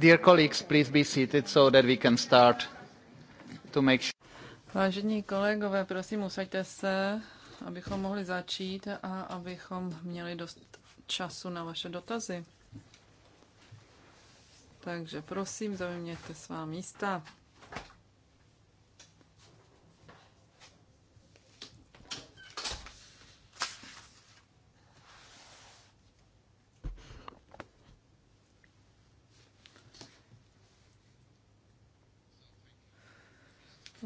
Dear colleagues, please be seated so that we can start to make sure. Vážení kolegové, prosím, usaďte se, abychom mohli začít a abychom měli dost času na vaše dotazy. Takže prosím, zaujměte svá místa.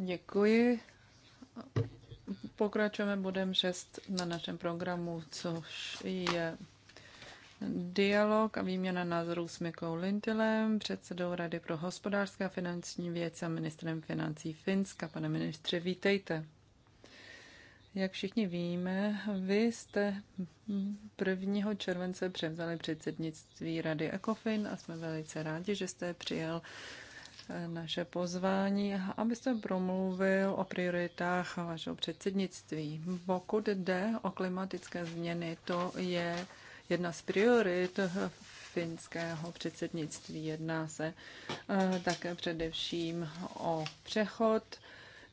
Děkuji. Pokračujeme bodem 6 na našem programu, což je dialog a výměna názorů s Mikou Lintilem, předsedou Rady pro hospodářské a finanční věci a ministrem financí Finska. Pane ministře, vítejte. Jak všichni víme, vy jste 1. července převzali předsednictví Rady ECOFIN a jsme velice rádi, že jste přijel naše pozvání, abyste promluvil o prioritách vašeho předsednictví. Pokud jde o klimatické změny, to je jedna z priorit finského předsednictví. Jedná se eh, také především o přechod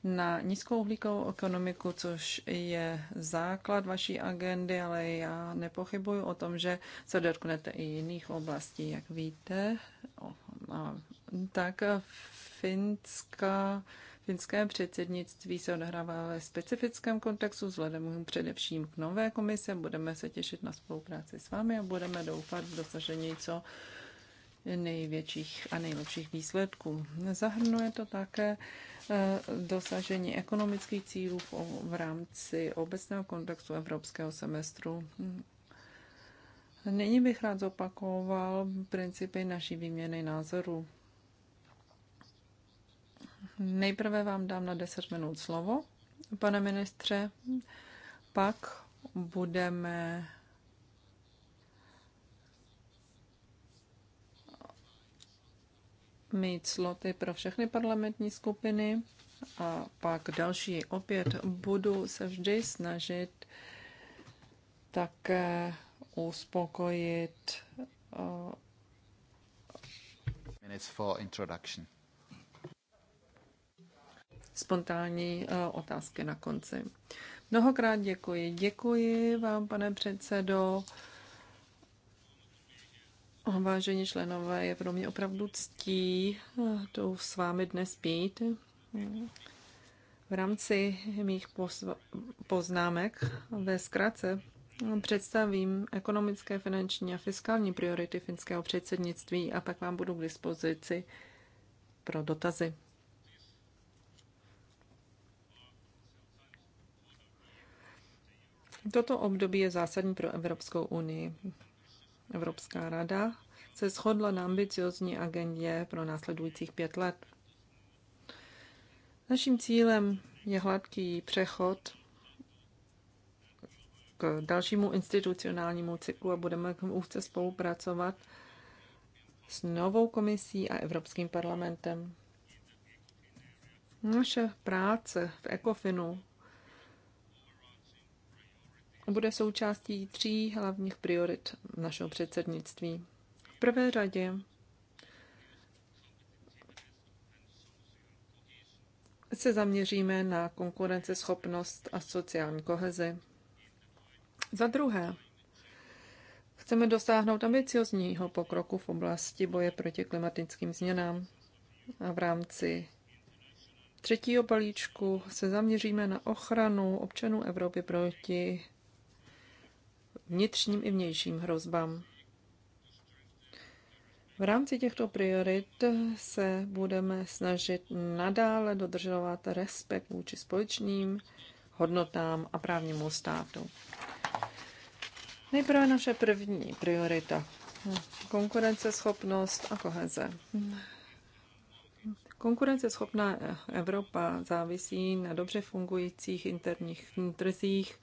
na nízkouhlíkovou ekonomiku, což je základ vaší agendy, ale já nepochybuju o tom, že se dotknete i jiných oblastí, jak víte tak finská, finské předsednictví se odehrává ve specifickém kontextu, vzhledem především k nové komise. Budeme se těšit na spolupráci s vámi a budeme doufat v dosažení co největších a nejlepších výsledků. Zahrnuje to také eh, dosažení ekonomických cílů v rámci obecného kontextu evropského semestru. Nyní bych rád zopakoval principy naší výměny názorů. Nejprve vám dám na 10 minut slovo, pane ministře, pak budeme mít sloty pro všechny parlamentní skupiny a pak další. Opět budu se vždy snažit také uspokojit. Uh, minutes for introduction spontánní eh, otázky na konci. Mnohokrát děkuji. Děkuji vám, pane předsedo. Vážení členové, je pro mě opravdu ctí eh, to s vámi dnes být. V rámci mých poznámek ve zkratce představím ekonomické, finanční a fiskální priority finského předsednictví a pak vám budu k dispozici pro dotazy. Toto období je zásadní pro Evropskou unii. Evropská rada se shodla na ambiciozní agendě pro následujících pět let. Naším cílem je hladký přechod k dalšímu institucionálnímu cyklu a budeme úzce spolupracovat s novou komisí a Evropským parlamentem. Naše práce v ECOFINu bude součástí tří hlavních priorit našeho předsednictví. V prvé řadě se zaměříme na konkurenceschopnost a sociální kohezi. Za druhé, chceme dosáhnout ambiciozního pokroku v oblasti boje proti klimatickým změnám a v rámci třetího balíčku se zaměříme na ochranu občanů Evropy proti vnitřním i vnějším hrozbám. V rámci těchto priorit se budeme snažit nadále dodržovat respekt vůči společným hodnotám a právnímu státu. Nejprve naše první priorita. Konkurenceschopnost a koheze. Konkurenceschopná Evropa závisí na dobře fungujících interních trzích,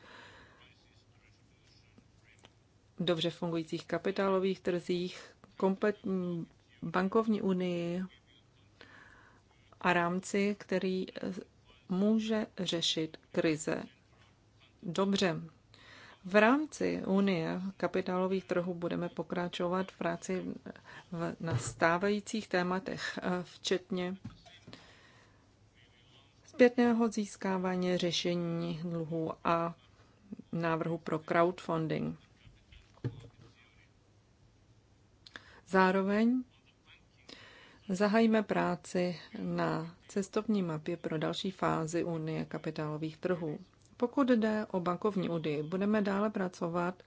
dobře fungujících kapitálových trzích, bankovní unii a rámci, který eh, může řešit krize dobře. V rámci Unie kapitálových trhů budeme pokračovat v práci v nastávajících tématech, eh, včetně zpětného získávání řešení dluhů a návrhu pro crowdfunding. Zároveň zahajíme práci na cestovní mapě pro další fázi Unie kapitálových trhů. Pokud jde o bankovní údy, budeme dále pracovat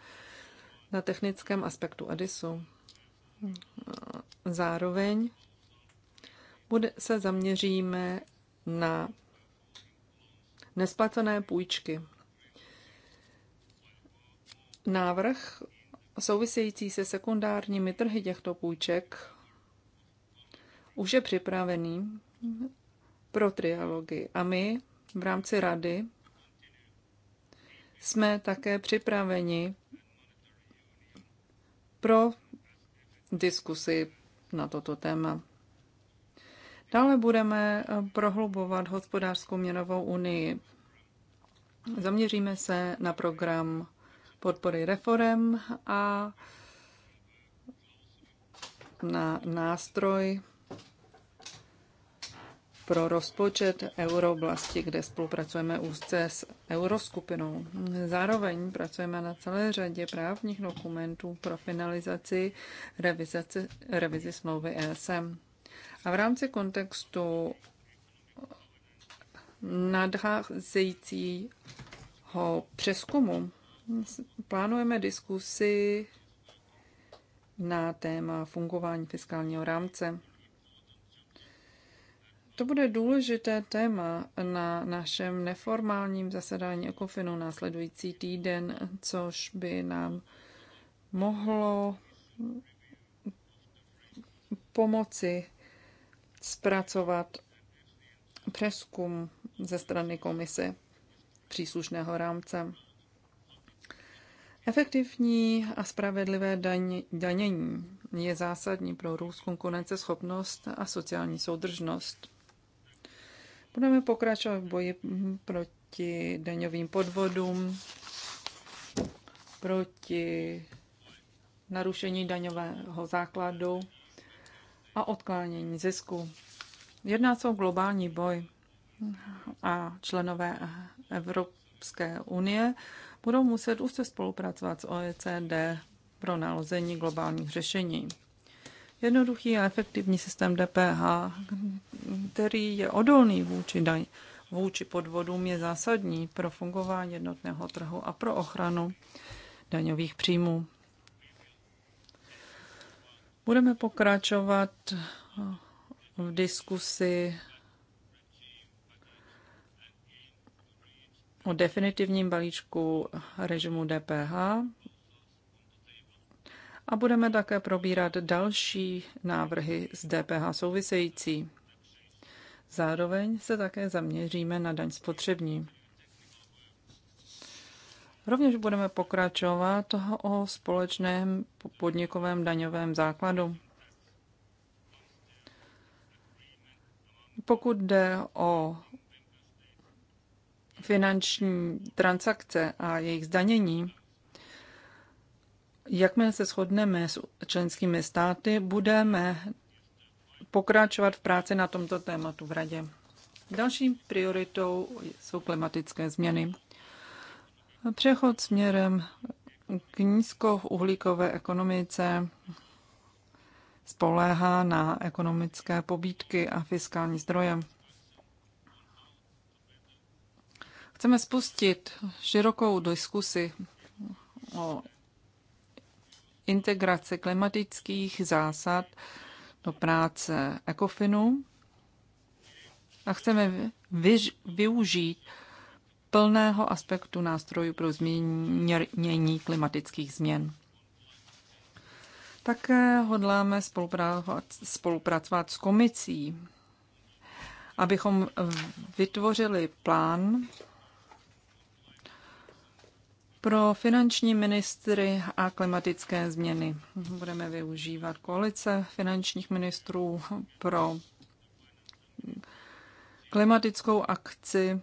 na technickém aspektu Adisu. Zároveň se zaměříme na nesplacené půjčky. Návrh související se sekundárními trhy těchto půjček už je připravený pro trialogy. A my v rámci rady jsme také připraveni pro diskusy na toto téma. Dále budeme prohlubovat hospodářskou měnovou unii. Zaměříme se na program podpory reform a na nástroj pro rozpočet euroblasti, kde spolupracujeme úzce s euroskupinou. Zároveň pracujeme na celé řadě právních dokumentů pro finalizaci revizi smlouvy ESM. A v rámci kontextu nadcházejícího přeskumu plánujeme diskusi na téma fungování fiskálního rámce. To bude důležité téma na našem neformálním zasedání Ekofinu následující týden, což by nám mohlo pomoci zpracovat přeskum ze strany komise příslušného rámce. Efektivní a spravedlivé daň, danění je zásadní pro růst konkurenceschopnost a sociální soudržnost. Budeme pokračovat v boji proti daňovým podvodům, proti narušení daňového základu a odklánění zisku. Jedná se o globální boj a členové Evropské unie budou muset se spolupracovat s OECD pro nalození globálních řešení. Jednoduchý a efektivní systém DPH, který je odolný vůči daň, vůči podvodům, je zásadní pro fungování jednotného trhu a pro ochranu daňových příjmů. Budeme pokračovat v diskusi o definitivním balíčku režimu DPH a budeme také probírat další návrhy z DPH související. Zároveň se také zaměříme na daň spotřební. Rovněž budeme pokračovat toho o společném podnikovém daňovém základu. Pokud jde o finanční transakce a jejich zdanění, jakmile se shodneme s členskými státy, budeme pokračovat v práci na tomto tématu v Radě. Další prioritou jsou klimatické změny. Přechod směrem k nízkouhlíkové ekonomice spoléhá na ekonomické pobídky a fiskální zdroje. Chceme spustit širokou diskusi o integraci klimatických zásad do práce ECOFINu a chceme vyž, využít plného aspektu nástrojů pro změnění klimatických změn. Také hodláme spolupracovat s komisí, abychom vytvořili plán pro finanční ministry a klimatické změny. Budeme využívat koalice finančních ministrů pro klimatickou akci.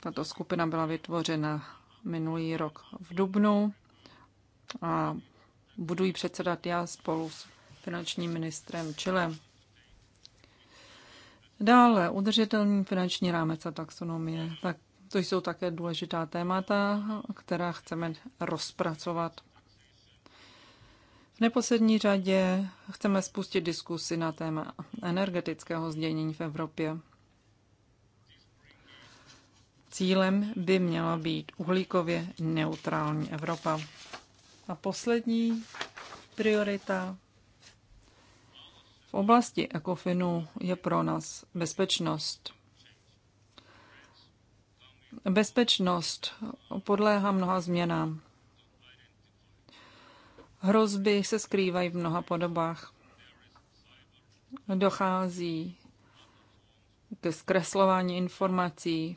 Tato skupina byla vytvořena minulý rok v Dubnu a budu ji předsedat já spolu s finančním ministrem Chile. Dále udržitelný finanční rámec a taxonomie. Tak to jsou také důležitá témata, která chceme rozpracovat. V neposlední řadě chceme spustit diskusi na téma energetického zděnění v Evropě. Cílem by měla být uhlíkově neutrální Evropa. A poslední priorita v oblasti ekofinu je pro nás bezpečnost. Bezpečnost podléhá mnoha změnám. Hrozby se skrývají v mnoha podobách. Dochází ke zkreslování informací,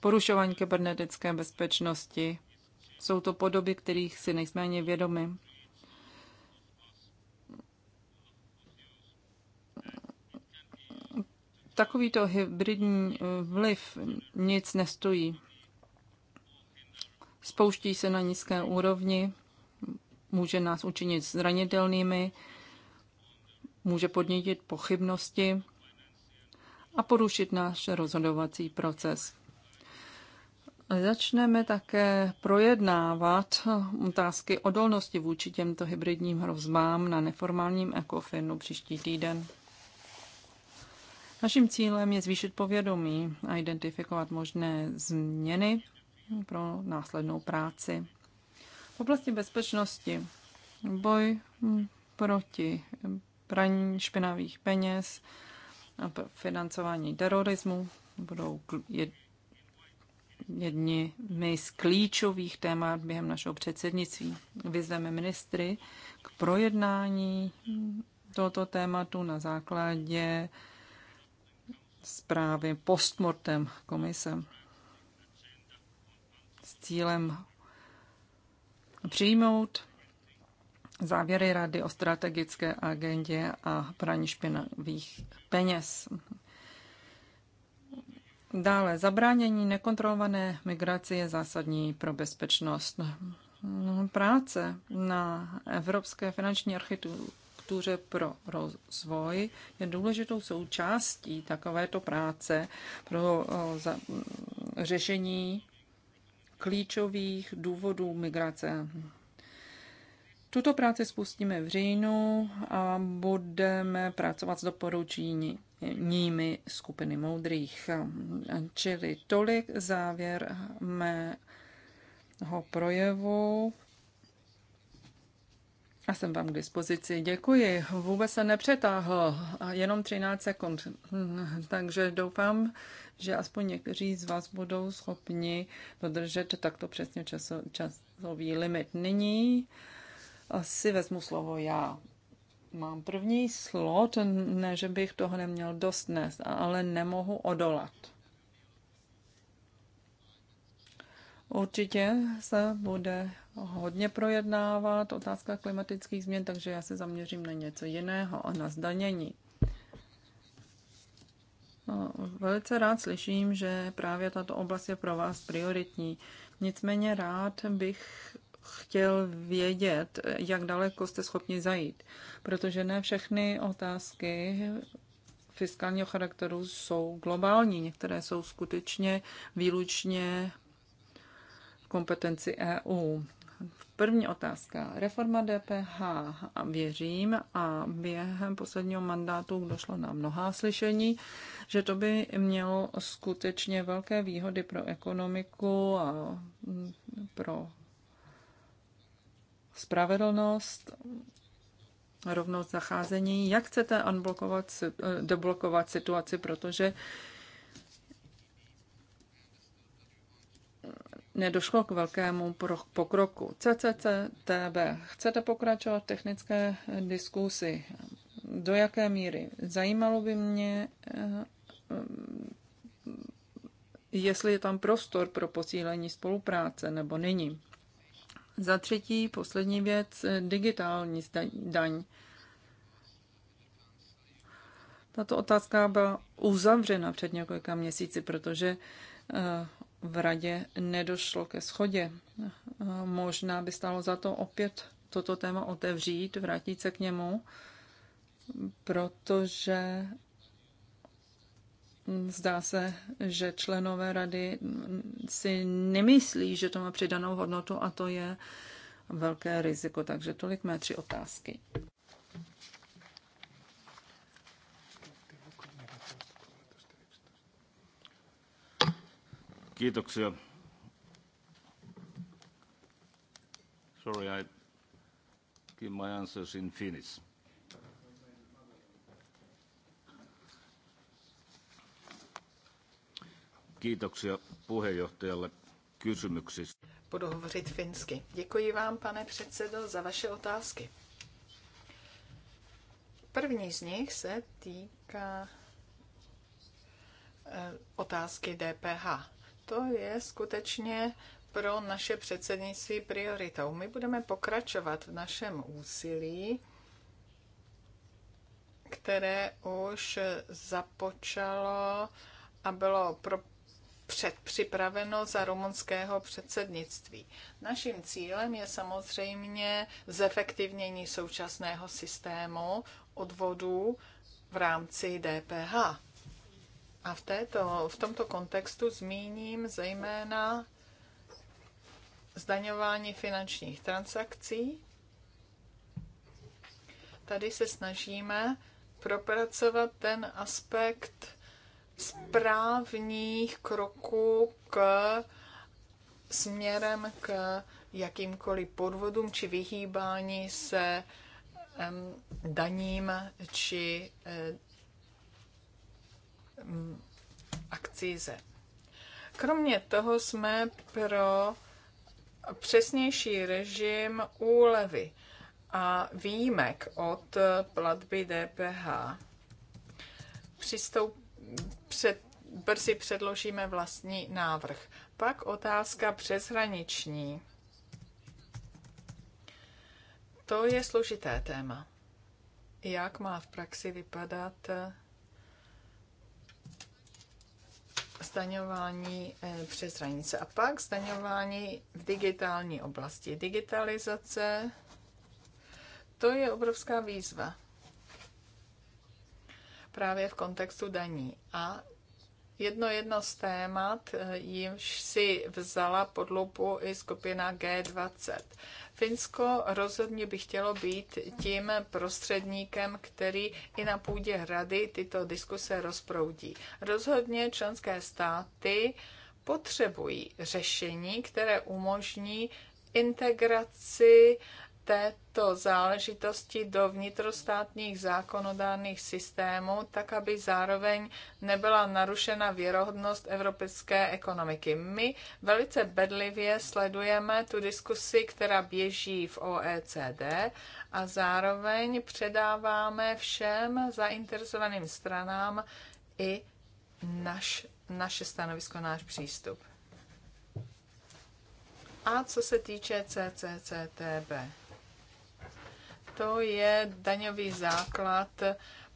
porušování kybernetické bezpečnosti. Jsou to podoby, kterých si nejsme ani vědomi. takovýto hybridní eh, vliv nic nestojí. Spouští se na nízké úrovni, může nás učinit zranitelnými, může podnítit pochybnosti a porušit náš rozhodovací proces. Začneme také projednávat otázky odolnosti vůči těmto hybridním hrozbám na neformálním ECOFINu příští týden. Naším cílem je zvýšit povědomí a identifikovat možné změny pro následnou práci. V oblasti bezpečnosti boj proti praní špinavých peněz a financování terorismu budou jedni z klíčových témat během našeho předsednictví. Vyzveme ministry k projednání tohoto tématu na základě zprávy postmortem komise s cílem přijmout závěry rady o strategické agendě a praní špinavých peněz. Dále, zabránění nekontrolované migrace je zásadní pro bezpečnost. Práce na evropské finanční kultuře pro rozvoj je důležitou součástí takovéto práce pro mm, řešení klíčových důvodů migrace. Tuto práci spustíme v říjnu a budeme pracovat s doporučeními skupiny moudrých. Čili tolik závěr mého projevu. Já jsem vám k dispozici. Děkuji. Vůbec se nepřetáhl. Jenom 13 sekund. Hm, takže doufám, že aspoň někteří z vás budou schopni dodržet takto přesně časový limit. Nyní si vezmu slovo já. Mám první slot, ne, že bych toho neměl dost dnes, ale nemohu odolat. Určitě se bude hodně projednávat otázka klimatických změn, takže já se zaměřím na něco jiného a na zdanění. No, velice rád slyším, že právě tato oblast je pro vás prioritní. Nicméně rád bych chtěl vědět, jak daleko jste schopni zajít, protože ne všechny otázky fiskálního charakteru jsou globální. Některé jsou skutečně výlučně kompetenci EU. První otázka. Reforma DPH. Věřím a během posledního mandátu došlo na mnohá slyšení, že to by mělo skutečně velké výhody pro ekonomiku a mm, pro spravedlnost, rovnost zacházení. Jak chcete unblokovat, eh, deblokovat situaci, protože nedošlo k velkému pokroku. CCCTB. Chcete pokračovat v technické eh, diskusi? Do jaké míry? Zajímalo by mě, eh, mm, jestli je tam prostor pro posílení spolupráce nebo není. Za třetí, poslední věc, eh, digitální daň. Tato otázka byla uzavřena před několika měsíci, protože v radě nedošlo ke schodě. Možná by stalo za to opět toto téma otevřít, vrátit se k němu, protože zdá se, že členové rady si nemyslí, že to má přidanou hodnotu a to je velké riziko. Takže tolik mé tři otázky. Kiitoksia. Sorry, I give my answers in Finnish. Kiitoksia puheenjohtajalle kysymyksistä. Budu hovořit finsky. Děkuji vám, pane předsedo, za vaše otázky. První z nich se týká eh, otázky DPH to je skutečně pro naše předsednictví prioritou. My budeme pokračovat v našem úsilí, které už započalo a bylo pro předpřipraveno za rumunského předsednictví. Naším cílem je samozřejmě zefektivnění současného systému odvodů v rámci DPH. A v, této, v tomto kontextu zmíním zejména zdaňování finančních transakcí. Tady se snažíme propracovat ten aspekt správních kroků k směrem k jakýmkoliv podvodům či vyhýbání se daním či eh, Mm, akcíze. Kromě toho jsme pro přesnější režim úlevy a výjimek od platby DPH. Přistoup, před, brzy předložíme vlastní návrh. Pak otázka přeshraniční. To je složité téma. Jak má v praxi vypadat zdaňování eh, přes hranice a pak zdaňování v digitální oblasti. Digitalizace, to je obrovská výzva právě v kontextu daní. A Jedno jedno z témat, eh, jimž si vzala pod lupu i skupina G20. Finsko rozhodně by chtělo být tím prostředníkem, který i na půdě rady tyto diskuse rozproudí. Rozhodně členské státy potřebují řešení, které umožní integraci této záležitosti do vnitrostátních zákonodárných systémů, tak aby zároveň nebyla narušena věrohodnost evropské ekonomiky. My velice bedlivě sledujeme tu diskusi, která běží v OECD a zároveň předáváme všem zainteresovaným stranám i naš, naše stanovisko, náš přístup. A co se týče CCCTB, to je daňový základ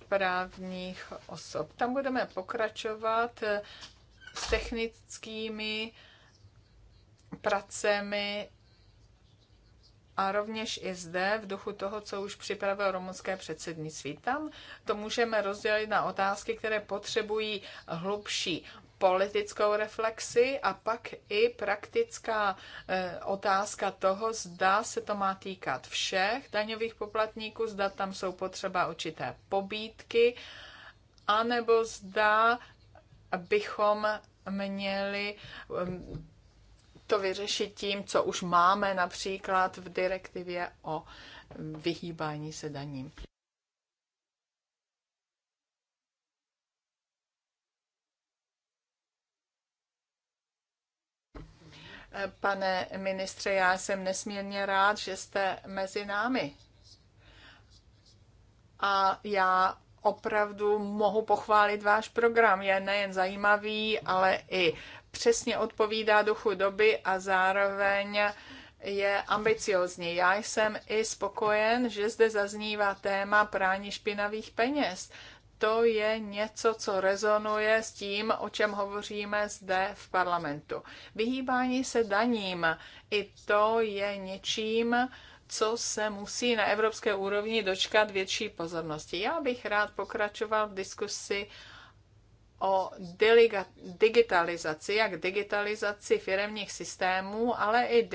právních osob. Tam budeme pokračovat s technickými pracemi a rovněž i zde, v duchu toho, co už připravil romské předsednictví, tam to můžeme rozdělit na otázky, které potřebují hlubší politickou reflexi a pak i praktická eh, otázka toho, zda se to má týkat všech daňových poplatníků, zda tam jsou potřeba určité pobídky, anebo zda bychom měli ehm, to vyřešit tím, co už máme například v direktivě o vyhýbání se daním. Pane ministře, já jsem nesmírně rád, že jste mezi námi. A já opravdu mohu pochválit váš program. Je nejen zajímavý, ale i přesně odpovídá duchu doby a zároveň je ambiciozní. Já jsem i spokojen, že zde zaznívá téma prání špinavých peněz, to je něco, co rezonuje s tím, o čem hovoříme zde v parlamentu. Vyhýbání se daním, i to je něčím, co se musí na evropské úrovni dočkat větší pozornosti. Já bych rád pokračoval v diskusi o digitalizaci, jak digitalizaci firemních systémů, ale i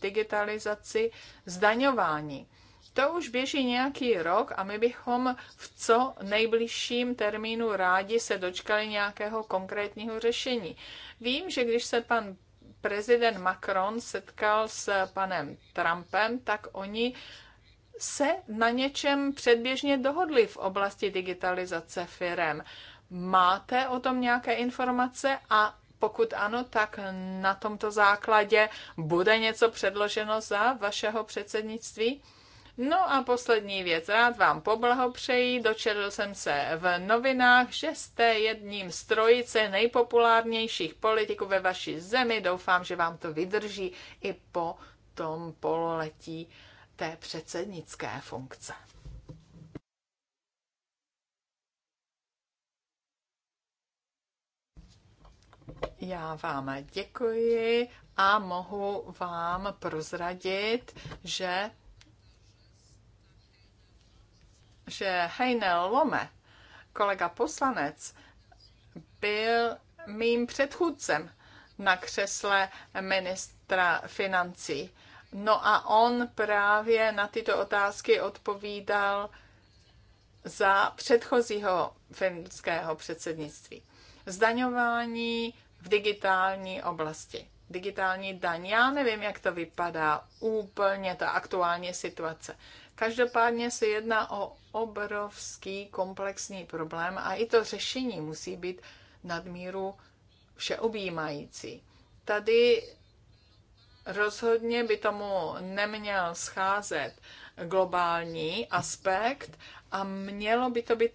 digitalizaci zdaňování. To už běží nějaký rok a my bychom v co nejbližším termínu rádi se dočkali nějakého konkrétního řešení. Vím, že když se pan prezident Macron setkal s panem Trumpem, tak oni se na něčem předběžně dohodli v oblasti digitalizace firem. Máte o tom nějaké informace a pokud ano, tak na tomto základě bude něco předloženo za vašeho předsednictví? No a poslední věc, rád vám poblahopřeji, dočetl jsem se v novinách, že jste jedním z trojice nejpopulárnějších politiků ve vaší zemi, doufám, že vám to vydrží i po tom pololetí té předsednické funkce. Já vám děkuji a mohu vám prozradit, že že Heinel Lome, kolega poslanec, byl mým předchůdcem na křesle ministra financí. No a on právě na tyto otázky odpovídal za předchozího finského předsednictví. Zdaňování v digitální oblasti. Digitální daň. Já nevím, jak to vypadá úplně ta aktuální situace. Každopádně se jedná o obrovský komplexní problém a i to řešení musí být nadmíru všeobjímající. Tady rozhodně by tomu neměl scházet globální aspekt a mělo by to být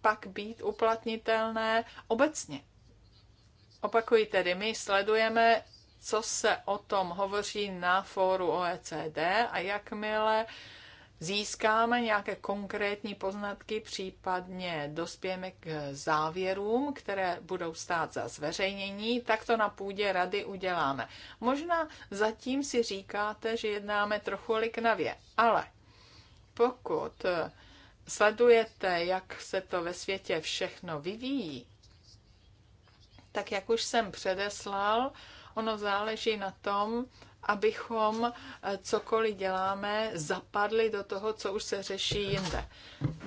pak být uplatnitelné obecně. Opakuji tedy, my sledujeme, co se o tom hovoří na fóru OECD a jakmile uh, získáme nějaké konkrétní poznatky, případně dospějeme k závěrům, které budou stát za zveřejnění, tak to na půdě rady uděláme. Možná zatím si říkáte, že jednáme trochu liknavě, ale pokud sledujete, jak se to ve světě všechno vyvíjí, tak jak už jsem předeslal, ono záleží na tom, abychom eh, cokoliv děláme, zapadli do toho, co už se řeší jinde.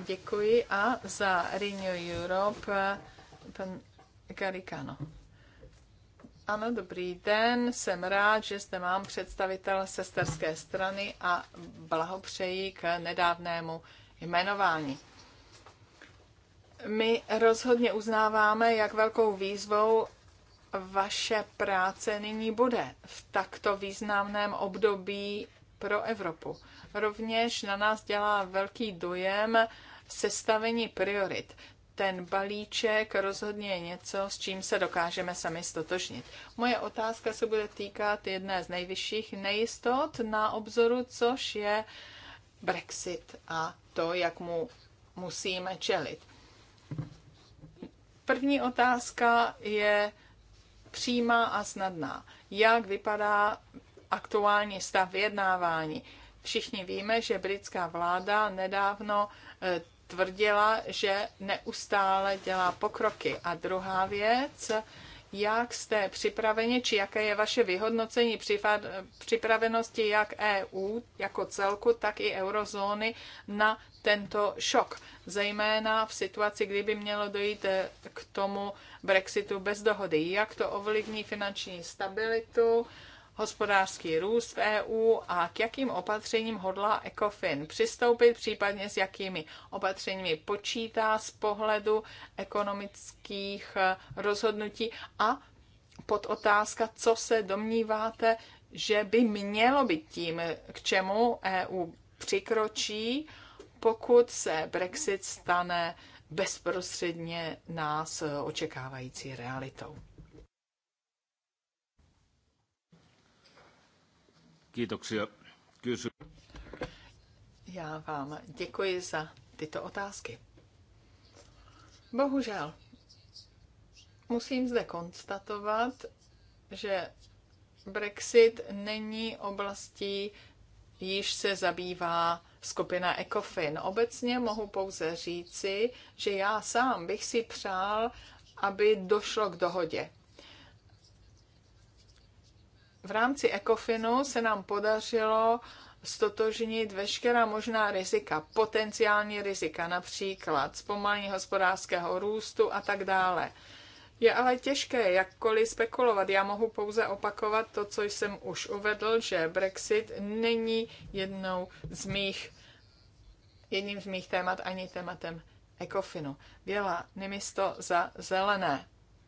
Děkuji a za Renew Europe eh, pan Garicano. Ano, dobrý den. Jsem rád, že zde mám představitel sesterské strany a blahopřeji k nedávnému jmenování. My rozhodně uznáváme, jak velkou výzvou vaše práce nyní bude v takto významném období pro Evropu. Rovněž na nás dělá velký dojem sestavení priorit. Ten balíček rozhodně je něco, s čím se dokážeme sami stotožnit. Moje otázka se bude týkat jedné z nejvyšších nejistot na obzoru, což je Brexit a to, jak mu musíme čelit. První otázka je, přímá a snadná. Jak vypadá aktuální stav vyjednávání? Všichni víme, že britská vláda nedávno eh, tvrdila, že neustále dělá pokroky. A druhá věc, jak jste připraveni, či jaké je vaše vyhodnocení připravenosti jak EU jako celku, tak i eurozóny na tento šok, zejména v situaci, kdyby mělo dojít eh, k tomu Brexitu bez dohody. Jak to ovlivní finanční stabilitu, hospodářský růst v EU a k jakým opatřením hodlá ECOFIN přistoupit, případně s jakými opatřeními počítá z pohledu ekonomických eh, rozhodnutí a pod otázka, co se domníváte, že by mělo být tím, k čemu EU přikročí, pokud se Brexit stane bezprostředně nás eh, očekávající realitou. Já vám děkuji za tyto otázky. Bohužel, musím zde konstatovat, že Brexit není oblastí, již se zabývá skupina ECOFIN. Obecně mohu pouze říci, že já sám bych si přál, aby došlo k dohodě v rámci ECOFINu se nám podařilo stotožnit veškerá možná rizika, potenciální rizika, například zpomalení hospodářského růstu a tak dále. Je ale těžké jakkoliv spekulovat. Já mohu pouze opakovat to, co jsem už uvedl, že Brexit není jednou z mých, jedním z mých témat ani tématem ECOFINu. Věla Nimisto za zelené.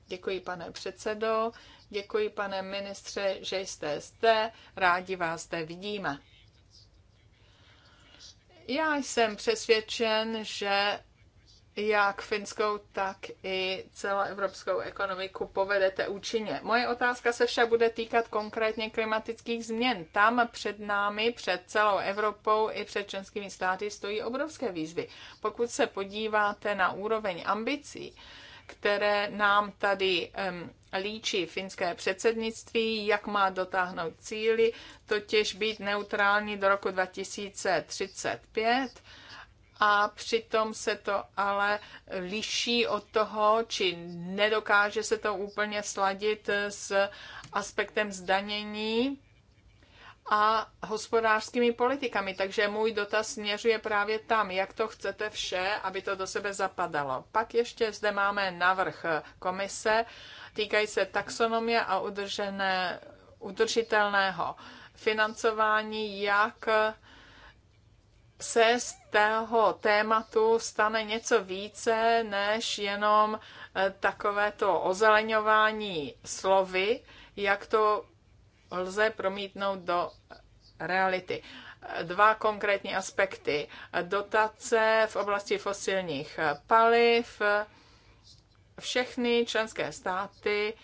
Děkuji, pane předsedo. Děkuji, pane ministře, že jste zde. Rádi vás zde vidíme. Já jsem přesvědčen, že jak finskou, tak i celoevropskou ekonomiku povedete účinně. Moje otázka se však bude týkat konkrétně klimatických změn. Tam před námi, před celou Evropou i před členskými státy stojí obrovské výzvy. Pokud se podíváte na úroveň ambicí, které nám tady líčí finské předsednictví, jak má dotáhnout cíly, totiž být neutrální do roku 2035 a přitom se to ale liší od toho, či nedokáže se to úplně sladit s aspektem zdanění a hospodářskými politikami. Takže můj dotaz směřuje právě tam, jak to chcete vše, aby to do sebe zapadalo. Pak ještě zde máme navrh komise, týkají se taxonomie a udržené, udržitelného financování, jak se z tého tématu stane něco více než jenom eh, takovéto ozeleňování slovy, jak to lze promítnout do reality. Dva konkrétní aspekty. Dotace v oblasti fosilních paliv. Všechny členské státy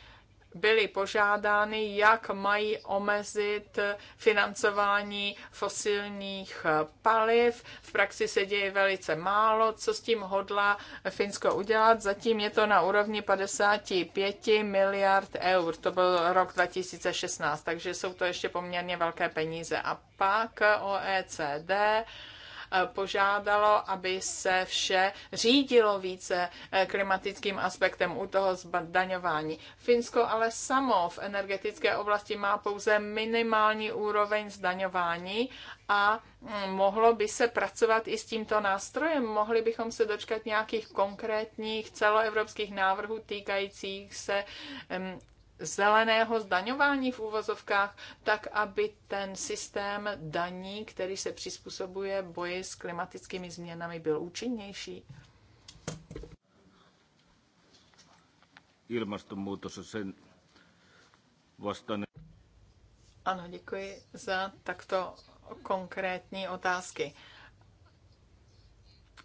byly požádány, jak mají omezit financování fosilních paliv. V praxi se děje velice málo, co s tím hodla Finsko udělat. Zatím je to na úrovni 55 miliard eur. To byl rok 2016, takže jsou to ještě poměrně velké peníze. A pak OECD Eh, požádalo, aby se vše řídilo více eh, klimatickým aspektem u toho zdaňování. Finsko ale samo v energetické oblasti má pouze minimální úroveň zdaňování a mm, mohlo by se pracovat i s tímto nástrojem. Mohli bychom se dočkat nějakých konkrétních celoevropských návrhů týkajících se mm, zeleného zdaňování v úvozovkách, tak aby ten systém daní, který se přizpůsobuje boji s klimatickými změnami, byl účinnější? Ano, děkuji za takto konkrétní otázky.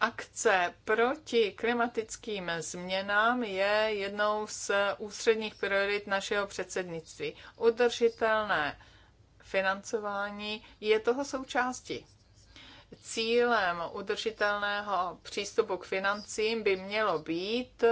Akce proti klimatickým změnám je jednou z ústředních priorit našeho předsednictví. Udržitelné financování je toho součástí. Cílem udržitelného přístupu k financím by mělo být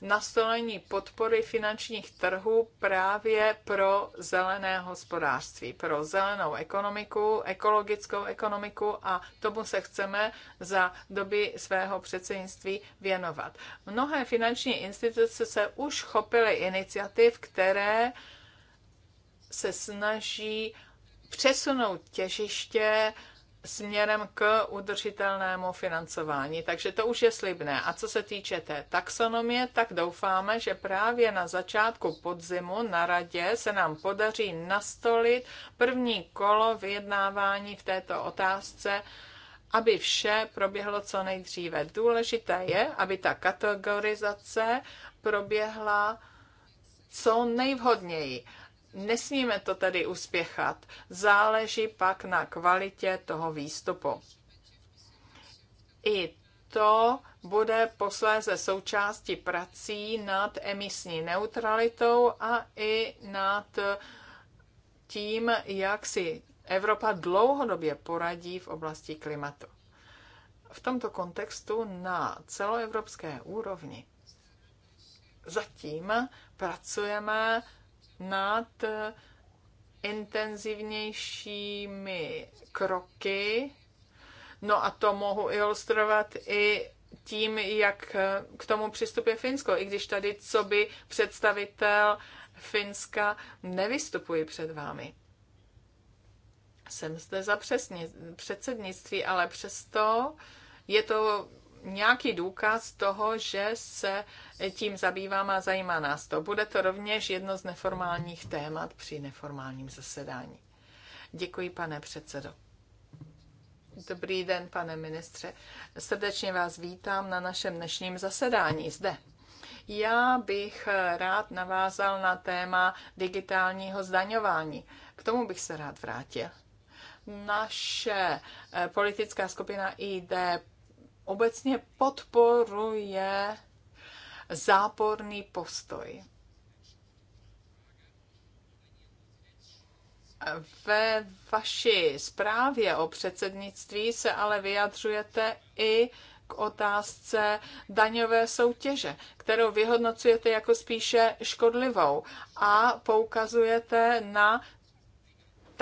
nastolení podpory finančních trhů právě pro zelené hospodářství, pro zelenou ekonomiku, ekologickou ekonomiku a tomu se chceme za doby svého předsednictví věnovat. Mnohé finanční instituce se už chopily iniciativ, které se snaží přesunout těžiště směrem k udržitelnému financování. Takže to už je slibné. A co se týče té taxonomie, tak doufáme, že právě na začátku podzimu na radě se nám podaří nastolit první kolo vyjednávání v této otázce, aby vše proběhlo co nejdříve. Důležité je, aby ta kategorizace proběhla co nejvhodněji Nesmíme to tedy uspěchat. Záleží pak na kvalitě toho výstupu. I to bude posléze součástí prací nad emisní neutralitou a i nad tím, jak si Evropa dlouhodobě poradí v oblasti klimatu. V tomto kontextu na celoevropské úrovni zatím pracujeme nad eh, intenzivnějšími kroky. No a to mohu ilustrovat i tím, jak eh, k tomu přistupuje Finsko, i když tady co by představitel Finska nevystupuje před vámi. Jsem zde za přesně, předsednictví, ale přesto je to nějaký důkaz toho, že se tím zabývá, a zajímá nás to. Bude to rovněž jedno z neformálních témat při neformálním zasedání. Děkuji, pane předsedo. Dobrý den, pane ministře. Srdečně vás vítám na našem dnešním zasedání zde. Já bych rád navázal na téma digitálního zdaňování. K tomu bych se rád vrátil naše eh, politická skupina ID obecně podporuje záporný postoj. Ve vaší zprávě o předsednictví se ale vyjadřujete i k otázce daňové soutěže, kterou vyhodnocujete jako spíše škodlivou a poukazujete na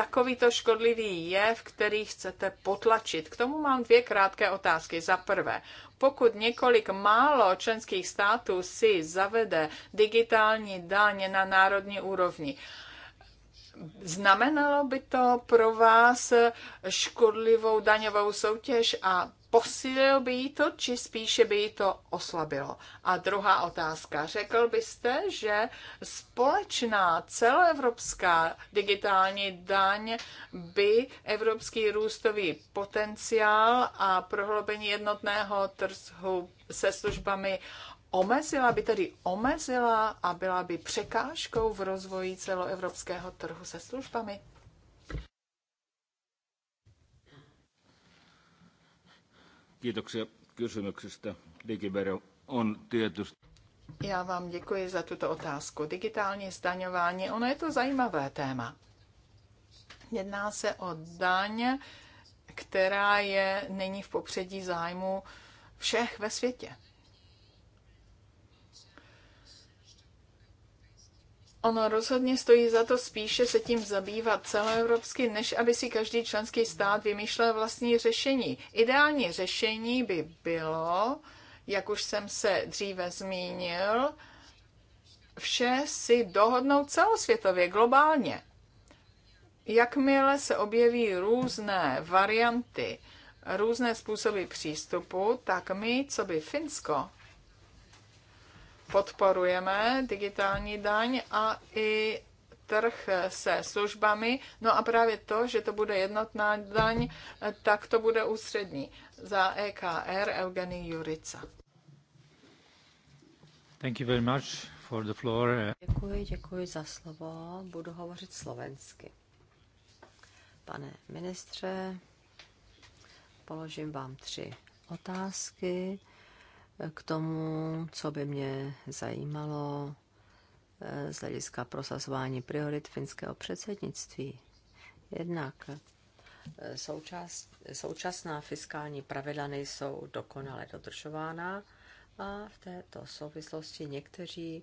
takovýto škodlivý jev, který chcete potlačit? K tomu mám dvě krátké otázky. Za prvé, pokud několik málo členských států si zavede digitální daň na národní úrovni, Znamenalo by to pro vás škodlivou daňovou soutěž a posílil by jí to, či spíše by jí to oslabilo? A druhá otázka. Řekl byste, že společná celoevropská digitální daň by evropský růstový potenciál a prohloubení jednotného trhu se službami omezila, by tedy omezila a byla by překážkou v rozvoji celoevropského trhu se službami? Kiitoksia kysymyksestä. Digivero on tietysti... Já vám děkuji za tuto otázku. Digitální zdaňování, ono je to zajímavé téma. Jedná se o daň, která je není v popředí zájmu všech ve světě. Ono rozhodně stojí za to spíše se tím zabývat celoevropsky, než aby si každý členský stát vymýšlel vlastní řešení. Ideální řešení by bylo, jak už jsem se dříve zmínil, vše si dohodnout celosvětově, globálně. Jakmile se objeví různé varianty, různé způsoby přístupu, tak my, co by Finsko, podporujeme digitální daň a i trh se službami. No a právě to, že to bude jednotná daň, tak to bude ústřední. Za EKR Eugenie Jurica. Thank you very much for the floor. Děkuji, děkuji za slovo. Budu hovořit slovensky. Pane ministře, položím vám tři otázky k tomu, co by mě zajímalo eh, z hlediska prosazování priorit finského předsednictví. Jednak eh, součas, současná fiskální pravidla nejsou dokonale dodržována a v této souvislosti někteří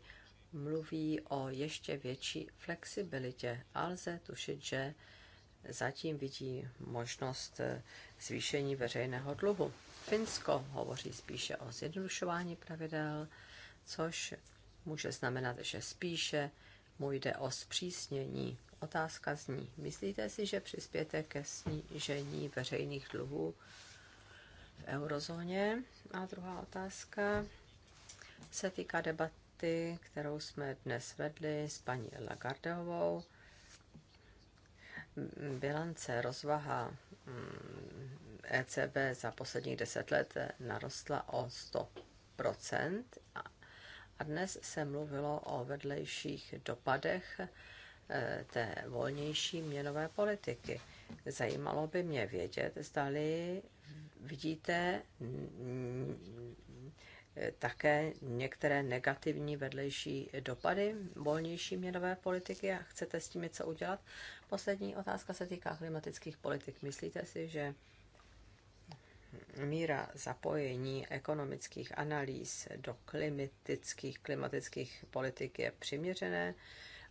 mluví o ještě větší flexibilitě a lze tušit, že zatím vidí možnost eh, zvýšení veřejného dluhu. Finsko hovoří spíše o zjednodušování pravidel, což může znamenat, že spíše mu jde o zpřísnění. Otázka zní, myslíte si, že přispěte ke snížení veřejných dluhů v eurozóně? A druhá otázka se týká debaty, kterou jsme dnes vedli s paní Lagardeovou bilance, rozvaha ECB za posledních deset let narostla o 100% a dnes se mluvilo o vedlejších dopadech e, té volnější měnové politiky. Zajímalo by mě vědět, zdali vidíte také některé negativní vedlejší dopady volnější měnové politiky a chcete s tím něco udělat. Poslední otázka se týká klimatických politik. Myslíte si, že míra zapojení ekonomických analýz do klimatických, klimatických politik je přiměřené,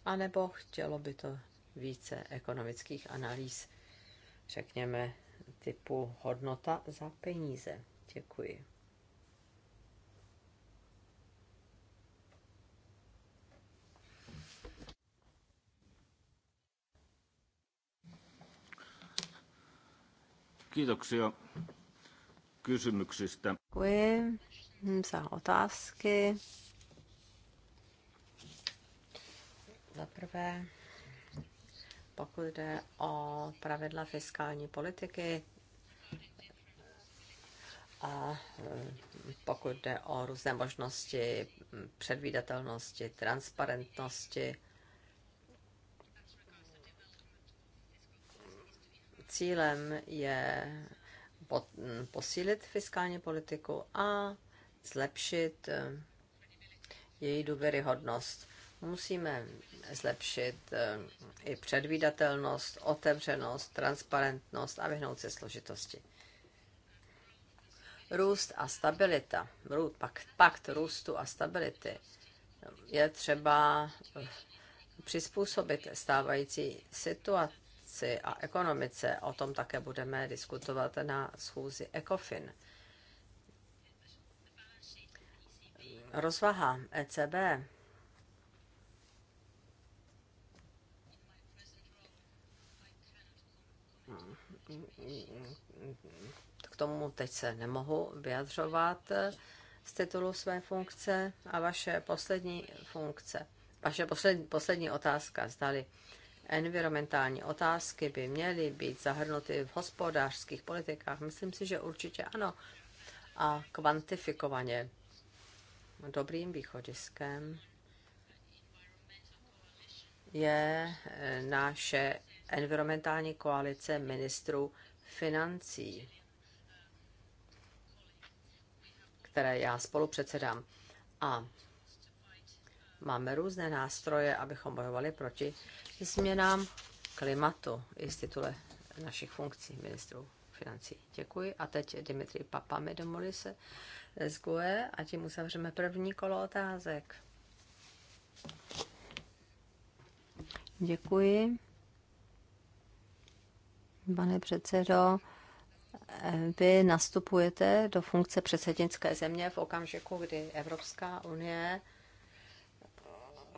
anebo chtělo by to více ekonomických analýz, řekněme, typu hodnota za peníze. Děkuji. Kiitoksia kysymyksistä. Děkuji hm, za otázky. Za pokud jde o pravidla fiskální politiky a hm, pokud jde o různé možnosti předvídatelnosti, transparentnosti, cílem je posílit fiskální politiku a zlepšit eh, její důvěryhodnost. Musíme zlepšit eh, i předvídatelnost, otevřenost, transparentnost a vyhnout se složitosti. Růst a stabilita, pakt, pakt růstu a stability eh, je třeba přizpůsobit stávající situaci korupci a ekonomice. O tom také budeme diskutovat na schůzi ECOFIN. Rozvaha ECB k tomu teď se nemohu vyjadřovat z titulu své funkce a vaše poslední funkce. Vaše poslední, poslední otázka, zdali environmentální otázky by měly být zahrnuty v hospodářských politikách? Myslím si, že určitě ano. A kvantifikovaně dobrým východiskem je eh, naše environmentální koalice ministrů financí, které já spolu předsedám. A Máme různé nástroje, abychom bojovali proti změnám klimatu i z titule našich funkcí ministrů financí. Děkuji. A teď Dimitri Papamedomolis z GUE a tím uzavřeme první kolo otázek. Děkuji. Pane předsedo, vy nastupujete do funkce předsednické země v okamžiku, kdy Evropská unie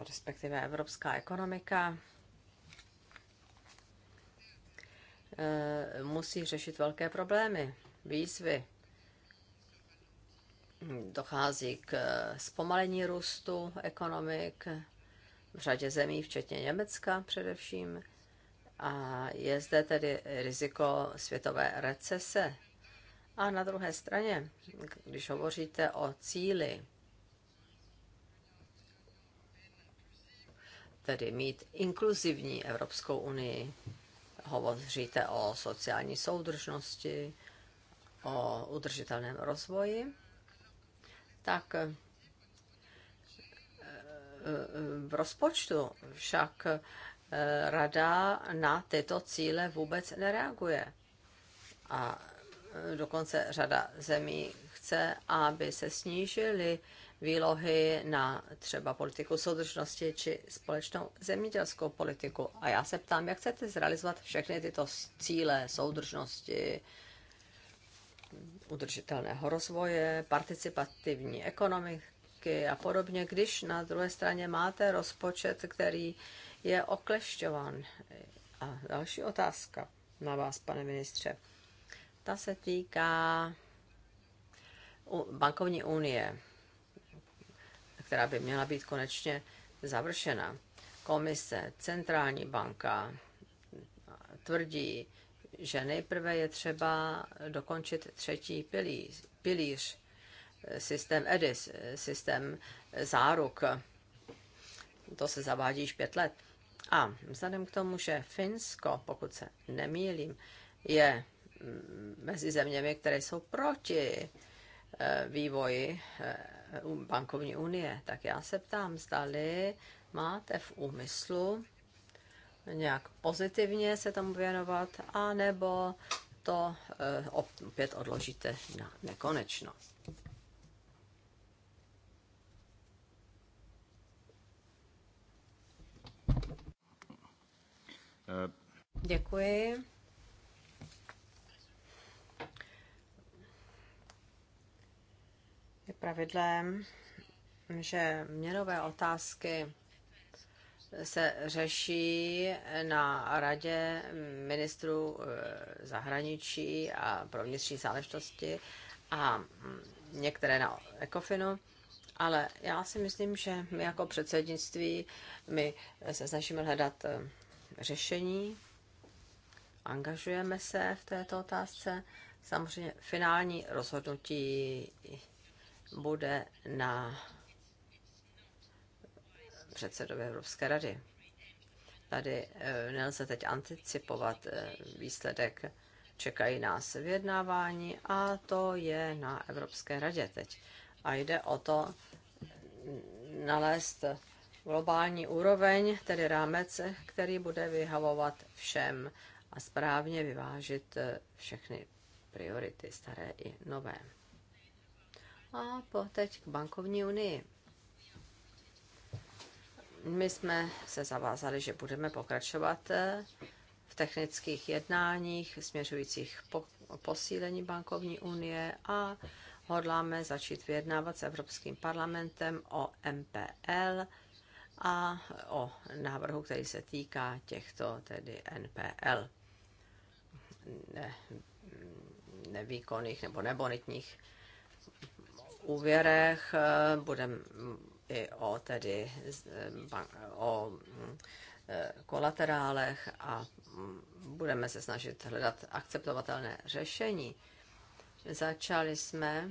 respektive evropská ekonomika, eh, musí řešit velké problémy, výzvy. Dochází k eh, zpomalení růstu ekonomik v řadě zemí, včetně Německa především. A je zde tedy riziko světové recese. A na druhé straně, když hovoříte o cíli tedy mít inkluzivní Evropskou unii. Hovoříte o sociální soudržnosti, o udržitelném rozvoji, tak eh, v rozpočtu však eh, rada na tyto cíle vůbec nereaguje. A eh, dokonce řada zemí chce, aby se snížily výlohy na třeba politiku soudržnosti či společnou zemědělskou politiku. A já se ptám, jak chcete zrealizovat všechny tyto cíle soudržnosti, udržitelného rozvoje, participativní ekonomiky a podobně, když na druhé straně máte rozpočet, který je oklešťován. A další otázka na vás, pane ministře. Ta se týká bankovní unie která by měla být konečně završena. Komise, centrální banka tvrdí, že nejprve je třeba dokončit třetí pilíř, pilíř eh, systém EDIS, eh, systém záruk. To se zavádí již pět let. A vzhledem k tomu, že Finsko, pokud se nemýlím, je mm, mezi zeměmi, které jsou proti Eh, vývoji eh, um, bankovní unie. Tak já se ptám, zdali máte v úmyslu nějak pozitivně se tomu věnovat, anebo to eh, opět odložíte na nekonečno. Děkuji. pravidlem, že měnové otázky se řeší na radě ministrů eh, zahraničí a pro vnitřní záležitosti a mm, některé na ECOFINu. Ale já si myslím, že my jako předsednictví my se snažíme hledat eh, řešení, angažujeme se v této otázce. Samozřejmě finální rozhodnutí bude na předsedové Evropské rady. Tady eh, nelze teď anticipovat eh, výsledek. Čekají nás vyjednávání a to je na Evropské radě teď. A jde o to nalézt globální úroveň, tedy rámec, který bude vyhavovat všem a správně vyvážit eh, všechny priority, staré i nové. A po teď k bankovní unii. My jsme se zavázali, že budeme pokračovat eh, v technických jednáních směřujících po, posílení bankovní unie a hodláme začít vyjednávat s Evropským parlamentem o MPL a o návrhu, který se týká těchto, tedy NPL, ne, nevýkonných nebo nebonitních úvěrech, eh, budeme i o tedy eh, o eh, kolaterálech a budeme se snažit hledat akceptovatelné řešení. Začali jsme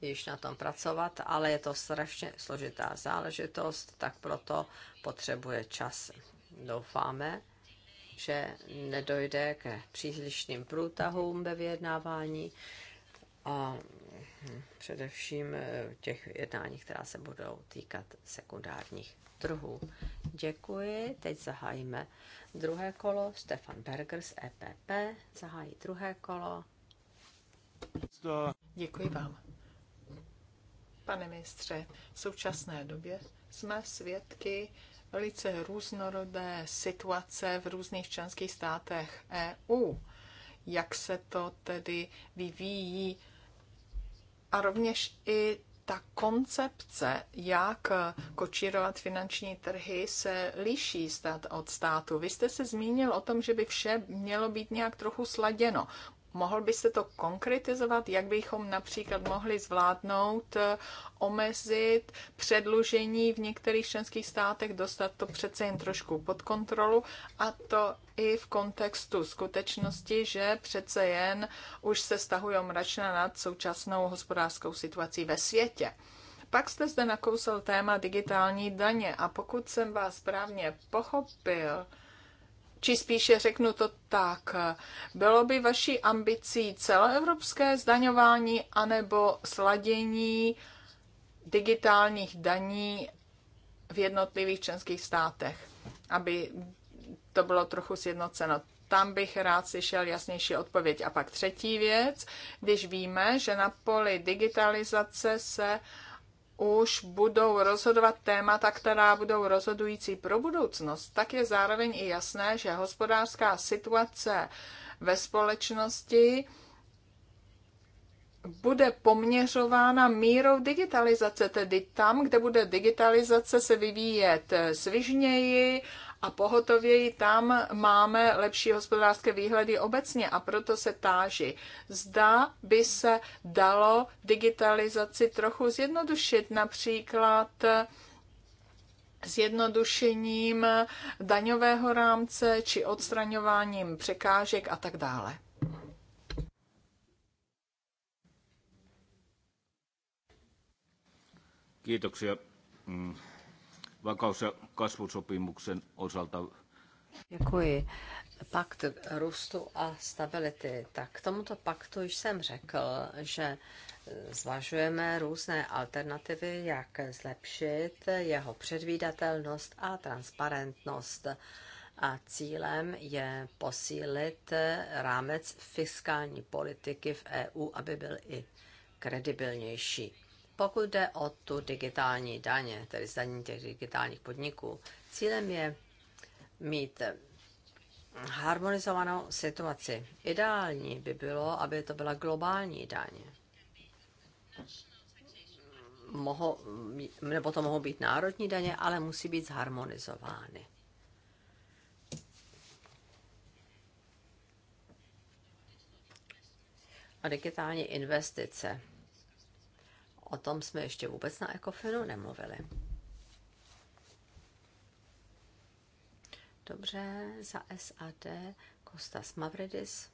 již na tom pracovat, ale je to strašně složitá záležitost, tak proto potřebuje čas. Doufáme, že nedojde ke přílišným průtahům ve vyjednávání a především eh, těch jednáních, která se budou týkat sekundárních trhů. Děkuji. Teď zahájíme druhé kolo. Stefan Berger z EPP zahájí druhé kolo. Děkuji vám. Pane ministře, v současné době jsme svědky velice různorodé situace v různých členských státech EU. Jak se to tedy vyvíjí a rovněž i ta koncepce, jak kočírovat finanční trhy, se liší stát od státu. Vy jste se zmínil o tom, že by vše mělo být nějak trochu sladěno. Mohl byste to konkretizovat, jak bychom například mohli zvládnout, eh, omezit předlužení v některých členských státech, dostat to přece jen trošku pod kontrolu a to i v kontextu skutečnosti, že přece jen už se stahují mračna nad současnou hospodářskou situací ve světě. Pak jste zde nakousl téma digitální daně a pokud jsem vás správně pochopil, či spíše řeknu to tak, bylo by vaší ambicí celoevropské zdaňování anebo sladění digitálních daní v jednotlivých členských státech, aby to bylo trochu sjednoceno. Tam bych rád slyšel jasnější odpověď. A pak třetí věc, když víme, že na poli digitalizace se uh, už budou rozhodovat témata, která budou rozhodující pro budoucnost, tak je zároveň i jasné, že hospodářská situace ve společnosti bude poměřována mírou digitalizace, tedy tam, kde bude digitalizace se vyvíjet svižněji a pohotověji tam máme lepší hospodářské výhledy obecně a proto se táži, zda by se dalo digitalizaci trochu zjednodušit, například zjednodušením daňového rámce či odstraňováním překážek a tak dále. Kiitoksia. Mm vakaus- ja kasvusopimuksen osalta. Děkuji. Pakt růstu a stability. Tak k tomuto paktu jsem řekl, že zvažujeme různé alternativy, jak zlepšit jeho předvídatelnost a transparentnost. A cílem je posílit rámec fiskální politiky v EU, aby byl i kredibilnější. Pokud jde o tu digitální daně, tedy zdanění těch digitálních podniků, cílem je mít harmonizovanou situaci. Ideální by bylo, aby to byla globální daně. Mohou, nebo to mohou být národní daně, ale musí být zharmonizovány. A digitální investice O tom jsme ještě vůbec na Ekofinu nemluvili. Dobře, za SAD Kostas Mavridis.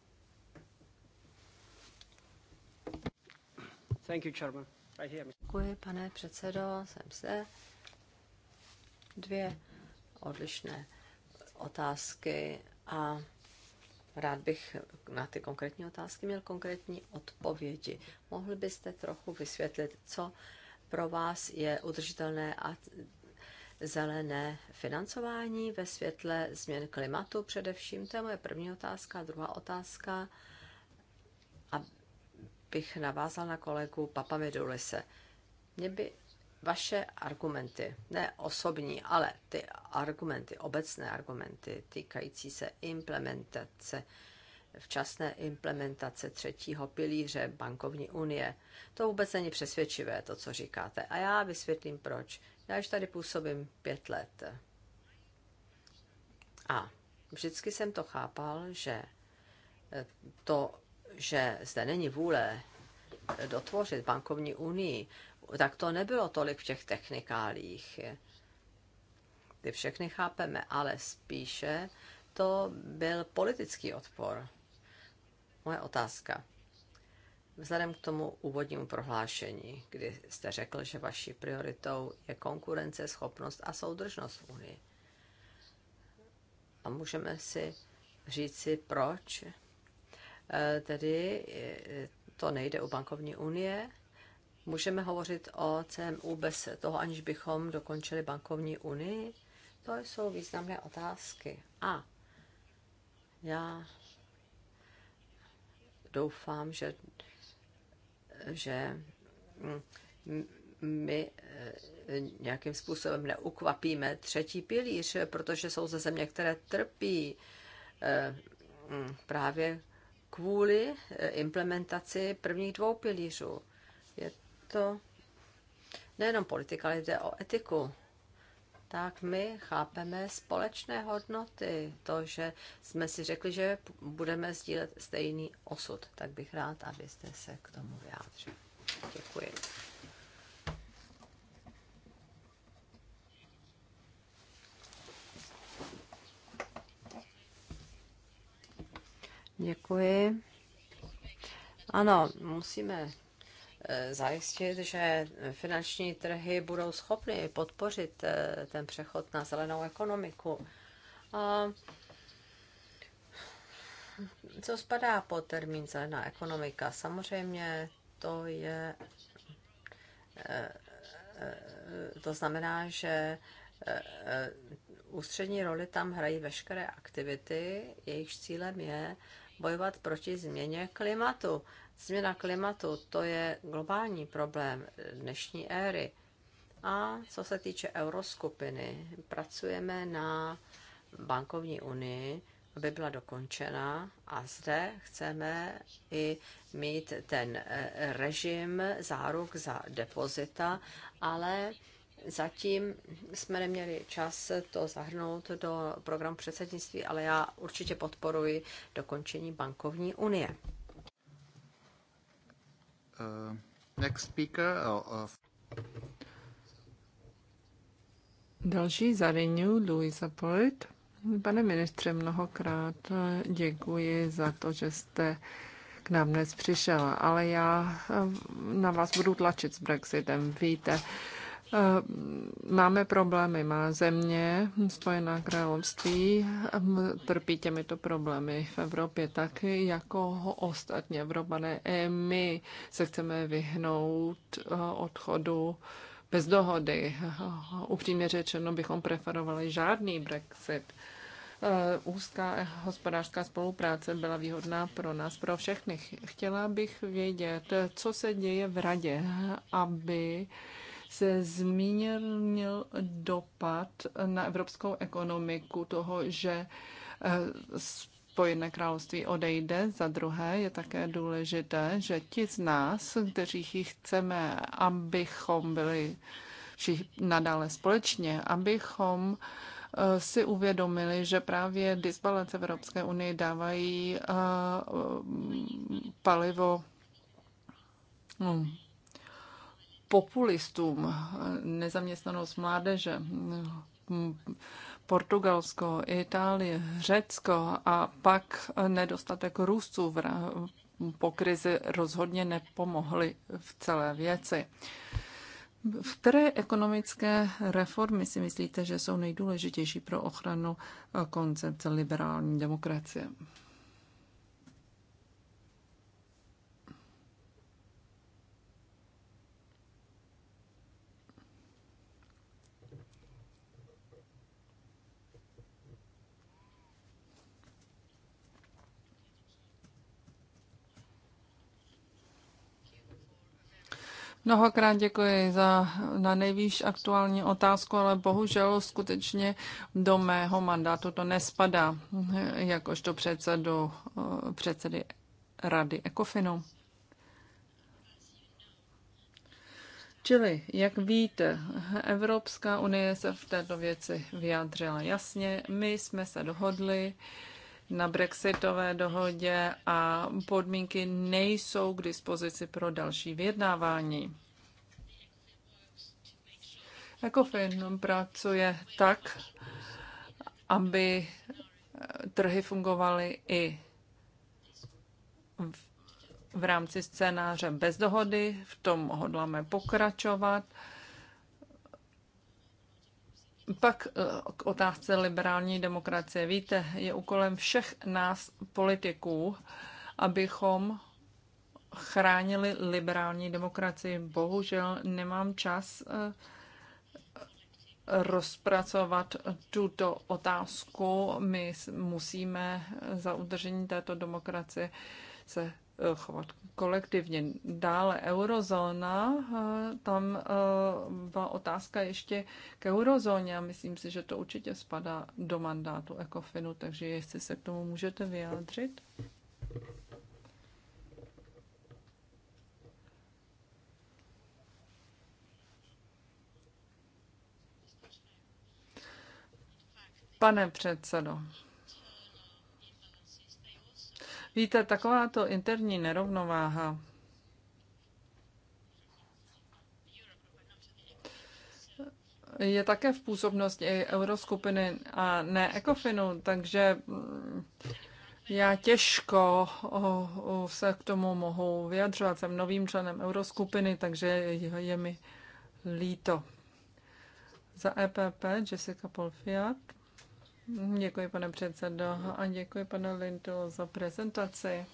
Thank you, Chairman. Right here. Děkuji, pane předsedo, jsem se. Dvě odlišné otázky a Rád bych na ty konkrétní otázky měl konkrétní odpovědi. Mohli byste trochu vysvětlit, co pro vás je udržitelné a zelené financování ve světle změn klimatu především? To je moje první otázka. druhá otázka, abych navázal na kolegu Papamidulise. Mě by vaše argumenty, ne osobní, ale ty argumenty, obecné argumenty týkající se implementace, včasné implementace třetího pilíře bankovní unie. To vůbec není přesvědčivé, to, co říkáte. A já vysvětlím proč. Já už tady působím pět let. A vždycky jsem to chápal, že eh, to, že zde není vůle dotvořit bankovní unii, tak to nebylo tolik v těch technikálích. Ty všechny chápeme, ale spíše to byl politický odpor. Moje otázka. Vzhledem k tomu úvodnímu prohlášení, kdy jste řekl, že vaší prioritou je konkurence, schopnost a soudržnost v Unii. A můžeme si říci, proč e, tedy e, to nejde u bankovní unie, Můžeme hovořit o CMU bez toho, aniž bychom dokončili bankovní unii? To jsou významné otázky. A já doufám, že, že my eh, nějakým způsobem neukvapíme třetí pilíř, protože jsou ze země, které trpí eh, právě kvůli eh, implementaci prvních dvou pilířů to nejenom politika, ale jde o etiku, tak my chápeme společné hodnoty. To, že jsme si řekli, že budeme sdílet stejný osud. Tak bych rád, abyste se k tomu vyjádřili. Děkuji. Děkuji. Ano, musíme Eh, zajistit, že finanční trhy budou schopny podpořit eh, ten přechod na zelenou ekonomiku. A co spadá pod termín zelená ekonomika? Samozřejmě to je. Eh, to znamená, že ústřední roli tam hrají veškeré aktivity, jejichž cílem je bojovat proti změně klimatu. Změna klimatu to je globální problém dnešní éry. A co se týče euroskupiny, pracujeme na bankovní unii, aby byla dokončena a zde chceme i mít ten e, režim záruk za depozita, ale zatím jsme neměli čas to zahrnout do programu předsednictví, ale já určitě podporuji dokončení bankovní unie. Uh, next speaker, uh, Další za Luisa Louisa Polit. Pane ministře, mnohokrát děkuji za to, že jste k nám dnes přišel, ale já eh, na vás budu tlačit s Brexitem. Víte, Eh, máme problémy. Má země, Spojená království, hm, trpí těmito problémy v Evropě taky, jako ostatní Evropané. I eh, my se chceme vyhnout eh, odchodu bez dohody. Upřímně řečeno bychom preferovali žádný Brexit. Úzká hospodářská spolupráce byla výhodná pro nás, pro všechny. Chtěla bych vědět, co se děje v radě, aby se zmínil dopad na evropskou ekonomiku toho, že eh, Spojené království odejde. Za druhé je také důležité, že ti z nás, kteří chceme, abychom byli všichni nadále společně, abychom eh, si uvědomili, že právě disbalance v Evropské unii dávají eh, palivo hm, populistům, nezaměstnanost mládeže, Portugalsko, Itálie, Řecko a pak nedostatek růstu v, po krizi rozhodně nepomohly v celé věci. V které ekonomické reformy si myslíte, že jsou nejdůležitější pro ochranu koncepce liberální demokracie? Mnohokrát děkuji za na nejvýš aktuální otázku, ale bohužel skutečně do mého mandátu to nespadá, jakožto předsedu, předsedy rady Ekofinu. Čili, jak víte, Evropská unie se v této věci vyjádřila jasně. My jsme se dohodli, na brexitové dohodě a podmínky nejsou k dispozici pro další vyjednávání. Ecofin pracuje tak, aby trhy fungovaly i v rámci scénáře bez dohody. V tom hodláme pokračovat. Pak eh, k otázce liberální demokracie. Víte, je úkolem všech nás politiků, abychom chránili liberální demokracii. Bohužel nemám čas eh, rozpracovat tuto otázku. My musíme za udržení této demokracie se Eh, chovat kolektivně. Dále eurozóna, eh, tam eh, byla otázka ještě k eurozóně a myslím si, že to určitě spadá do mandátu ECOFINu, takže jestli se k tomu můžete vyjádřit. Pane předsedo, Víte, takováto interní nerovnováha je také v působnosti euroskupiny a ne ECOFINu, takže mm, já těžko se k tomu mohu vyjadřovat. Jsem novým členem euroskupiny, takže je mi líto. Za EPP Jessica Polfiat. Děkuji, pane předsedo, a děkuji, pane Lindu, za prezentaci.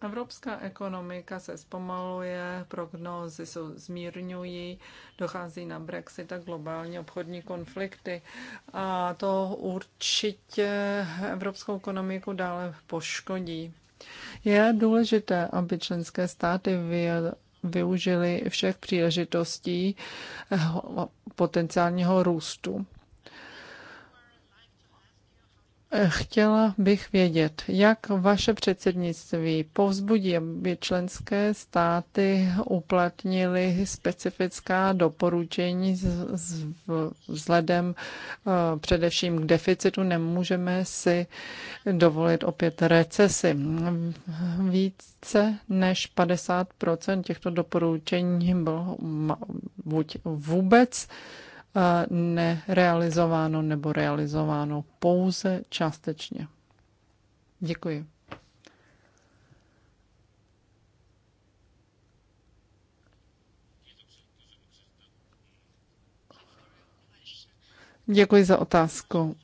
Evropská ekonomika se zpomaluje, prognózy se zmírňují, dochází na Brexit a globální obchodní konflikty. A to určitě evropskou ekonomiku dále poškodí. Je důležité, aby členské státy využili všech příležitostí potenciálního růstu. Chtěla bych vědět, jak vaše předsednictví povzbudí, aby členské státy uplatnily specifická doporučení vzhledem eh, především k deficitu. Nemůžeme si dovolit opět recesi. Více než 50 těchto doporučení bylo buď vůbec nerealizováno nebo realizováno pouze částečně. Děkuji. Děkuji za otázku.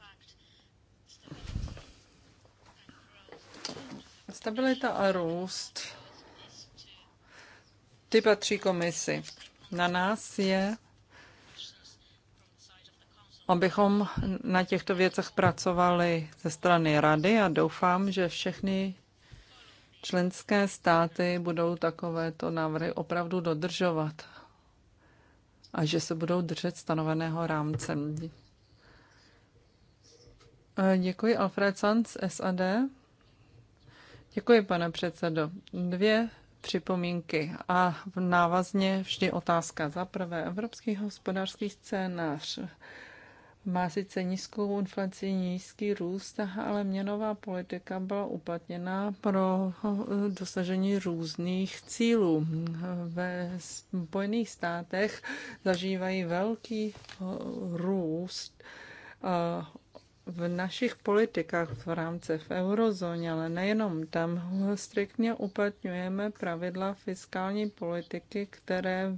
Stabilita a růst. Ty patří komisi. Na nás je, abychom na těchto věcech pracovali ze strany rady a doufám, že všechny členské státy budou takovéto návrhy opravdu dodržovat a že se budou držet stanoveného rámce. Eh, děkuji, Alfred Sanz, SAD. Děkuji, pane předsedo. Dvě připomínky a návazně vždy otázka. Za prvé, evropský hospodářský scénář. Má sice nízkou inflaci, nízký růst, ale měnová politika byla uplatněna pro dosažení různých cílů. Ve Spojených státech zažívají velký růst v našich politikách v rámci v eurozóně, ale nejenom tam, striktně uplatňujeme pravidla fiskální politiky, které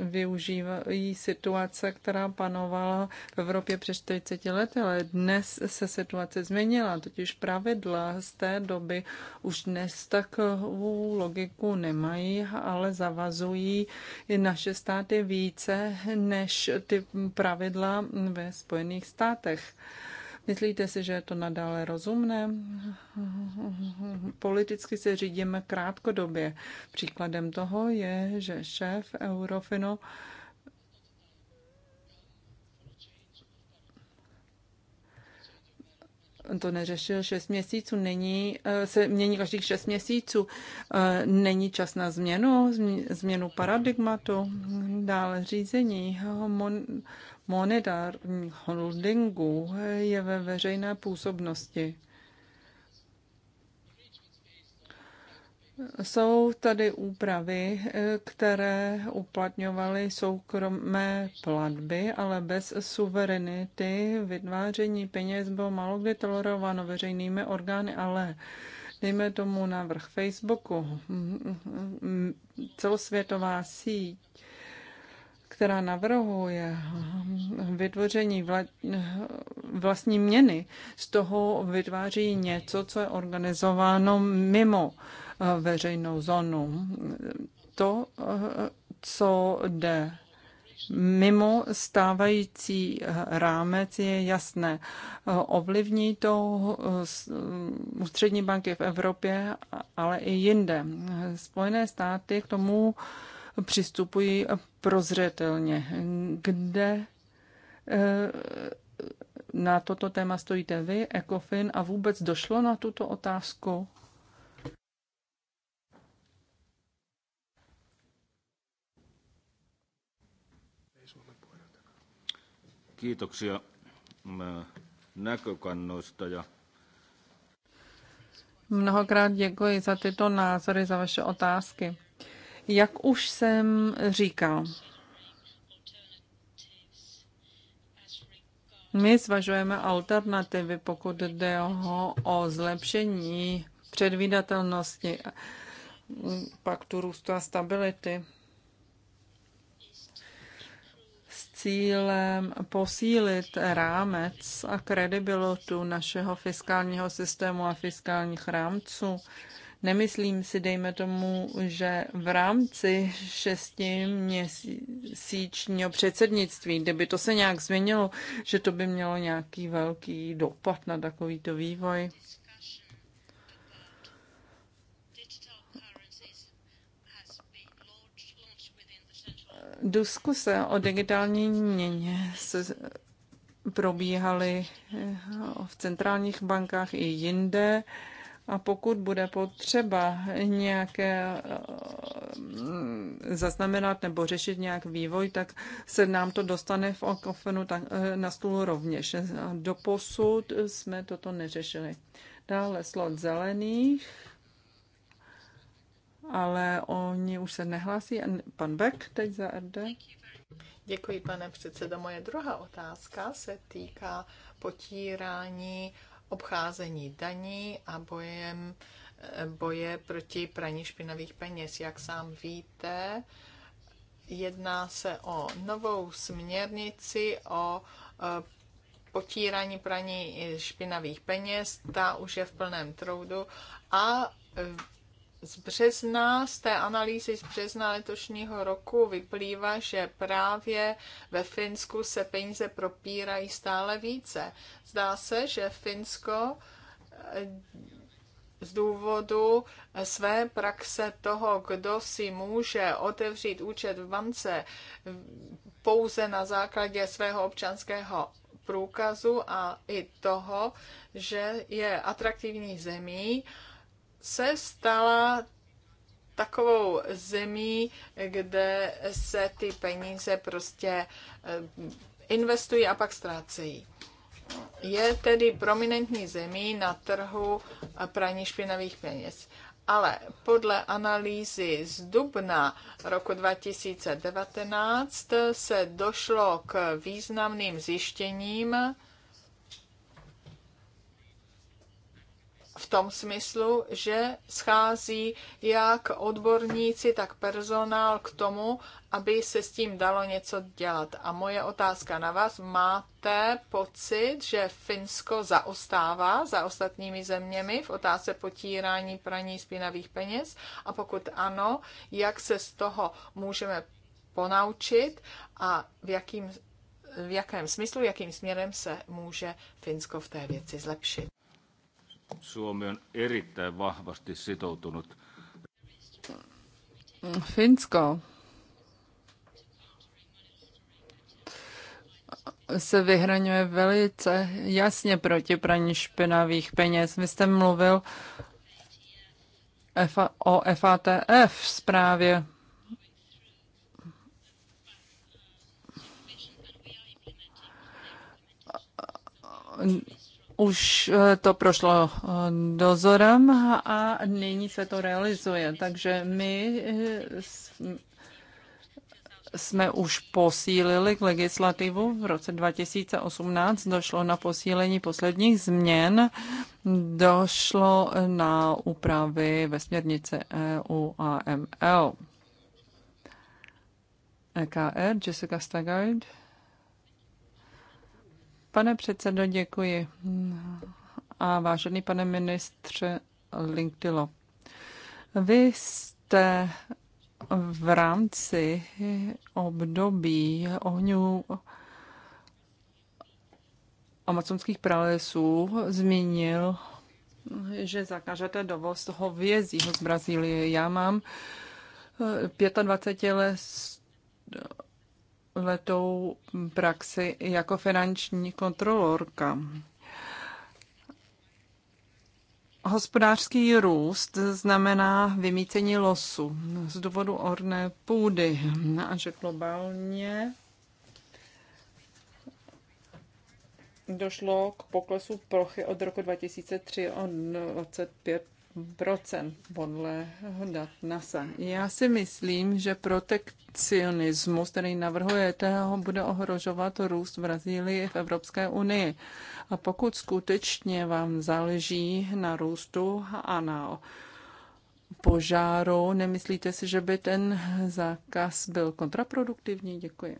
využívají situace, která panovala v Evropě před 40 lety, ale dnes se situace změnila, totiž pravidla z té doby už dnes takovou logiku nemají, ale zavazují naše státy více než ty pravidla ve Spojených státech. Myslíte si, že je to nadále rozumné? Politicky se řídíme krátkodobě. Příkladem toho je, že šéf Eurofino to neřešil šest měsíců, není, eh, se mění každých šest měsíců, eh, není čas na změnu, změnu paradigmatu, dále řízení, mon, monetárních holdingů je ve veřejné působnosti. Jsou tady úpravy, které uplatňovaly soukromé platby, ale bez suverenity vytváření peněz bylo malo kdy tolerováno veřejnými orgány, ale dejme tomu návrh Facebooku, celosvětová síť která navrhuje vytvoření vla, vlastní měny, z toho vytváří něco, co je organizováno mimo eh, veřejnou zónu. To, eh, co jde mimo stávající eh, rámec je jasné. Ovlivní to ústřední banky v Evropě, ale i jinde. Spojené státy k tomu přistupují prozřetelně. Kde eh, na toto téma stojíte vy, ECOFIN, a vůbec došlo na tuto otázku? Kiitoksia mm, näkökannoista ja Mnohokrát děkuji za tyto názory, za vaše otázky. Jak už jsem říkal, my zvažujeme alternativy, pokud jde o, o zlepšení předvídatelnosti paktu růstu a stability s cílem posílit rámec a kredibilitu našeho fiskálního systému a fiskálních rámců Nemyslím si, dejme tomu, že v rámci šestiměsíčního předsednictví, kdyby to se nějak změnilo, že to by mělo nějaký velký dopad na takovýto vývoj. Diskuse o digitální měně se probíhaly v centrálních bankách i jinde. A pokud bude potřeba nějaké eh, zaznamenat nebo řešit nějak vývoj, tak se nám to dostane v okofenu tak, eh, na stůl rovněž. Do posud, jsme toto neřešili. Dále slot zelených, ale oni už se nehlásí. Pan Beck teď za RD. Děkuji, pane předsedo. Moje druhá otázka se týká potírání obcházení daní a bojem, boje proti praní špinavých peněz. Jak sám víte, jedná se o novou směrnici o e, potírání praní špinavých peněz, ta už je v plném troudu a z března, z té analýzy z března letošního roku vyplývá, že právě ve Finsku se peníze propírají stále více. Zdá se, že Finsko eh, z důvodu své praxe toho, kdo si může otevřít účet v bance pouze na základě svého občanského průkazu a i toho, že je atraktivní zemí, se stala takovou zemí, kde se ty peníze prostě eh, investují a pak ztrácejí. Je tedy prominentní zemí na trhu praní špinavých peněz. Ale podle analýzy z dubna roku 2019 se došlo k významným zjištěním, v tom smyslu, že schází jak odborníci, tak personál k tomu, aby se s tím dalo něco dělat. A moje otázka na vás, máte pocit, že Finsko zaostává za ostatními zeměmi v otázce potírání praní spinavých peněz? A pokud ano, jak se z toho můžeme ponaučit a v, jakým, v jakém smyslu, jakým směrem se může Finsko v té věci zlepšit? Suomi on erittäin vahvasti sitoutunut. Finsko se vyhraňuje velice jasně proti praní špinavých peněz. Vy jste mluvil o FATF zprávě už eh, to prošlo eh, dozorem a nyní se to realizuje. Takže my eh, jsme už posílili k legislativu. V roce 2018 došlo na posílení posledních změn, došlo na úpravy ve směrnice EU a ML. EKR, Jessica Stagard. Pane předsedo, děkuji. A vážený pane ministře Linktilo, vy jste v rámci období ohňů amazonských pralesů zmínil, že zakážete dovoz vězího z Brazílie. Já mám 25 let letou praxi jako finanční kontrolorka. Hospodářský růst znamená vymícení losu z důvodu orné půdy no a že globálně došlo k poklesu plochy od roku 2003 o 25 podle dat NASA. Já si myslím, že protekcionismus, který navrhujete, ho bude ohrožovat růst v Brazílii v Evropské unii. A pokud skutečně vám záleží na růstu a na požáru, nemyslíte si, že by ten zákaz byl kontraproduktivní? Děkuji.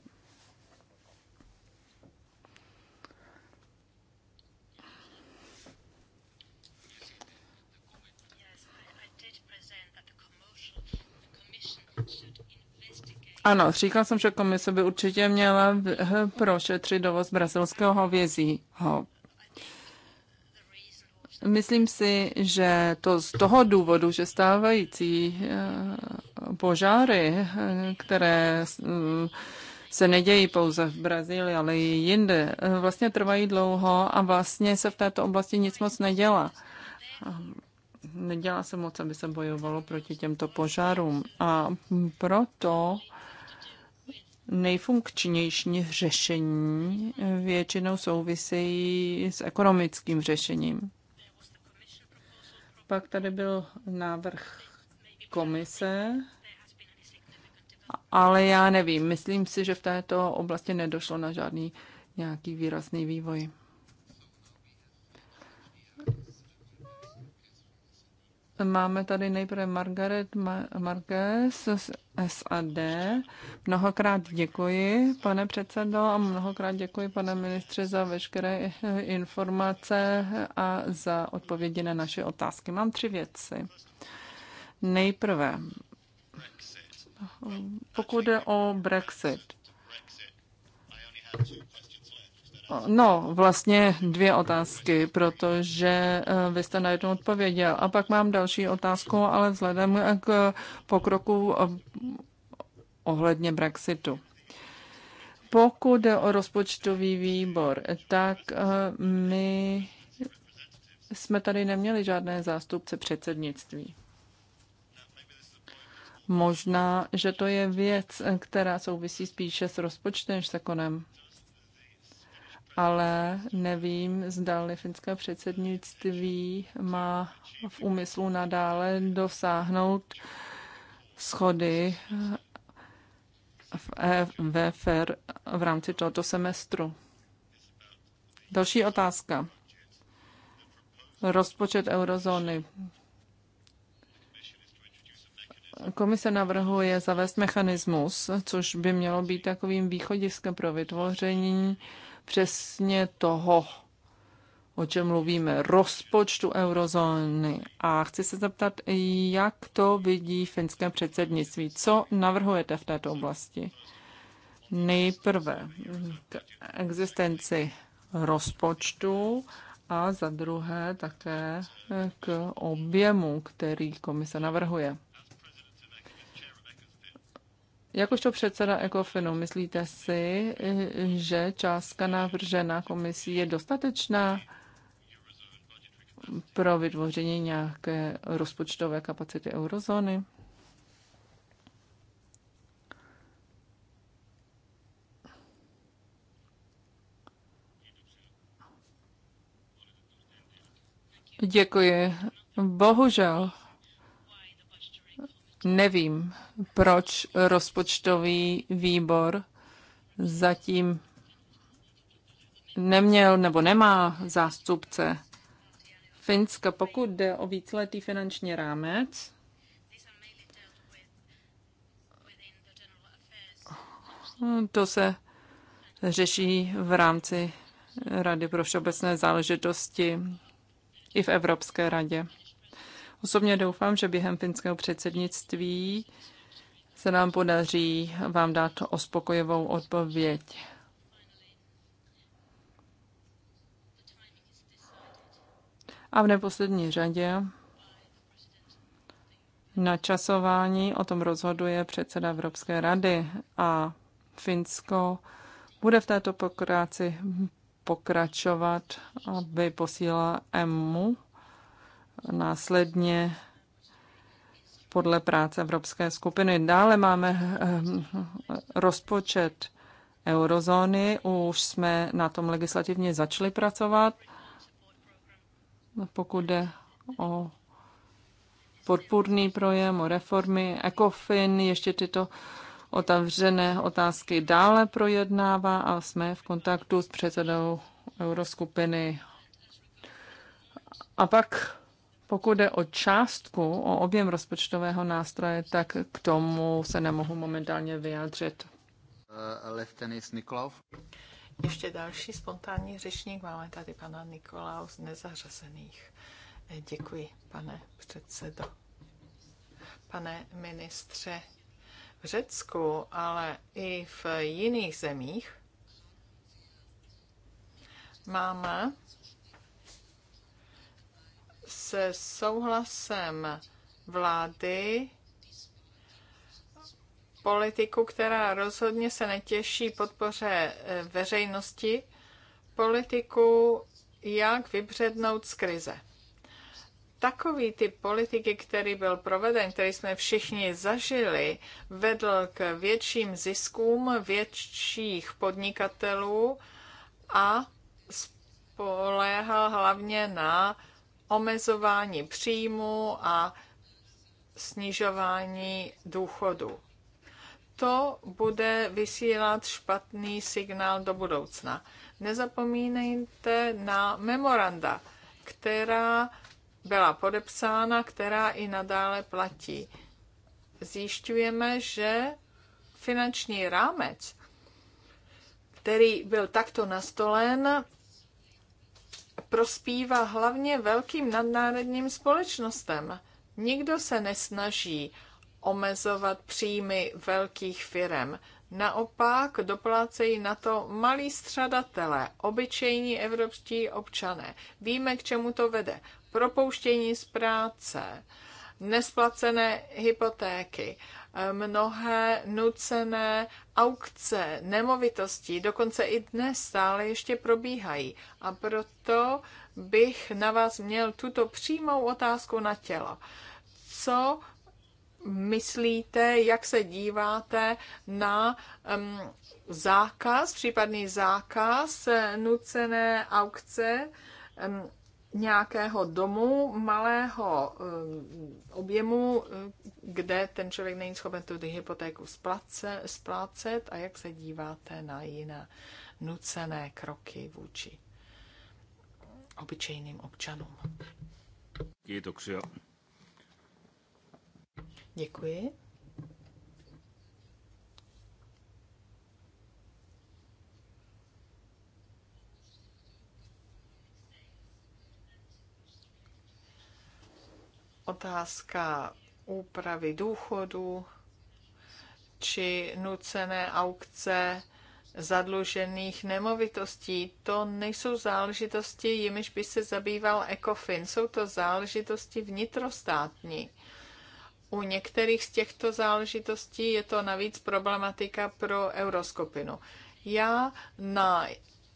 Ano, říkal jsem, že komise by určitě měla prošetřit dovoz brazilského hovězího. Myslím si, že to z toho důvodu, že stávající eh, požáry, eh, které eh, se nedějí pouze v Brazílii, ale i jinde, vlastně trvají dlouho a vlastně se v této oblasti nic moc nedělá. Nedělá se moc, aby se bojovalo proti těmto požárům. A proto nejfunkčnější řešení většinou souvisejí s ekonomickým řešením. Pak tady byl návrh komise, ale já nevím, myslím si, že v této oblasti nedošlo na žádný nějaký výrazný vývoj. Máme tady nejprve Margaret Marquez z SAD. Mnohokrát děkuji, pane předsedo, a mnohokrát děkuji, pane ministře, za veškeré informace a za odpovědi na naše otázky. Mám tři věci. Nejprve, pokud jde o Brexit, No, vlastně dvě otázky, protože eh, vy jste na jednu odpověděl. A pak mám další otázku, ale vzhledem k pokroku eh, ohledně Brexitu. Pokud jde o rozpočtový výbor, tak eh, my jsme tady neměli žádné zástupce předsednictví. Možná, že to je věc, která souvisí spíše s rozpočtem než s ekonem ale nevím, zdali finské předsednictví má v úmyslu nadále dosáhnout schody v EVFR v rámci tohoto semestru. Další otázka. Rozpočet eurozóny. Komise navrhuje zavést mechanismus, což by mělo být takovým východiskem pro vytvoření přesně toho, o čem mluvíme, rozpočtu eurozóny. A chci se zeptat, jak to vidí finské předsednictví? Co navrhujete v této oblasti? Nejprve k existenci rozpočtu a za druhé také k objemu, který komise navrhuje. Jakožto předseda Ecofinu, myslíte si, že částka navržená komisí je dostatečná pro vytvoření nějaké rozpočtové kapacity eurozóny? Děkuji. Bohužel. Nevím, proč rozpočtový výbor zatím neměl nebo nemá zástupce Finska, pokud jde o víceletý finanční rámec, to se řeší v rámci Rady pro všeobecné záležitosti i v Evropské radě. Osobně doufám, že během finského předsednictví se nám podaří vám dát ospokojivou odpověď. A v neposlední řadě načasování o tom rozhoduje předseda Evropské rady a Finsko bude v této pokráci pokračovat, aby posílala EMU následně podle práce Evropské skupiny. Dále máme ehm, rozpočet eurozóny, už jsme na tom legislativně začali pracovat. Pokud jde o podpůrný projem, o reformy, ECOFIN, ještě tyto otevřené otázky dále projednává a jsme v kontaktu s předsedou euroskupiny. A pak pokud jde o částku, o objem rozpočtového nástroje, tak k tomu se nemohu momentálně vyjádřit. Eh, Leftenis Ještě další spontánní řečník. Máme tady pana Nikolau z nezařazených. Eh, děkuji, pane předsedo. Pane ministře, v Řecku, ale i v jiných zemích máme se souhlasem vlády politiku, která rozhodně se netěší podpoře eh, veřejnosti, politiku, jak vybřednout z krize. Takový typ politiky, který byl proveden, který jsme všichni zažili, vedl k větším ziskům větších podnikatelů a spoléhal hlavně na omezování příjmu a snižování důchodu. To bude vysílat špatný signál do budoucna. Nezapomínejte na memoranda, která byla podepsána, která i nadále platí. Zjišťujeme, že finanční rámec, který byl takto nastolen, prospívá hlavně velkým nadnárodním společnostem. Nikdo se nesnaží omezovat příjmy velkých firem. Naopak doplácejí na to malí střadatelé, obyčejní evropští občané. Víme, k čemu to vede. Propouštění z práce, nesplacené hypotéky, Ehm, mnohé nucené aukce nemovitostí, dokonce i dnes stále ještě probíhají. A proto bych na vás měl tuto přímou otázku na tělo. Co myslíte, jak se díváte na um, zákaz, případný zákaz nucené aukce um, nějakého domu malého eh, objemu, eh, kde ten člověk není schopen tu hypotéku splácet a jak se díváte na jiné nucené kroky vůči obyčejným občanům. Kiitoksia. Děkuji. otázka úpravy důchodu či nucené aukce zadlužených nemovitostí. To nejsou záležitosti, jimiž by se zabýval ECOFIN. Jsou to záležitosti vnitrostátní. U některých z těchto záležitostí je to navíc problematika pro euroskopinu. Já na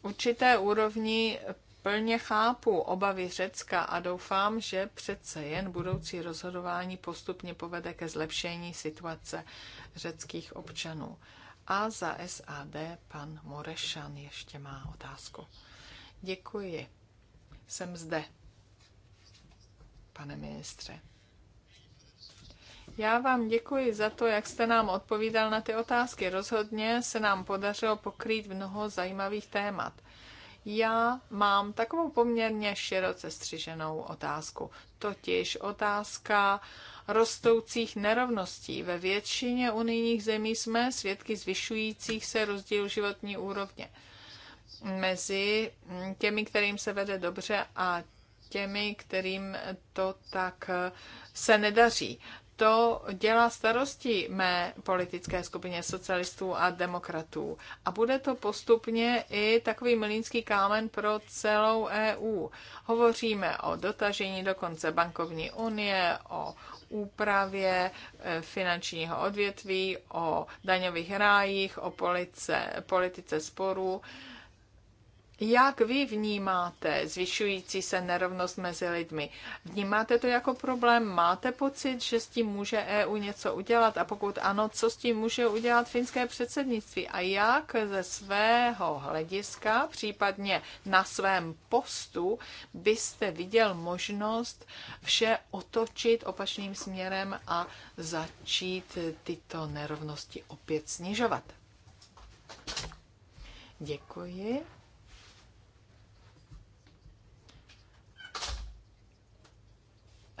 určité úrovni Plně chápu obavy Řecka a doufám, že přece jen budoucí rozhodování postupně povede ke zlepšení situace řeckých občanů. A za SAD pan Morešan ještě má otázku. Děkuji. Jsem zde, pane ministře. Já vám děkuji za to, jak jste nám odpovídal na ty otázky. Rozhodně se nám podařilo pokrýt mnoho zajímavých témat. Já mám takovou poměrně široce střiženou otázku, totiž otázka rostoucích nerovností. Ve většině unijních zemí jsme svědky zvyšujících se rozdíl životní úrovně mezi mm, těmi, kterým se vede dobře a těmi, kterým to tak eh, se nedaří to dělá starosti mé politické skupině socialistů a demokratů. A bude to postupně i takový milínský kámen pro celou EU. Hovoříme o dotažení dokonce bankovní unie, o úpravě e, finančního odvětví, o daňových rájích, o police, politice sporů. Jak vy vnímáte zvyšující se nerovnost mezi lidmi? Vnímáte to jako problém? Máte pocit, že s tím může EU něco udělat? A pokud ano, co s tím může udělat finské předsednictví? A jak ze svého hlediska, případně na svém postu, byste viděl možnost vše otočit opačným směrem a začít tyto nerovnosti opět snižovat? Děkuji.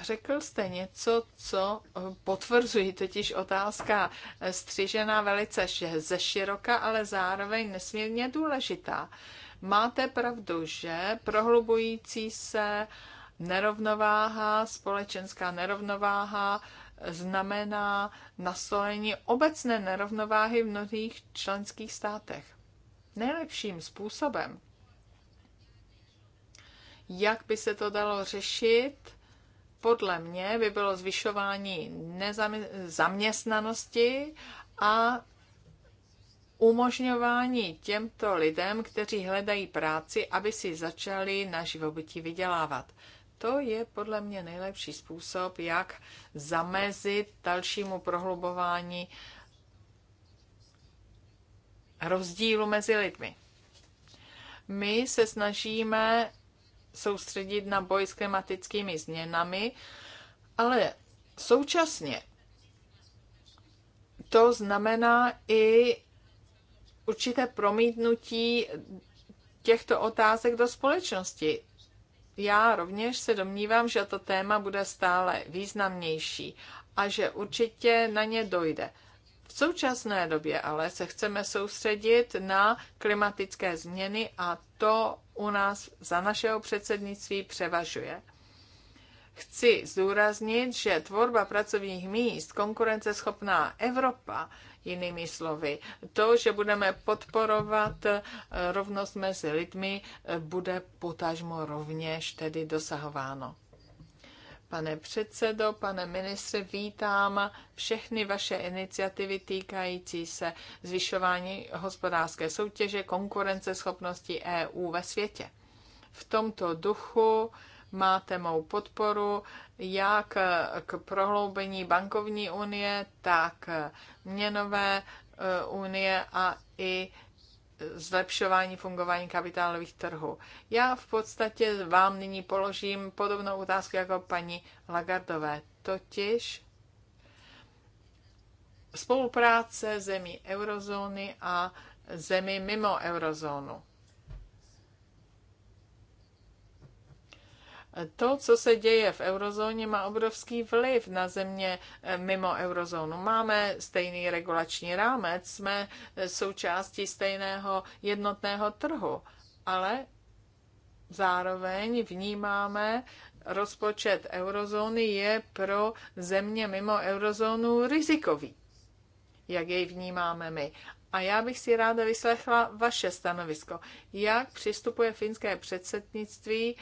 Řekl jste něco, co eh, potvrzují totiž otázka eh, střižená velice ze široka, ale zároveň nesmírně důležitá. Máte pravdu, že prohlubující se nerovnováha, společenská nerovnováha, eh, znamená nastolení obecné nerovnováhy v mnohých členských státech. Nejlepším způsobem, jak by se to dalo řešit, podle mě by bylo zvyšování nezaměstnanosti a umožňování těmto lidem, kteří hledají práci, aby si začali na živobytí vydělávat. To je podle mě nejlepší způsob, jak zamezit dalšímu prohlubování rozdílu mezi lidmi. My se snažíme soustředit na boj s klimatickými změnami, ale současně to znamená i určité promítnutí těchto otázek do společnosti. Já rovněž se domnívám, že to téma bude stále významnější a že určitě na ně dojde. V současné době ale se chceme soustředit na klimatické změny a to u nás za našeho předsednictví převažuje. Chci zdůraznit, že tvorba pracovních míst, konkurenceschopná Evropa, jinými slovy, to, že budeme podporovat eh, rovnost mezi lidmi, eh, bude potažmo rovněž tedy dosahováno. Pane předsedo, pane ministře, vítám všechny vaše iniciativy týkající se zvyšování hospodářské soutěže, konkurenceschopnosti EU ve světě. V tomto duchu máte mou podporu jak k prohloubení bankovní unie, tak měnové e, unie a i zlepšování fungování kapitálových trhů. Já v podstatě vám nyní položím podobnou otázku jako paní Lagardové, totiž spolupráce zemí eurozóny a zemí mimo eurozónu. to, co se děje v eurozóně, má obrovský vliv na země eh, mimo eurozónu. Máme stejný regulační rámec, jsme eh, součástí stejného jednotného trhu, ale zároveň vnímáme, rozpočet eurozóny je pro země mimo eurozónu rizikový, jak jej vnímáme my. A já bych si ráda vyslechla vaše stanovisko. Jak přistupuje finské předsednictví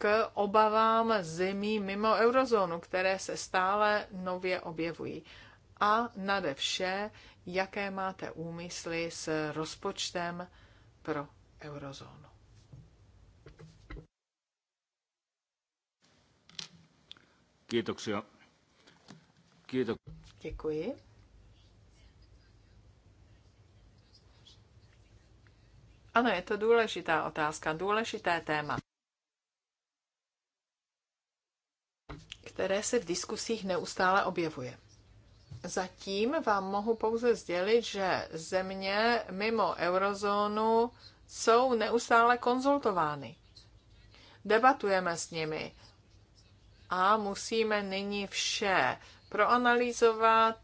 k obavám zemí mimo eurozónu, které se stále nově objevují. A nade vše, jaké máte úmysly s rozpočtem pro eurozónu. Kiitoksia. Kiitok. Děkuji. Ano, je to důležitá otázka, důležité téma. které se v diskusích neustále objevuje. Zatím vám mohu pouze sdělit, že země mimo eurozónu jsou neustále konzultovány. Debatujeme s nimi a musíme nyní vše proanalýzovat,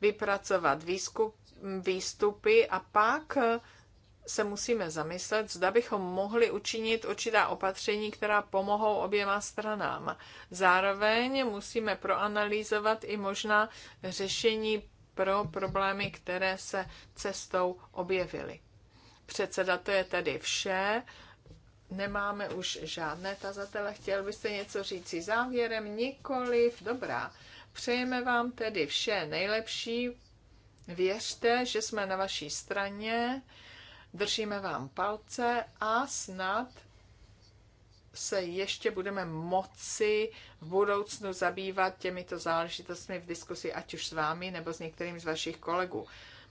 vypracovat výzkup, výstupy a pak se musíme zamyslet, zda bychom mohli učinit určitá opatření, která pomohou oběma stranám. Zároveň musíme proanalýzovat i možná řešení pro problémy, které se cestou objevily. Předseda, to je tedy vše. Nemáme už žádné tazatele. Chtěl byste něco říci závěrem? Nikoliv. Dobrá. Přejeme vám tedy vše nejlepší. Věřte, že jsme na vaší straně Držíme vám palce a snad se ještě budeme moci v budoucnu zabývat těmito záležitostmi v diskusi, ať už s vámi nebo s některým z vašich kolegů.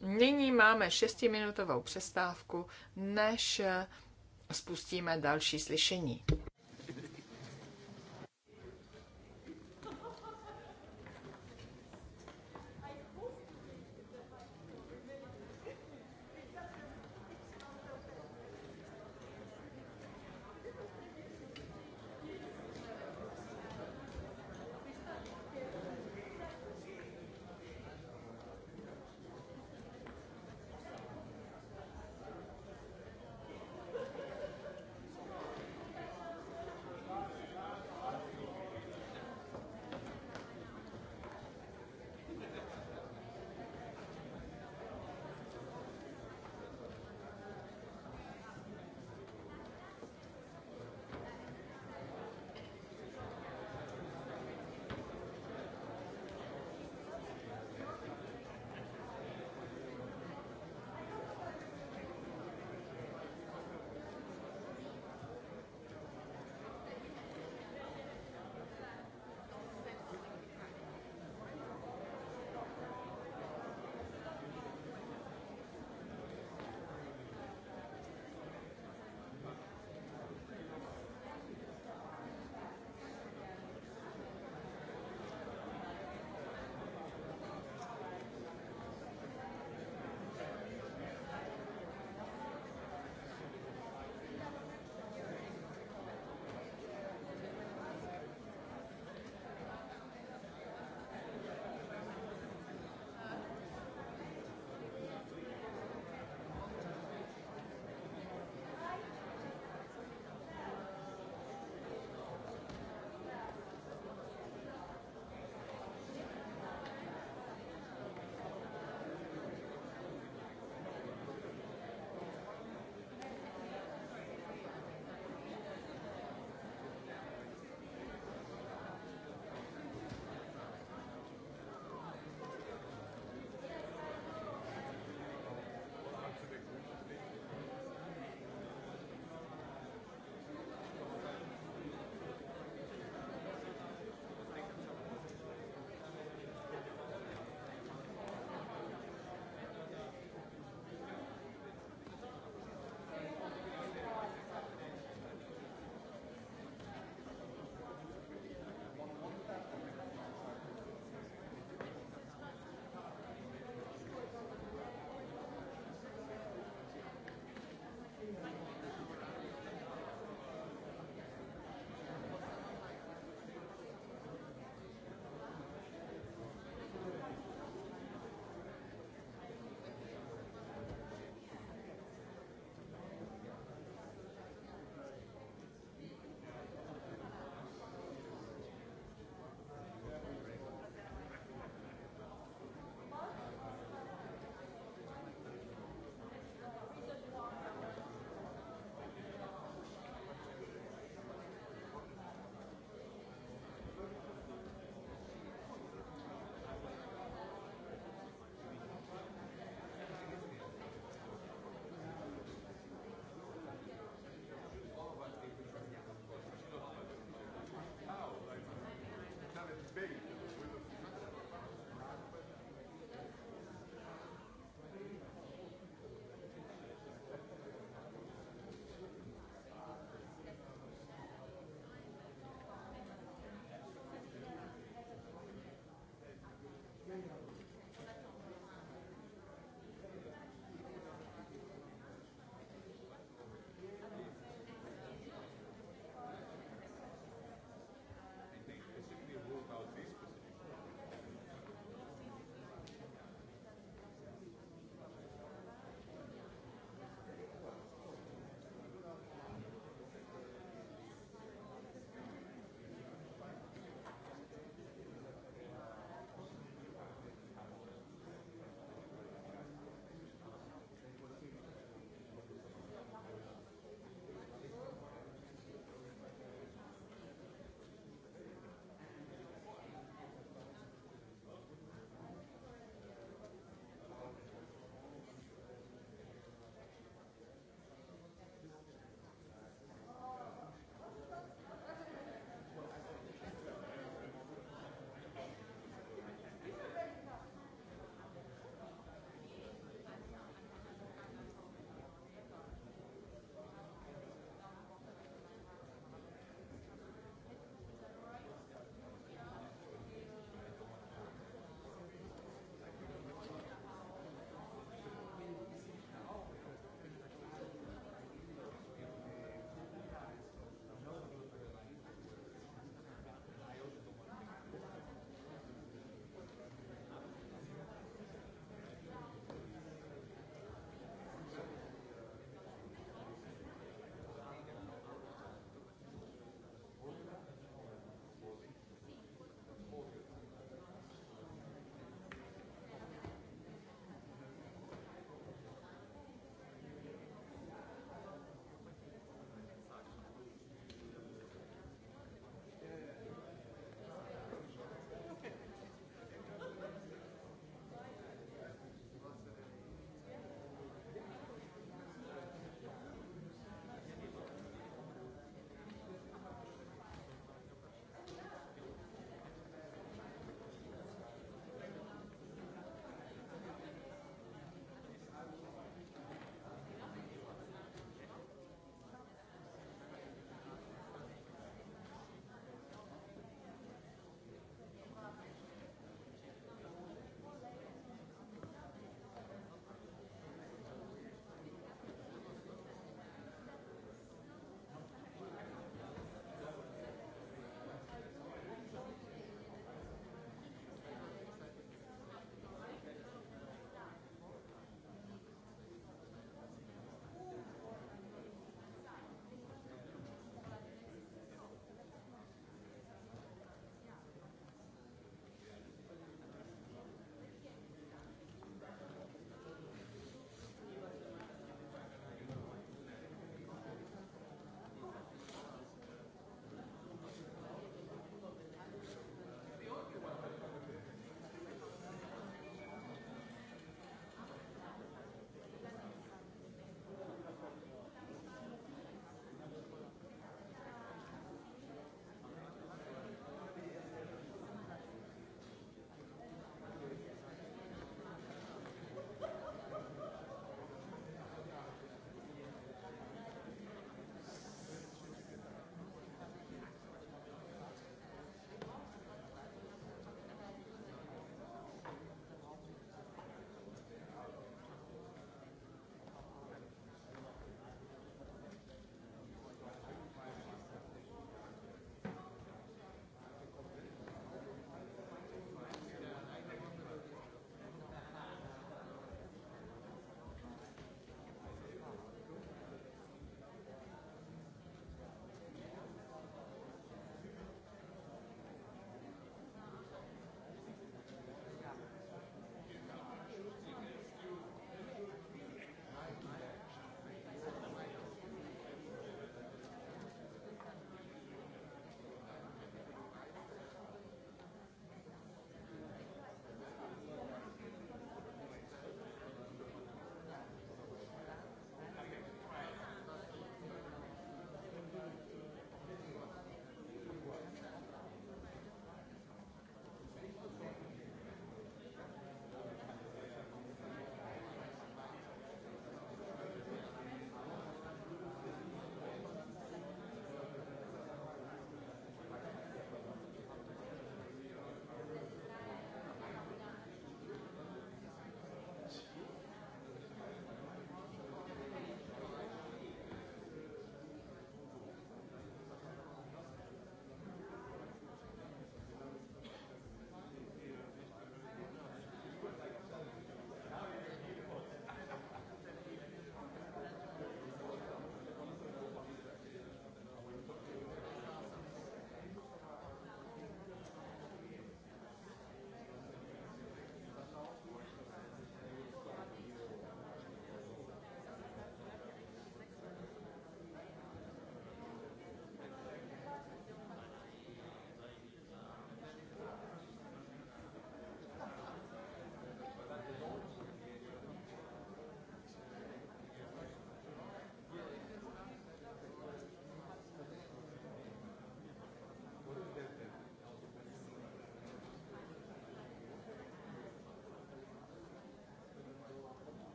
Nyní máme šestiminutovou přestávku, než spustíme další slyšení.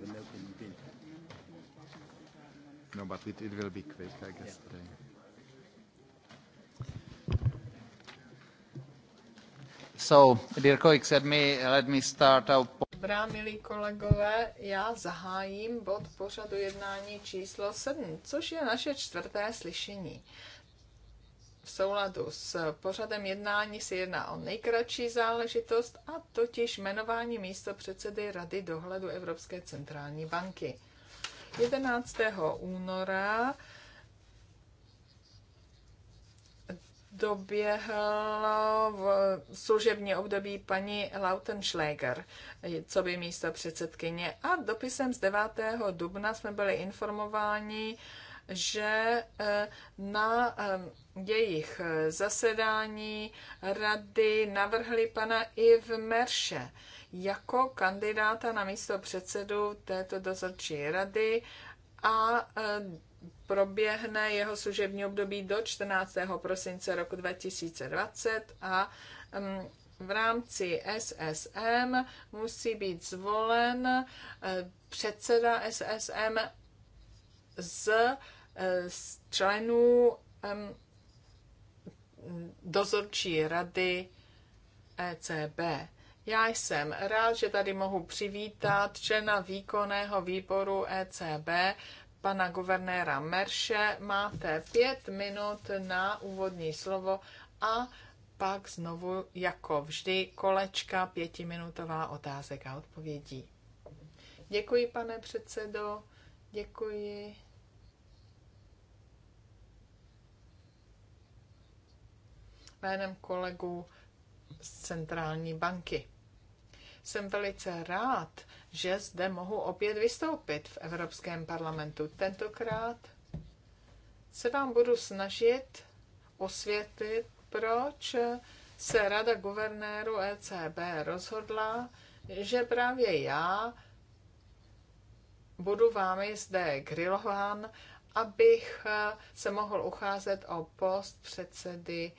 the milk in the bin. No, but it, it will be quick, I guess. Yeah. Today. So, dear colleagues, let me, let me start out. Dobrá, milí kolegové, já zahájím bod pořadu jednání číslo 7, což je naše čtvrté slyšení v souladu s pořadem jednání se jedná o nejkratší záležitost, a totiž jmenování místo předsedy Rady dohledu Evropské centrální banky. 11. února doběhlo v služební období paní Lautenschläger, co by místo předsedkyně. A dopisem z 9. dubna jsme byli informováni, že eh, na eh, jejich eh, zasedání rady navrhli pana Iv Merše jako kandidáta na místo předsedu této dozorčí rady a eh, proběhne jeho služební období do 14. prosince roku 2020 a mm, v rámci SSM musí být zvolen eh, předseda SSM z členů mm, dozorčí rady ECB. Já jsem rád, že tady mohu přivítat člena výkonného výboru ECB, pana guvernéra Merše. Máte pět minut na úvodní slovo a pak znovu, jako vždy, kolečka pětiminutová otázek a odpovědí. Děkuji, pane předsedo. Děkuji jménem kolegů z centrální banky. Jsem velice rád, že zde mohu opět vystoupit v Evropském parlamentu. Tentokrát se vám budu snažit osvětlit, proč se Rada guvernéru ECB rozhodla, že právě já budu vámi zde grilován, abych se mohl ucházet o post předsedy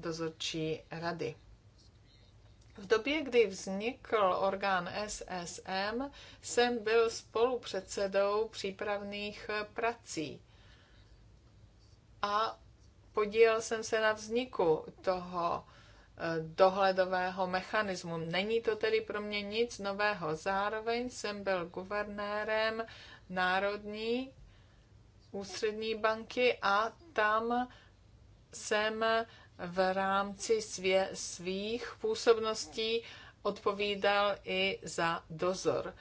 dozorčí rady. V době, kdy vznikl orgán SSM, jsem byl spolupředsedou přípravných prací a podílel jsem se na vzniku toho eh, dohledového mechanismu. Není to tedy pro mě nic nového. Zároveň jsem byl guvernérem Národní ústřední banky a tam jsem v rámci svě, svých působností odpovídal i za dozor.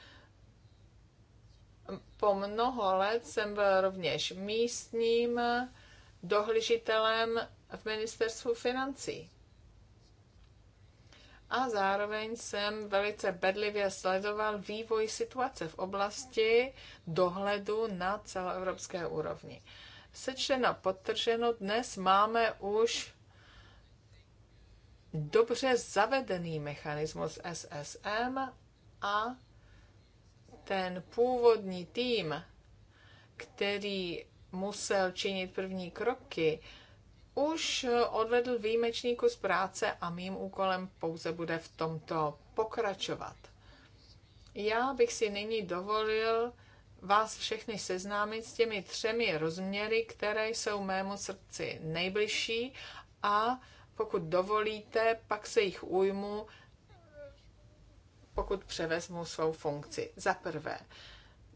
Po mnoho let jsem byl rovněž místním dohlížitelem v ministerstvu financí. A zároveň jsem velice bedlivě sledoval vývoj situace v oblasti dohledu na celoevropské úrovni. Sečteno, potrženo, dnes máme už dobře zavedený mechanismus SSM a ten původní tým, který musel činit první kroky, už odvedl výjimečný kus práce a mým úkolem pouze bude v tomto pokračovat. Já bych si nyní dovolil vás všechny seznámit s těmi třemi rozměry, které jsou mému srdci nejbližší a pokud dovolíte, pak se jich ujmu, pokud převezmu svou funkci. Za prvé,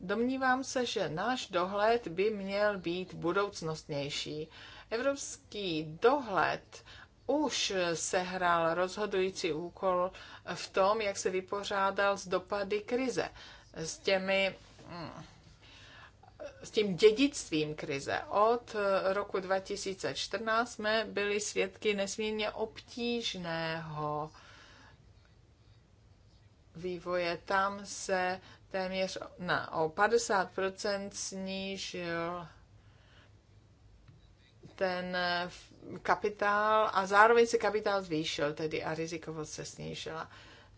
domnívám se, že náš dohled by měl být budoucnostnější. Evropský dohled už sehrál rozhodující úkol v tom, jak se vypořádal s dopady krize, s těmi mm, s tím dědictvím krize. Od eh, roku 2014 jsme byli svědky nesmírně obtížného vývoje. Tam se téměř na, o 50% snížil ten eh, kapitál a zároveň se kapitál zvýšil, tedy a rizikovost se snížila.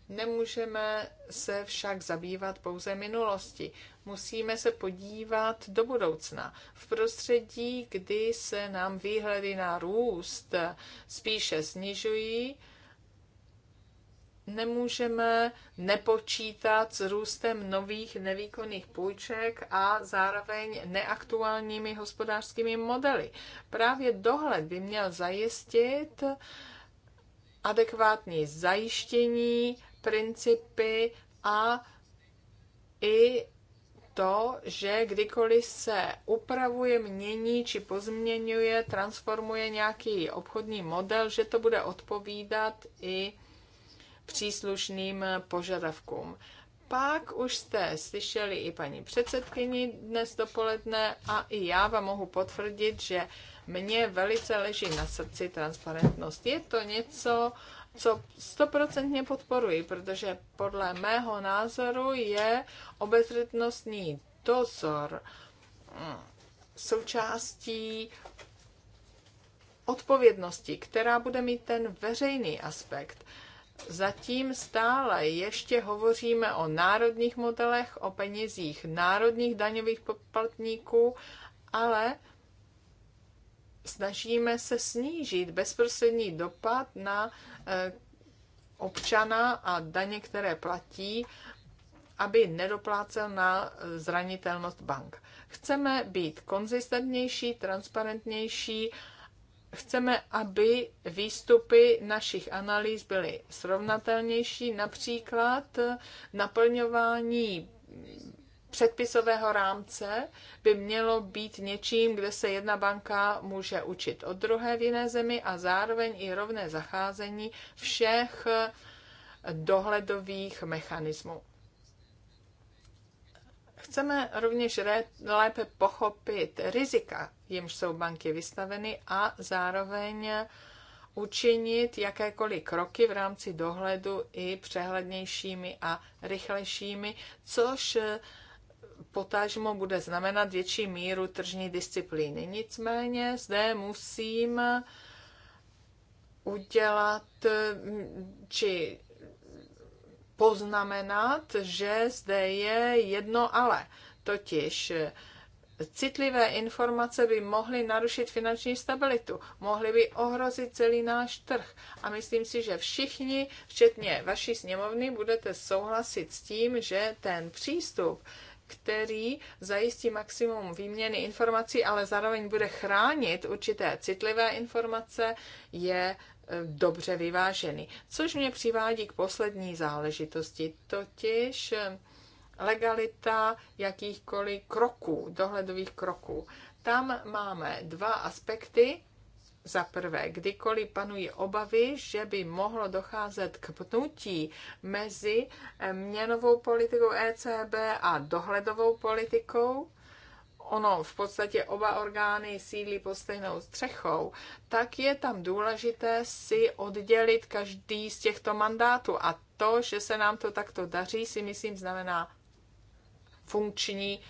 Nemůžeme se však zabývat pouze minulosti. Musíme se podívat do budoucna. V prostředí, kdy se nám výhledy na růst spíše snižují, nemůžeme nepočítat s růstem nových nevýkonných půjček a zároveň neaktuálními hospodářskými modely. Právě dohled by měl zajistit adekvátní zajištění principy a i to, že kdykoliv se upravuje, mění či pozměňuje, transformuje nějaký obchodní model, že to bude odpovídat i příslušným požadavkům. Pak už jste slyšeli i paní předsedkyni dnes dopoledne a i já vám mohu potvrdit, že mně velice leží na srdci transparentnost. Je to něco, co stoprocentně podporuji, protože podle mého názoru je obezřetnostní dozor mm, součástí odpovědnosti, která bude mít ten veřejný aspekt. Zatím stále ještě hovoříme o národních modelech, o penězích národních daňových poplatníků, ale snažíme se snížit bezprostřední dopad na eh, občana a daně, které platí, aby nedoplácel na eh, zranitelnost bank. Chceme být konzistentnější, transparentnější, chceme, aby výstupy našich analýz byly srovnatelnější, například eh, naplňování předpisového rámce by mělo být něčím, kde se jedna banka může učit od druhé v jiné zemi a zároveň i rovné zacházení všech dohledových mechanismů. Chceme rovněž lépe pochopit rizika, jimž jsou banky vystaveny a zároveň učinit jakékoliv kroky v rámci dohledu i přehlednějšími a rychlejšími, což potažmo bude znamenat větší míru tržní disciplíny. Nicméně zde musím udělat či poznamenat, že zde je jedno ale, totiž citlivé informace by mohly narušit finanční stabilitu, mohly by ohrozit celý náš trh. A myslím si, že všichni, včetně vaší sněmovny, budete souhlasit s tím, že ten přístup který zajistí maximum výměny informací, ale zároveň bude chránit určité citlivé informace, je e, dobře vyvážený. Což mě přivádí k poslední záležitosti, totiž e, legalita jakýchkoliv kroků, dohledových kroků. Tam máme dva aspekty, za prvé, kdykoliv panují obavy, že by mohlo docházet k pnutí mezi eh, měnovou politikou ECB a dohledovou politikou, ono v podstatě oba orgány sídlí pod stejnou střechou, tak je tam důležité si oddělit každý z těchto mandátů. A to, že se nám to takto daří, si myslím, znamená funkční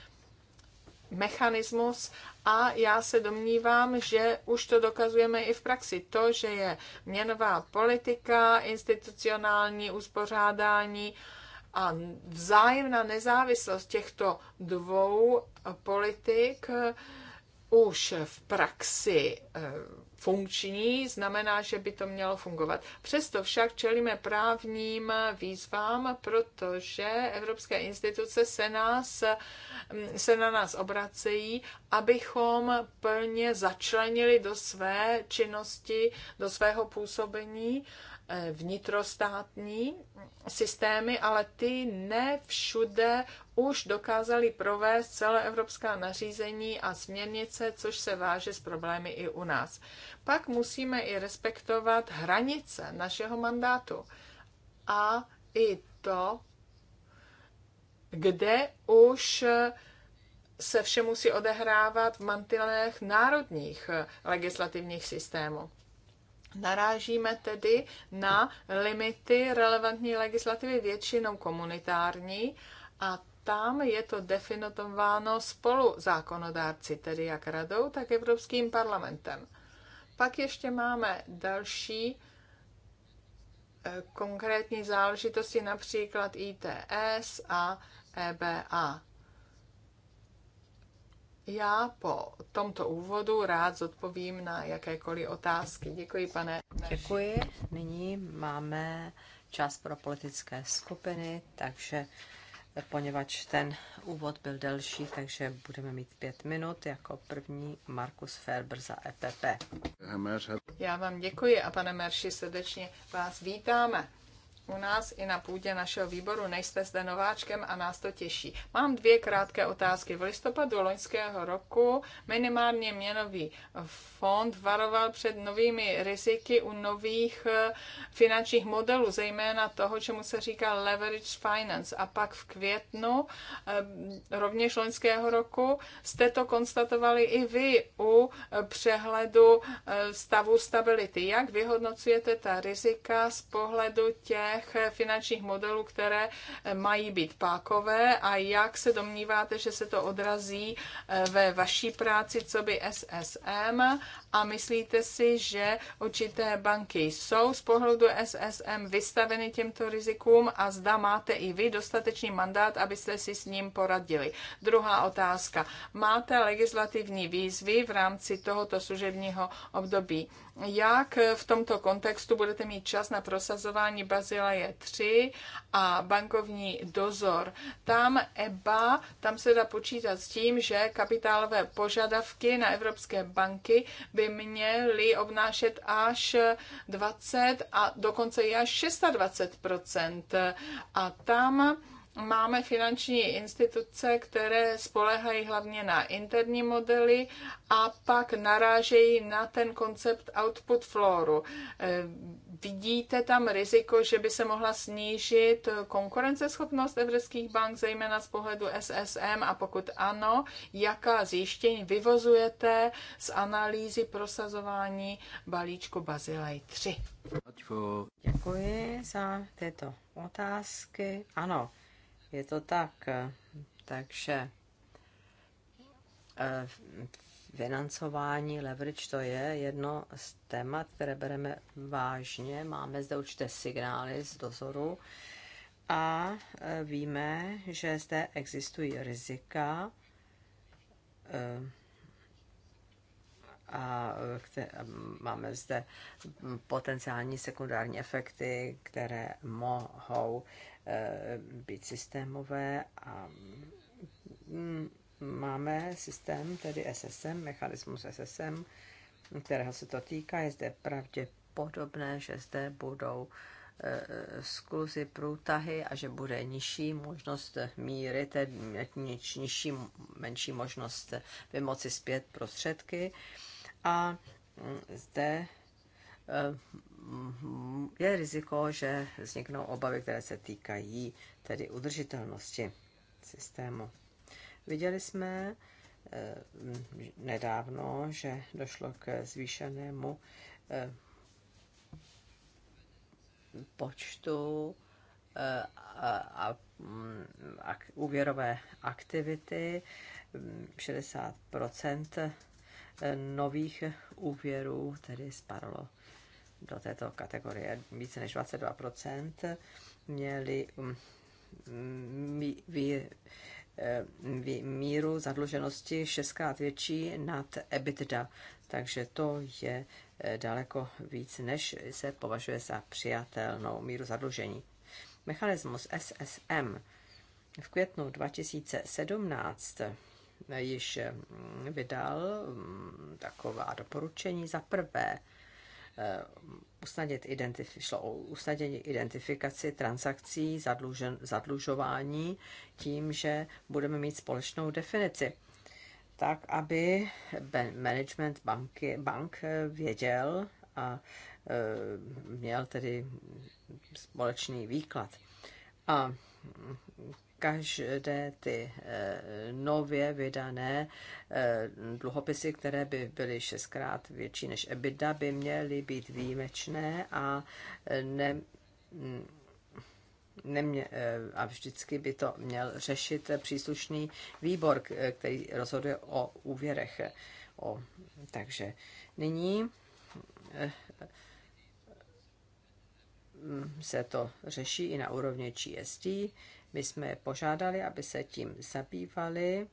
mechanismus a já se domnívám, že už to dokazujeme i v praxi. To, že je měnová politika, institucionální uspořádání a vzájemná nezávislost těchto dvou politik eh, už v praxi eh, funkční, znamená, že by to mělo fungovat. Přesto však čelíme právním výzvám, protože evropské instituce se, nás, mm, se na nás obracejí, abychom plně začlenili do své činnosti, do svého působení uh, Eh, vnitrostátní systémy, ale ty ne všude už dokázaly provést celoevropská nařízení a směrnice, což se váže s problémy i u nás. Pak musíme i respektovat hranice našeho mandátu a i to, kde už se vše musí odehrávat v mantinelech národních legislativních systémů. Narážíme tedy na limity relevantní legislativy většinou komunitární a tam je to definováno spolu zákonodárci, tedy jak radou, tak Evropským parlamentem. Pak ještě máme další eh, konkrétní záležitosti, například ITS a EBA. Já po tomto úvodu rád zodpovím na jakékoliv otázky. Děkuji, pane. Děkuji. Nyní máme čas pro politické skupiny, takže poněvadž ten úvod byl delší, takže budeme mít pět minut. Jako první Markus Ferber za EPP. Já vám děkuji a pane Merši, srdečně vás vítáme u nás i na půdě našeho výboru, nejste zde nováčkem a nás to těší. Mám dvě krátké otázky. V listopadu loňského roku minimálně měnový fond varoval před novými riziky u nových eh, finančních modelů, zejména toho, čemu se říká leverage finance. A pak v květnu eh, rovněž loňského roku jste to konstatovali i vy u eh, přehledu stavu stability. Jak vyhodnocujete ta rizika z pohledu těch těch eh, finančních modelů, které eh, mají být pákové a jak se domníváte, že se to odrazí eh, ve vaší práci, co by SSM a myslíte si, že určité banky jsou z pohledu SSM vystaveny těmto rizikům a zda máte i vy dostatečný mandát, abyste si s ním poradili. Druhá otázka. Máte legislativní výzvy v rámci tohoto služebního období? jak v tomto kontextu budete mít čas na prosazování Bazileje 3 a bankovní dozor. Tam EBA, tam se dá počítat s tím, že kapitálové požadavky na evropské banky by měly obnášet až 20 a dokonce i až 26 A tam máme finanční instituce, které spolehají hlavně na interní modely a pak narážejí na ten koncept output flooru. Eh, vidíte tam riziko, že by se mohla snížit konkurenceschopnost evropských bank, zejména z pohledu SSM a pokud ano, jaká zjištění vyvozujete z analýzy prosazování balíčku Bazilej 3? Děkuji za této otázky. Ano, je to tak. Takže eh, financování, leverage, to je jedno z témat, které bereme vážně. Máme zde určité signály z dozoru a eh, víme, že zde existují rizika, eh, a máme zde potenciální sekundární efekty, které mohou Eh, být systémové a mm, máme systém, tedy SSM, mechanismus SSM, kterého se to týká. Je zde pravděpodobné, že zde budou eh, skluzy, průtahy a že bude nižší možnost míry, tedy nižší, menší možnost vymoci zpět prostředky. A mm, zde Eh, je riziko, že vzniknou obavy, které se týkají tedy udržitelnosti systému. Viděli jsme eh, nedávno, že došlo k zvýšenému eh, počtu a, mm, úvěrové aktivity 60 nových úvěrů tedy spadlo do této kategorie více než 22%, měli mm, mm, eh, míru zadluženosti šestkrát větší nad EBITDA. Takže to je eh, daleko víc, než se považuje za přijatelnou míru zadlužení. Mechanismus SSM v květnu 2017 eh, již mm, vydal taková doporučení. Za prvé, Eh, usnadnit identif- šlo o usnadění identifikaci transakcí zadlužen- zadlužování tím, že budeme mít společnou definici. Tak, aby management banky, bank eh, věděl a eh, měl tedy společný výklad. A každé ty eh, nově vydané eh, dluhopisy, které by byly šestkrát větší než EBITDA, by měly být výjimečné a eh, ne, mm, nemě, a vždycky by to měl řešit příslušný výbor, který rozhoduje o úvěrech. O, takže nyní mm, se to řeší i na úrovni GST my jsme je požádali, aby se tím zabývali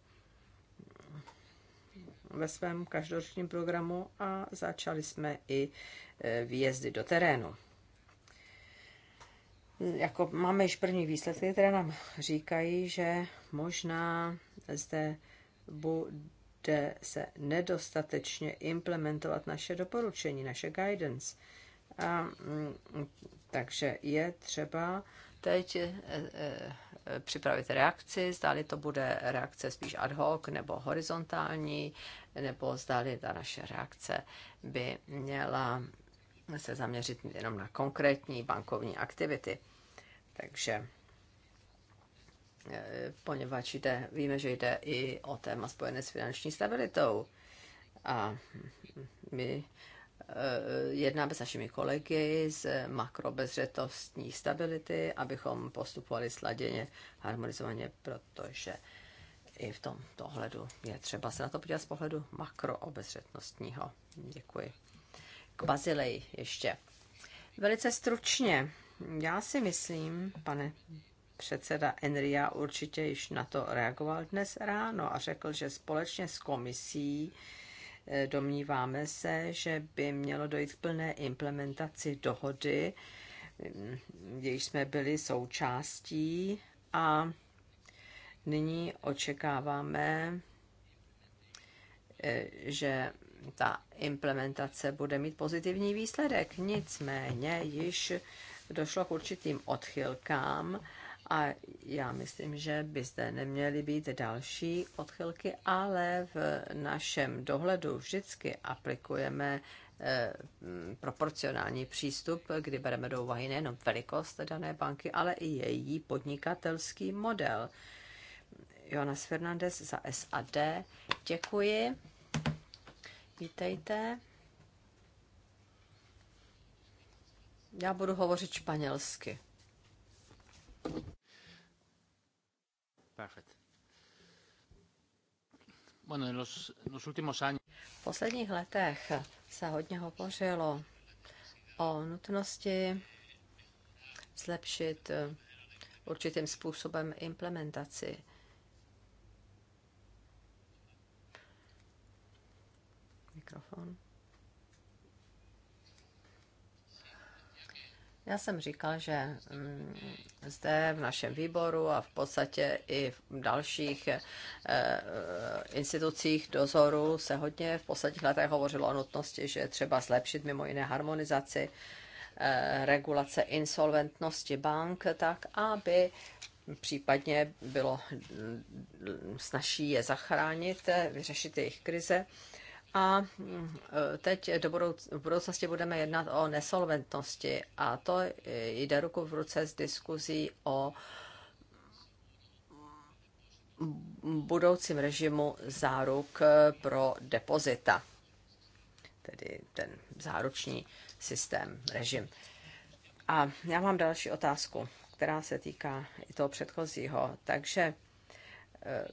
ve svém každoročním programu a začali jsme i e, výjezdy do terénu. Jako máme již první výsledky, které nám říkají, že možná zde bude se nedostatečně implementovat naše doporučení, naše guidance. A, mm, takže je třeba teď e, e, připravit reakci, zdali to bude reakce spíš ad hoc nebo horizontální, nebo zdali ta naše reakce by měla se zaměřit jenom na konkrétní bankovní aktivity. Takže eh, poněvadž jde, víme, že jde i o téma spojené s finanční stabilitou. A my jednáme s našimi kolegy z makrobezřetostní stability, abychom postupovali sladěně, harmonizovaně, protože i v tomto ohledu je třeba se na to podívat z pohledu makroobezřetnostního. Děkuji. K Bazileji ještě. Velice stručně. Já si myslím, pane předseda Enria určitě již na to reagoval dnes ráno a řekl, že společně s komisí Eh, domníváme se, že by mělo dojít k plné implementaci dohody, eh, jejíž jsme byli součástí a nyní očekáváme, eh, že ta implementace bude mít pozitivní výsledek. Nicméně již došlo k určitým odchylkám a já myslím, že by zde neměly být další odchylky, ale v našem dohledu vždycky aplikujeme eh, proporcionální přístup, kdy bereme do úvahy nejenom velikost dané banky, ale i její podnikatelský model. Jonas Fernandez za SAD. Děkuji. Vítejte. Já budu hovořit španělsky. V posledních letech se hodně hovořilo o nutnosti zlepšit eh, určitým způsobem implementaci. Mikrofon. Já jsem říkal, že mm, zde v našem výboru a v podstatě i v dalších eh, eh, institucích dozoru se hodně v posledních letech hovořilo o nutnosti, že třeba zlepšit mimo jiné harmonizaci eh, regulace insolventnosti bank, tak aby případně bylo mm, snažší je zachránit, vyřešit jejich krize a mm, e, teď do budouc- v budoucnosti budeme jednat o nesolventnosti a to jde ruku v ruce s diskuzí o budoucím režimu záruk pro depozita, tedy ten záruční systém, režim. A já mám další otázku, která se týká i toho předchozího. Takže e,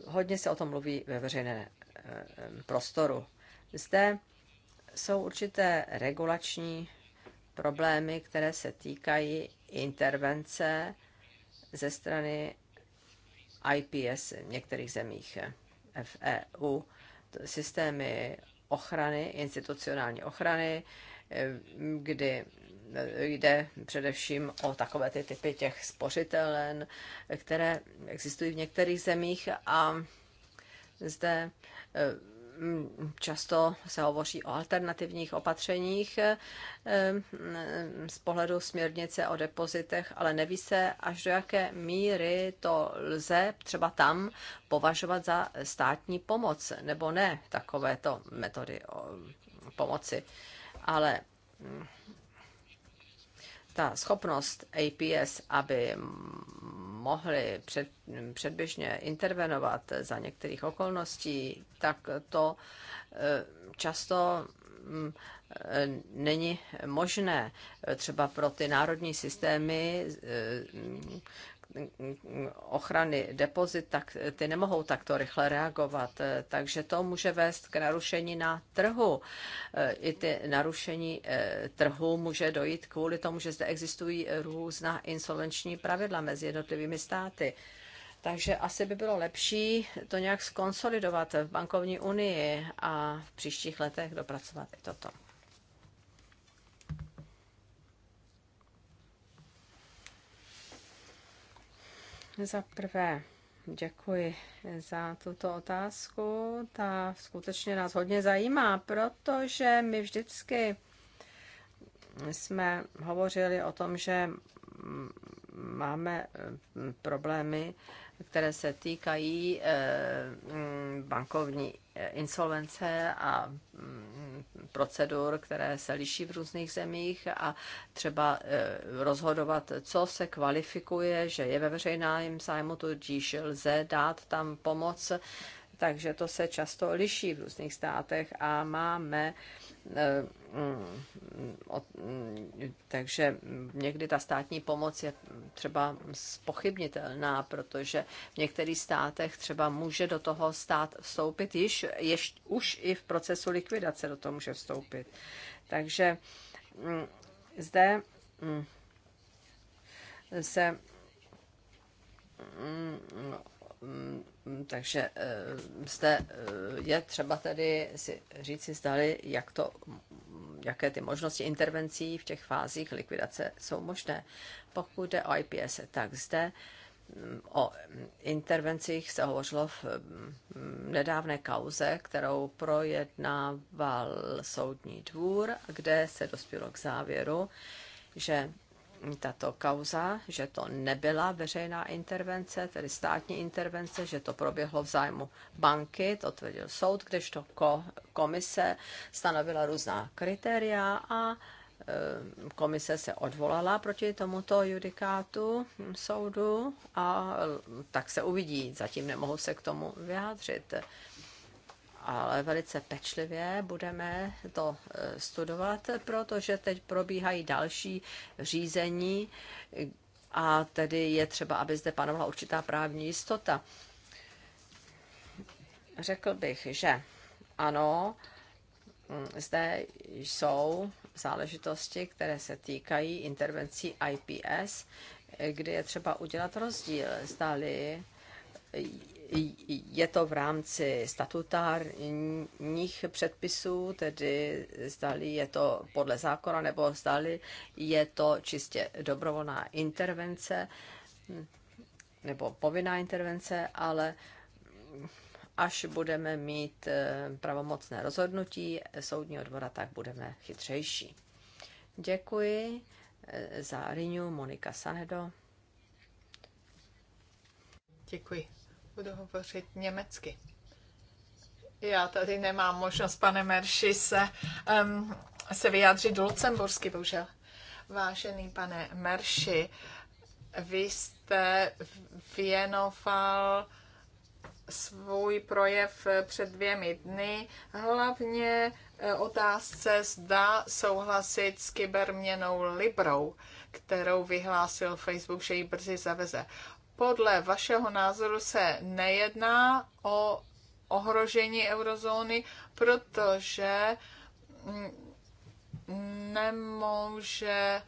hodně se o tom mluví ve veřejné e, prostoru zde jsou určité regulační problémy, které se týkají intervence ze strany IPS v některých zemích v EU, systémy ochrany, institucionální ochrany, kdy jde především o takové ty typy těch spořitelen, které existují v některých zemích a zde Mm, často se hovoří o alternativních opatřeních eh, mm, z pohledu směrnice o depozitech, ale neví se, až do jaké míry to lze třeba tam považovat za státní pomoc, nebo ne takovéto metody pomoci. Ale mm, ta schopnost APS, aby mohli před, předběžně intervenovat za některých okolností, tak to eh, často mm, eh, není možné. Třeba pro ty národní systémy eh, ochrany depozit, tak ty nemohou takto rychle reagovat. Takže to může vést k narušení na trhu. I ty narušení eh, trhu může dojít kvůli tomu, že zde existují různá insolvenční pravidla mezi jednotlivými státy. Takže asi by bylo lepší to nějak skonsolidovat v bankovní unii a v příštích letech dopracovat i toto. Za prvé, děkuji za tuto otázku. Ta skutečně nás hodně zajímá, protože my vždycky jsme hovořili o tom, že máme eh, problémy, které se týkají eh, mm, bankovní eh, insolvence a mm, procedur, které se liší v různých zemích a třeba rozhodovat, co se kvalifikuje, že je ve veřejném zájmu, tudíž lze dát tam pomoc, takže to se často liší v různých státech a máme eh, Eh, mm, mm, mm, takže někdy ta státní pomoc je třeba spochybnitelná, protože v některých státech třeba může do toho stát vstoupit již, ješ, už i v procesu likvidace do toho může vstoupit. Takže zde se no, Mm, mm, takže eh, zde eh, je třeba tedy si říci zdali, jak to, mm, jaké ty možnosti intervencí v těch fázích likvidace jsou možné. Pokud jde o IPS, tak zde o intervencích se hovořilo v nedávné kauze, kterou projednával soudní dvůr, kde se dospělo k závěru, že tato kauza, že to nebyla veřejná intervence, tedy státní intervence, že to proběhlo v zájmu banky, to tvrdil soud, kdežto komise stanovila různá kritéria a eh, komise se odvolala proti tomuto judikátu hm, soudu a tak se uvidí. Zatím nemohu se k tomu vyjádřit ale velice pečlivě budeme to e, studovat, protože teď probíhají další řízení a tedy je třeba, aby zde panovala určitá právní jistota. Řekl bych, že ano, zde jsou záležitosti, které se týkají intervencí IPS, kdy je třeba udělat rozdíl, zdali je to v rámci statutárních předpisů, tedy zdali je to podle zákona nebo zdali je to čistě dobrovolná intervence nebo povinná intervence, ale až budeme mít eh, pravomocné rozhodnutí soudního dvora, tak budeme chytřejší. Děkuji eh, za Rinu Monika Sanedo. Děkuji budu hovořit německy. Já tady nemám možnost, pane Merši, se, um, se vyjádřit do lucembursky, bohužel. Vážený pane Merši, vy jste věnoval svůj projev před dvěmi dny, hlavně e, otázce zda souhlasit s kyberměnou Librou, kterou vyhlásil Facebook, že ji brzy zaveze podle vašeho názoru se nejedná o ohrožení eurozóny, protože mm, nemůže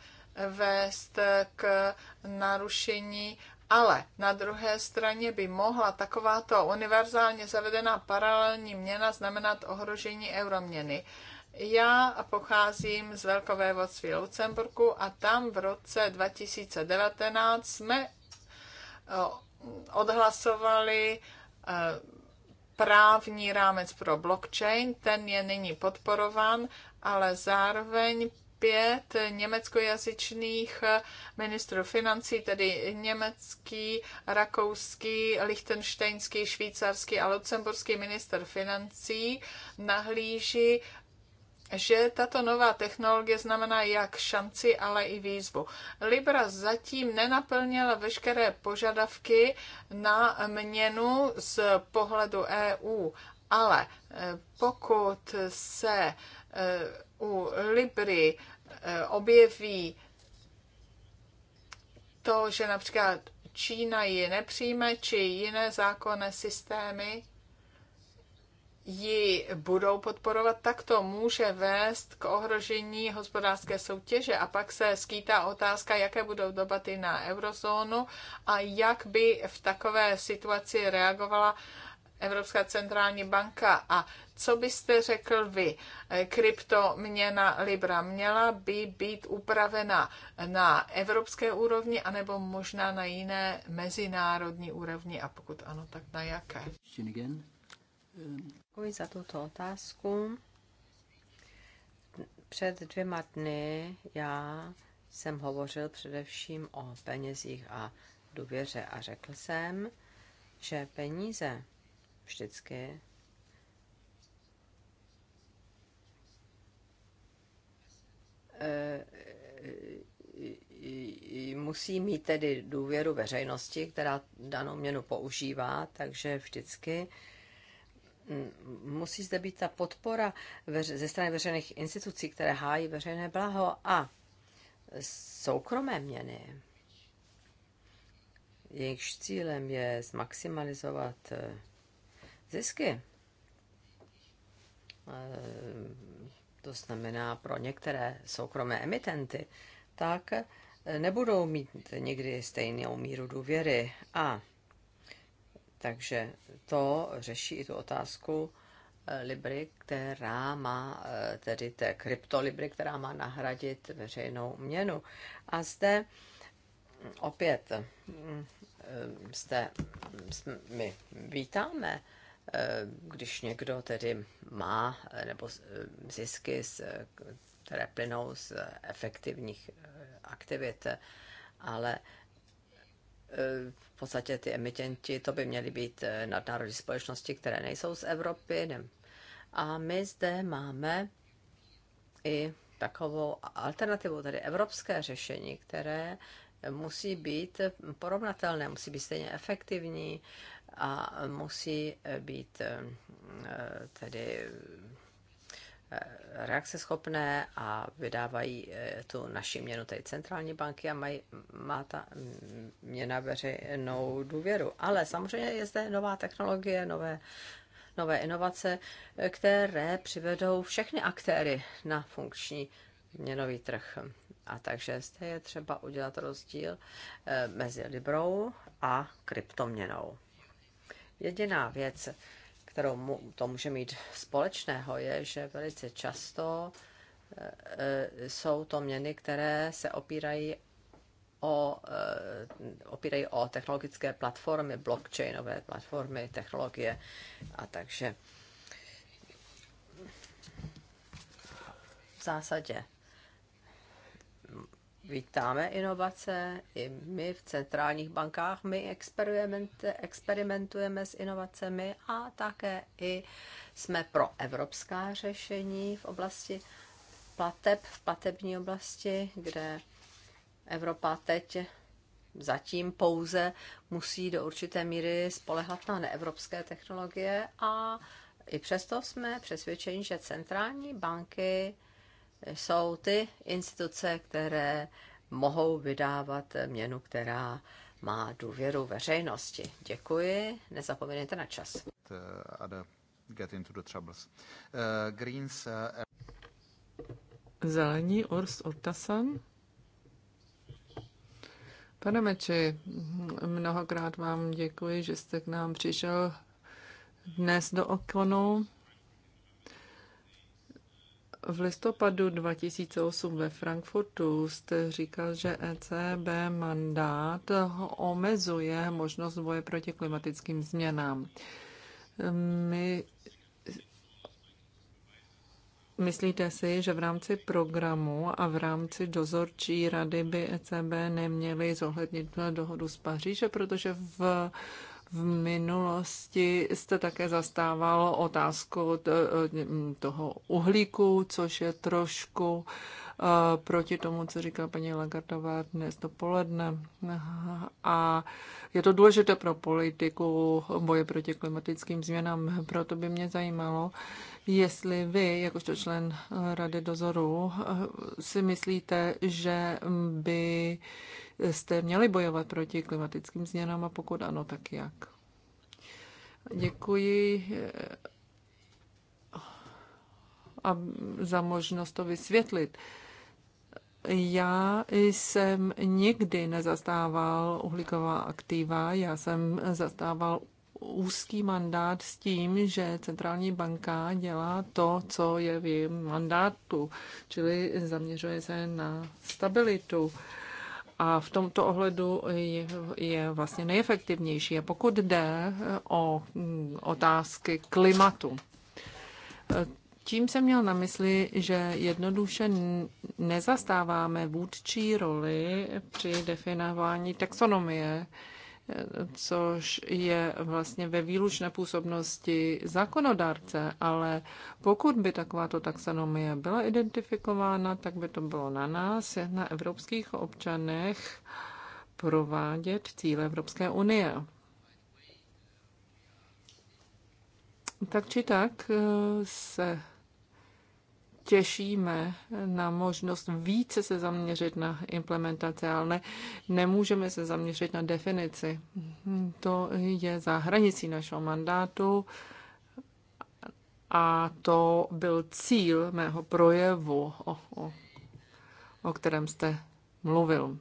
vést k narušení, ale na druhé straně by mohla takováto univerzálně zavedená paralelní měna znamenat ohrožení euroměny. Já pocházím z Velkové vodství Lucemburku a tam v roce 2019 jsme odhlasovali eh, právní rámec pro blockchain, ten je nyní podporován, ale zároveň pět německojazyčných ministrů financí, tedy německý, rakouský, lichtenštejnský, švýcarský a lucemburský minister financí nahlíží že tato nová technologie znamená jak šanci, ale i výzvu. Libra zatím nenaplnila veškeré požadavky na měnu z pohledu EU, ale eh, pokud se eh, u Libry eh, objeví to, že například Čína ji nepřijme, či jiné zákonné systémy, ji budou podporovat, tak to může vést k ohrožení hospodářské soutěže. A pak se skýtá otázka, jaké budou debaty na eurozónu a jak by v takové situaci reagovala Evropská centrální banka. A co byste řekl vy? Kryptoměna Libra měla by být upravena na evropské úrovni anebo možná na jiné mezinárodní úrovni a pokud ano, tak na jaké? děkuji za tuto otázku. Před dvěma dny já jsem hovořil především o penězích a důvěře a řekl jsem, že peníze vždycky eh, musí mít tedy důvěru veřejnosti, která danou měnu používá, takže vždycky musí zde být ta podpora ze strany veřejných institucí, které hájí veřejné blaho a soukromé měny. Jejichž cílem je zmaximalizovat e, zisky. E, to znamená pro některé soukromé emitenty, tak e, nebudou mít nikdy stejnou míru důvěry a takže to řeší i tu otázku eh, Libry, která má, eh, tedy té kryptolibry, která má nahradit veřejnou měnu. A zde mm, opět mm, eh, zde mm, my vítáme, když někdo tedy má nebo zisky, které plynou z efektivních aktivit, ale v podstatě ty emitenti, to by měly být eh, nadnárodní společnosti, které nejsou z Evropy. Ne. A my zde máme i takovou alternativu, tedy evropské řešení, které musí být porovnatelné, musí být stejně efektivní a musí být eh, tedy Reakce schopné a vydávají eh, tu naši měnu, tady centrální banky a mají, má ta měna veřejnou důvěru. Ale samozřejmě je zde nová technologie, nové, nové inovace, které přivedou všechny aktéry na funkční měnový trh. A takže zde je třeba udělat rozdíl eh, mezi librou a kryptoměnou. Jediná věc, kterou mu, to může mít společného, je, že velice často e, e, jsou to měny, které se opírají o, e, opírají o technologické platformy, blockchainové platformy, technologie a takže v zásadě vítáme inovace. I my v centrálních bankách my experimentujeme s inovacemi a také i jsme pro evropská řešení v oblasti plateb, v platební oblasti, kde Evropa teď zatím pouze musí do určité míry spolehat na neevropské technologie a i přesto jsme přesvědčeni, že centrální banky jsou ty instituce, které mohou vydávat měnu, která má důvěru veřejnosti. Děkuji, nezapomeňte na čas. Get into the troubles. Uh, greens, uh, Zelení Urs Ortasan. Pane Meči, mnohokrát vám děkuji, že jste k nám přišel dnes do Okonu. V listopadu 2008 ve Frankfurtu jste říkal, že ECB mandát omezuje možnost boje proti klimatickým změnám. My Myslíte si, že v rámci programu a v rámci dozorčí rady by ECB neměly zohlednit dohodu z Paříže, protože v v minulosti jste také zastával otázku eh, toho uhlíku, což je trošku eh, proti tomu, co říká paní Lagardová dnes dopoledne. A je to důležité pro politiku boje proti klimatickým změnám, proto by mě zajímalo, jestli vy, jakožto člen Rady dozoru, eh, si myslíte, že by jste měli bojovat proti klimatickým změnám a pokud ano, tak jak? Děkuji eh, a za možnost to vysvětlit. Já jsem nikdy nezastával uhlíková aktiva, já jsem zastával úzký mandát s tím, že centrální banka dělá to, co je v jejím mandátu, čili zaměřuje se na stabilitu a v tomto ohledu je, je vlastně nejefektivnější. A pokud jde o otázky klimatu, tím jsem měl na mysli, že jednoduše nezastáváme vůdčí roli při definování taxonomie což je vlastně ve výlučné působnosti zákonodárce, ale pokud by takováto taxonomie byla identifikována, tak by to bylo na nás, na evropských občanech, provádět cíle Evropské unie. Tak či tak eh, se těšíme na možnost více se zaměřit na implementaci, ale ne, nemůžeme se zaměřit na definici. To je za hranicí našeho mandátu a to byl cíl mého projevu, o, o, o kterém jste mluvil.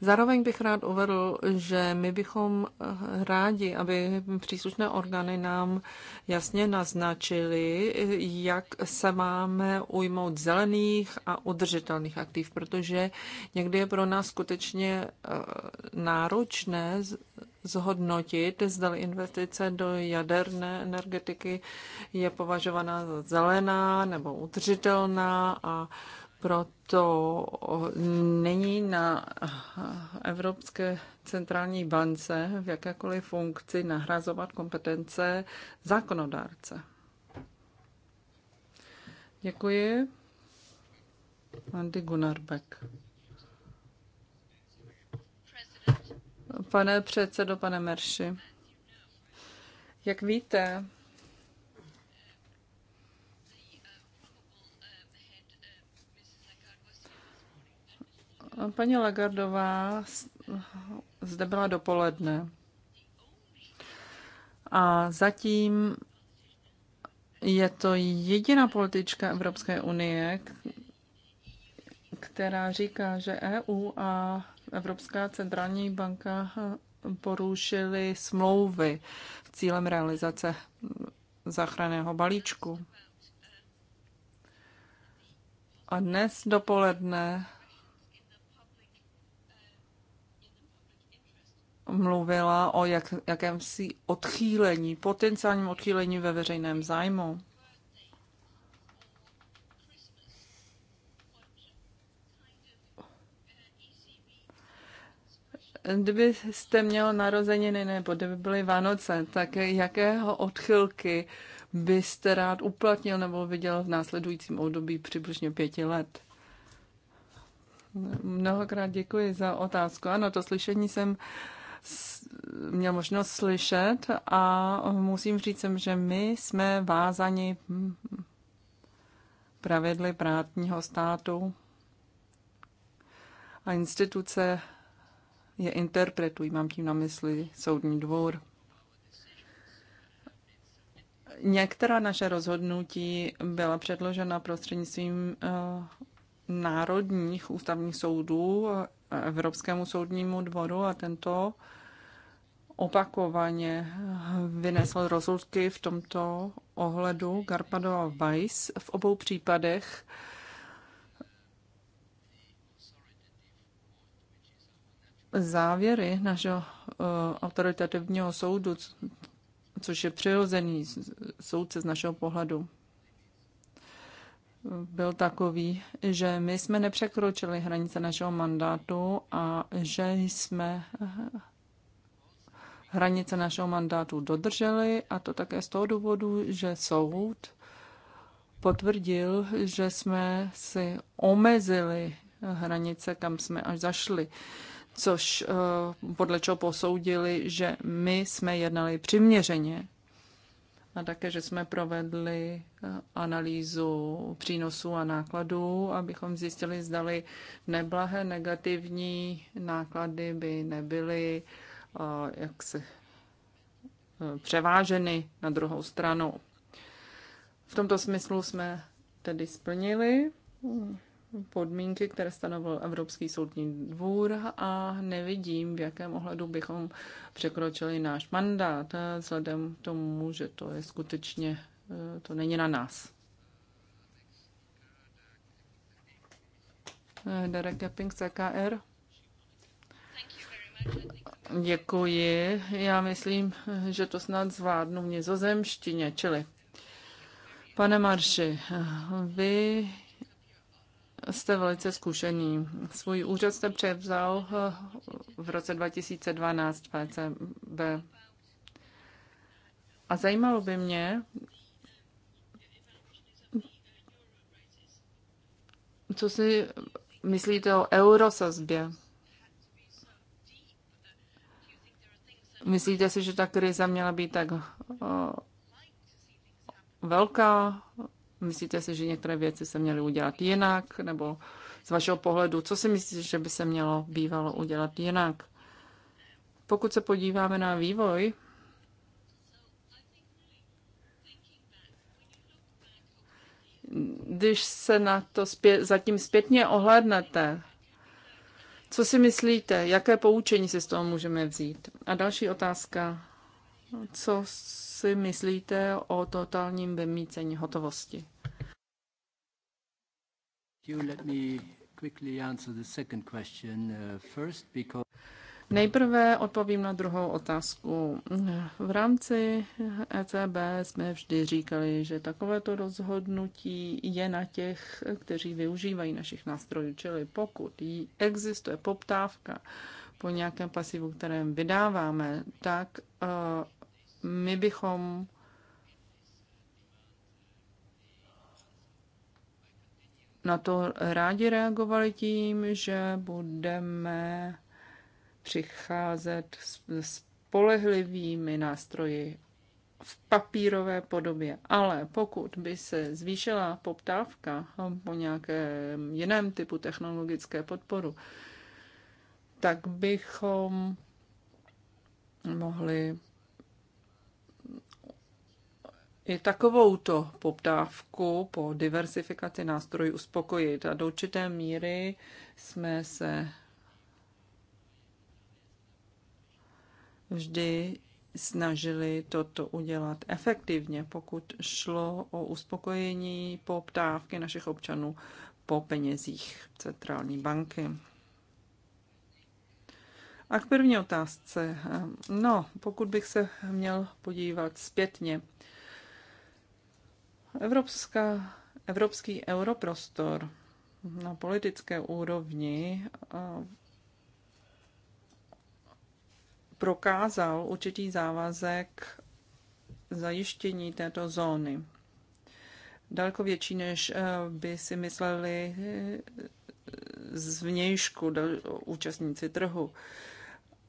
Zároveň bych rád uvedl, že my bychom rádi, aby příslušné orgány nám jasně naznačili, jak se máme ujmout zelených a udržitelných aktiv, protože někdy je pro nás skutečně eh, náročné zhodnotit, zda investice do jaderné energetiky je považovaná za zelená nebo udržitelná a proto není na Evropské centrální bance v jakékoliv funkci nahrazovat kompetence zákonodárce. Děkuji. Andy Gunarbeck. Pane předsedo, pane Merši, jak víte, Paní Lagardová zde byla dopoledne. A zatím je to jediná politička Evropské unie, která říká, že EU a Evropská centrální banka porušili smlouvy s cílem realizace záchranného balíčku. A dnes dopoledne mluvila o jak, jakémsi odchýlení, potenciálním odchýlení ve veřejném zájmu. Kdybyste měl narozeniny nebo kdyby byly Vánoce, tak jakého odchylky byste rád uplatnil nebo viděl v následujícím období přibližně pěti let? Mnohokrát děkuji za otázku. Ano, to slyšení jsem uh, měl možnost slyšet a musím říct, že my jsme vázani pravidly právního státu a instituce je interpretují, mám tím na mysli soudní dvůr. Některá naše rozhodnutí byla předložena prostřednictvím eh, národních ústavních soudů Evropskému soudnímu dvoru a tento opakovaně vynesl rozsudky v tomto ohledu Garpado a Weiss. V obou případech závěry našeho eh, autoritativního soudu, což je přirozený soudce z našeho pohledu, byl takový, že my jsme nepřekročili hranice našeho mandátu a že jsme hranice našeho mandátu dodrželi a to také z toho důvodu, že soud potvrdil, že jsme si omezili hranice, kam jsme až zašli, což eh, podle čeho posoudili, že my jsme jednali přiměřeně a také, že jsme provedli eh, analýzu přínosů a nákladů, abychom zjistili, zdali neblahé negativní náklady by nebyly eh, jak se, eh, převáženy na druhou stranu. V tomto smyslu jsme tedy splnili podmínky, které stanovil Evropský soudní dvůr a nevidím, v jakém ohledu bychom překročili náš mandát, vzhledem k tomu, že to je skutečně, eh, to není na nás. Eh, Derek Epping, CKR. E Děkuji. Já myslím, že to snad zvládnu v nizozemštině, čili Pane Marši, vy jste velice zkušený. Svůj úřad jste převzal eh, v roce 2012 PCB. A zajímalo by mě, co si myslíte o eurosazbě? Myslíte si, že ta krize měla být tak eh, velká? Myslíte si, že některé věci se měly udělat jinak, nebo z vašeho pohledu, co si myslíte, že by se mělo bývalo udělat jinak? Pokud se podíváme na vývoj, když se na to zpět, zatím zpětně ohlédnete, co si myslíte, jaké poučení si z toho můžeme vzít? A další otázka, co si myslíte o totálním vymícení hotovosti? Uh, Nejprve odpovím na druhou otázku. V rámci ECB jsme vždy říkali, že takovéto rozhodnutí je na těch, kteří využívají našich nástrojů. Čili pokud existuje poptávka po nějakém pasivu, kterém vydáváme, tak uh, my bychom na to rádi reagovali tím, že budeme přicházet s spolehlivými nástroji v papírové podobě. Ale pokud by se zvýšila poptávka po nějakém jiném typu technologické podporu, tak bychom mohli i takovouto poptávku po diversifikaci nástrojů uspokojit. A do určité míry jsme se vždy snažili toto udělat efektivně, pokud šlo o uspokojení poptávky našich občanů po penězích centrální banky. A k první otázce. No, pokud bych se měl podívat zpětně, Evropská, evropský europrostor na politické úrovni eh, prokázal určitý závazek zajištění této zóny. Daleko větší, než eh, by si mysleli eh, zvnějšku účastníci trhu.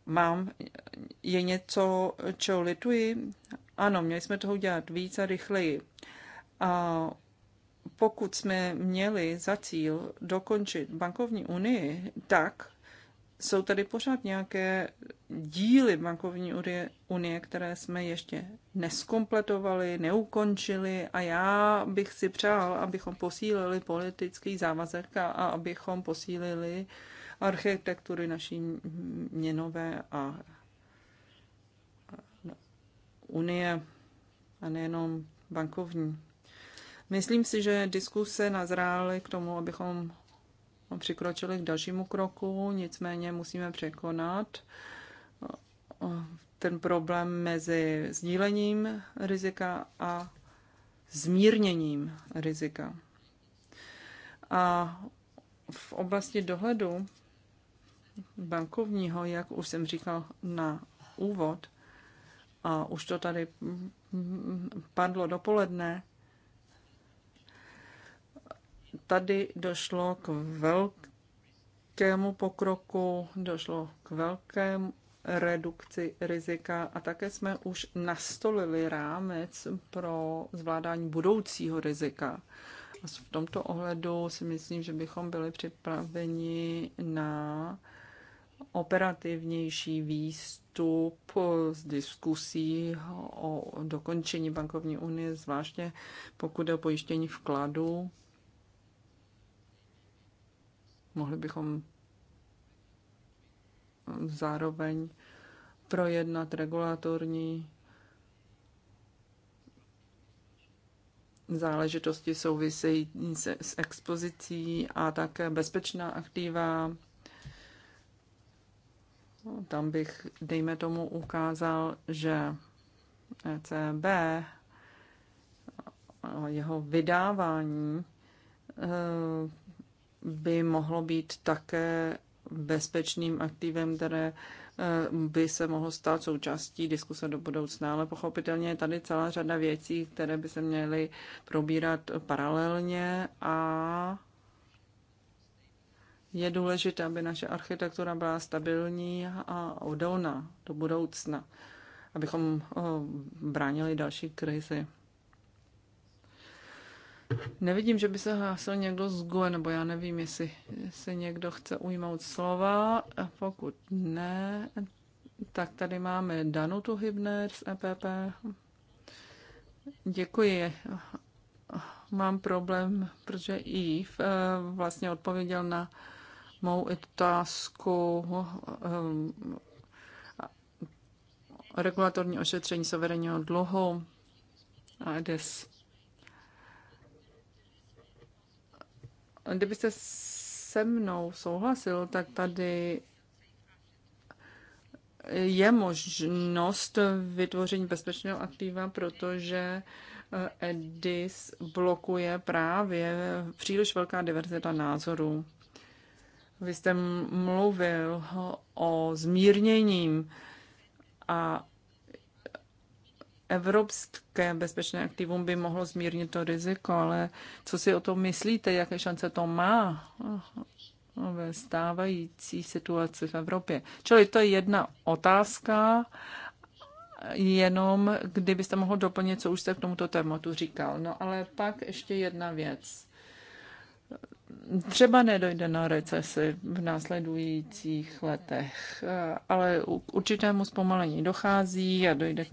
Mám, je něco, čeho lituji? Ano, měli jsme toho udělat více a rychleji. A pokud jsme měli za cíl dokončit bankovní unii, tak jsou tady pořád nějaké díly bankovní unie, které jsme ještě neskompletovali, neukončili a já bych si přál, abychom posílili politický závazek a abychom posílili architektury naší měnové a unie a nejenom bankovní. Myslím si, že diskuse nazrály k tomu, abychom přikročili k dalšímu kroku, nicméně musíme překonat eh, ten problém mezi sdílením rizika a zmírněním rizika. A v oblasti dohledu bankovního, jak už jsem říkal na úvod, a už to tady padlo dopoledne, Tady došlo k velkému pokroku, došlo k velkému redukci rizika a také jsme už nastolili rámec pro zvládání budoucího rizika. V tomto ohledu si myslím, že bychom byli připraveni na operativnější výstup z diskusí o dokončení bankovní unie, zvláště pokud je o pojištění vkladů mohli bychom zároveň projednat regulatorní záležitosti související se, s expozicí a také bezpečná aktiva. Tam bych, dejme tomu, ukázal, že ECB jeho vydávání eh, by mohlo být také bezpečným aktivem, které eh, by se mohlo stát součástí diskuse do budoucna. Ale pochopitelně je tady celá řada věcí, které by se měly probírat paralelně a je důležité, aby naše architektura byla stabilní a odolná do budoucna, abychom eh, bránili další krizi. Nevidím, že by se hlásil někdo z GUE, nebo já nevím, jestli se někdo chce ujmout slova. A pokud ne, tak tady máme Danu Hybner z EPP. Děkuji. Mám problém, protože Eve eh, vlastně odpověděl na mou otázku eh, regulatorní ošetření severního dluhu a EDIS. Kdybyste se mnou souhlasil, tak tady je možnost vytvoření bezpečného aktiva, protože eh, EDIS blokuje právě příliš velká diverzita názorů. Vy jste mluvil o zmírněním a evropské bezpečné aktivum by mohlo zmírnit to riziko, ale co si o tom myslíte, jaké šance to má ve stávající situaci v Evropě? Čili to je jedna otázka, jenom kdybyste mohl doplnit, co už jste k tomuto tématu říkal. No ale pak ještě jedna věc. Třeba nedojde na recesi v následujících letech, ale k určitému zpomalení dochází a dojde k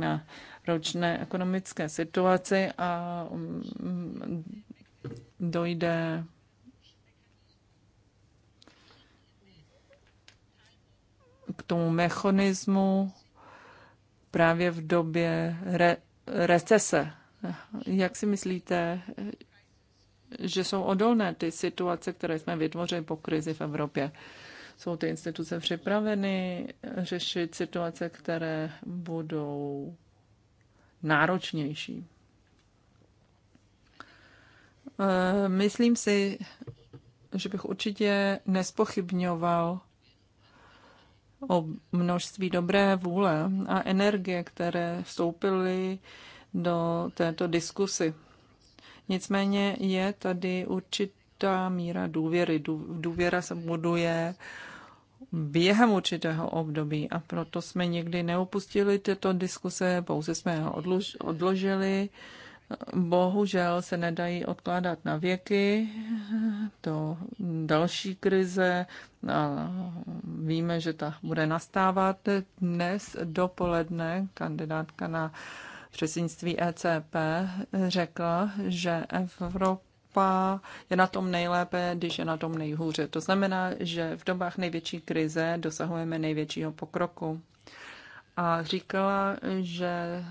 náročné ekonomické situaci a mm, dojde k tomu mechanismu právě v době re- recese. Jak si myslíte, že jsou odolné ty situace, které jsme vytvořili po krizi v Evropě. Jsou ty instituce připraveny řešit situace, které budou náročnější? Eh, myslím si, že bych určitě nespochybňoval o množství dobré vůle a energie, které vstoupily do této diskusy. Nicméně je tady určitá míra důvěry. Důvěra se buduje během určitého období a proto jsme nikdy neopustili tyto diskuse, pouze jsme je odložili. Bohužel se nedají odkládat na věky do další krize. A víme, že ta bude nastávat dnes dopoledne. Kandidátka na předsednictví ECP řekla, že Evropa je na tom nejlépe, když je na tom nejhůře. To znamená, že v dobách největší krize dosahujeme největšího pokroku. A říkala, že e,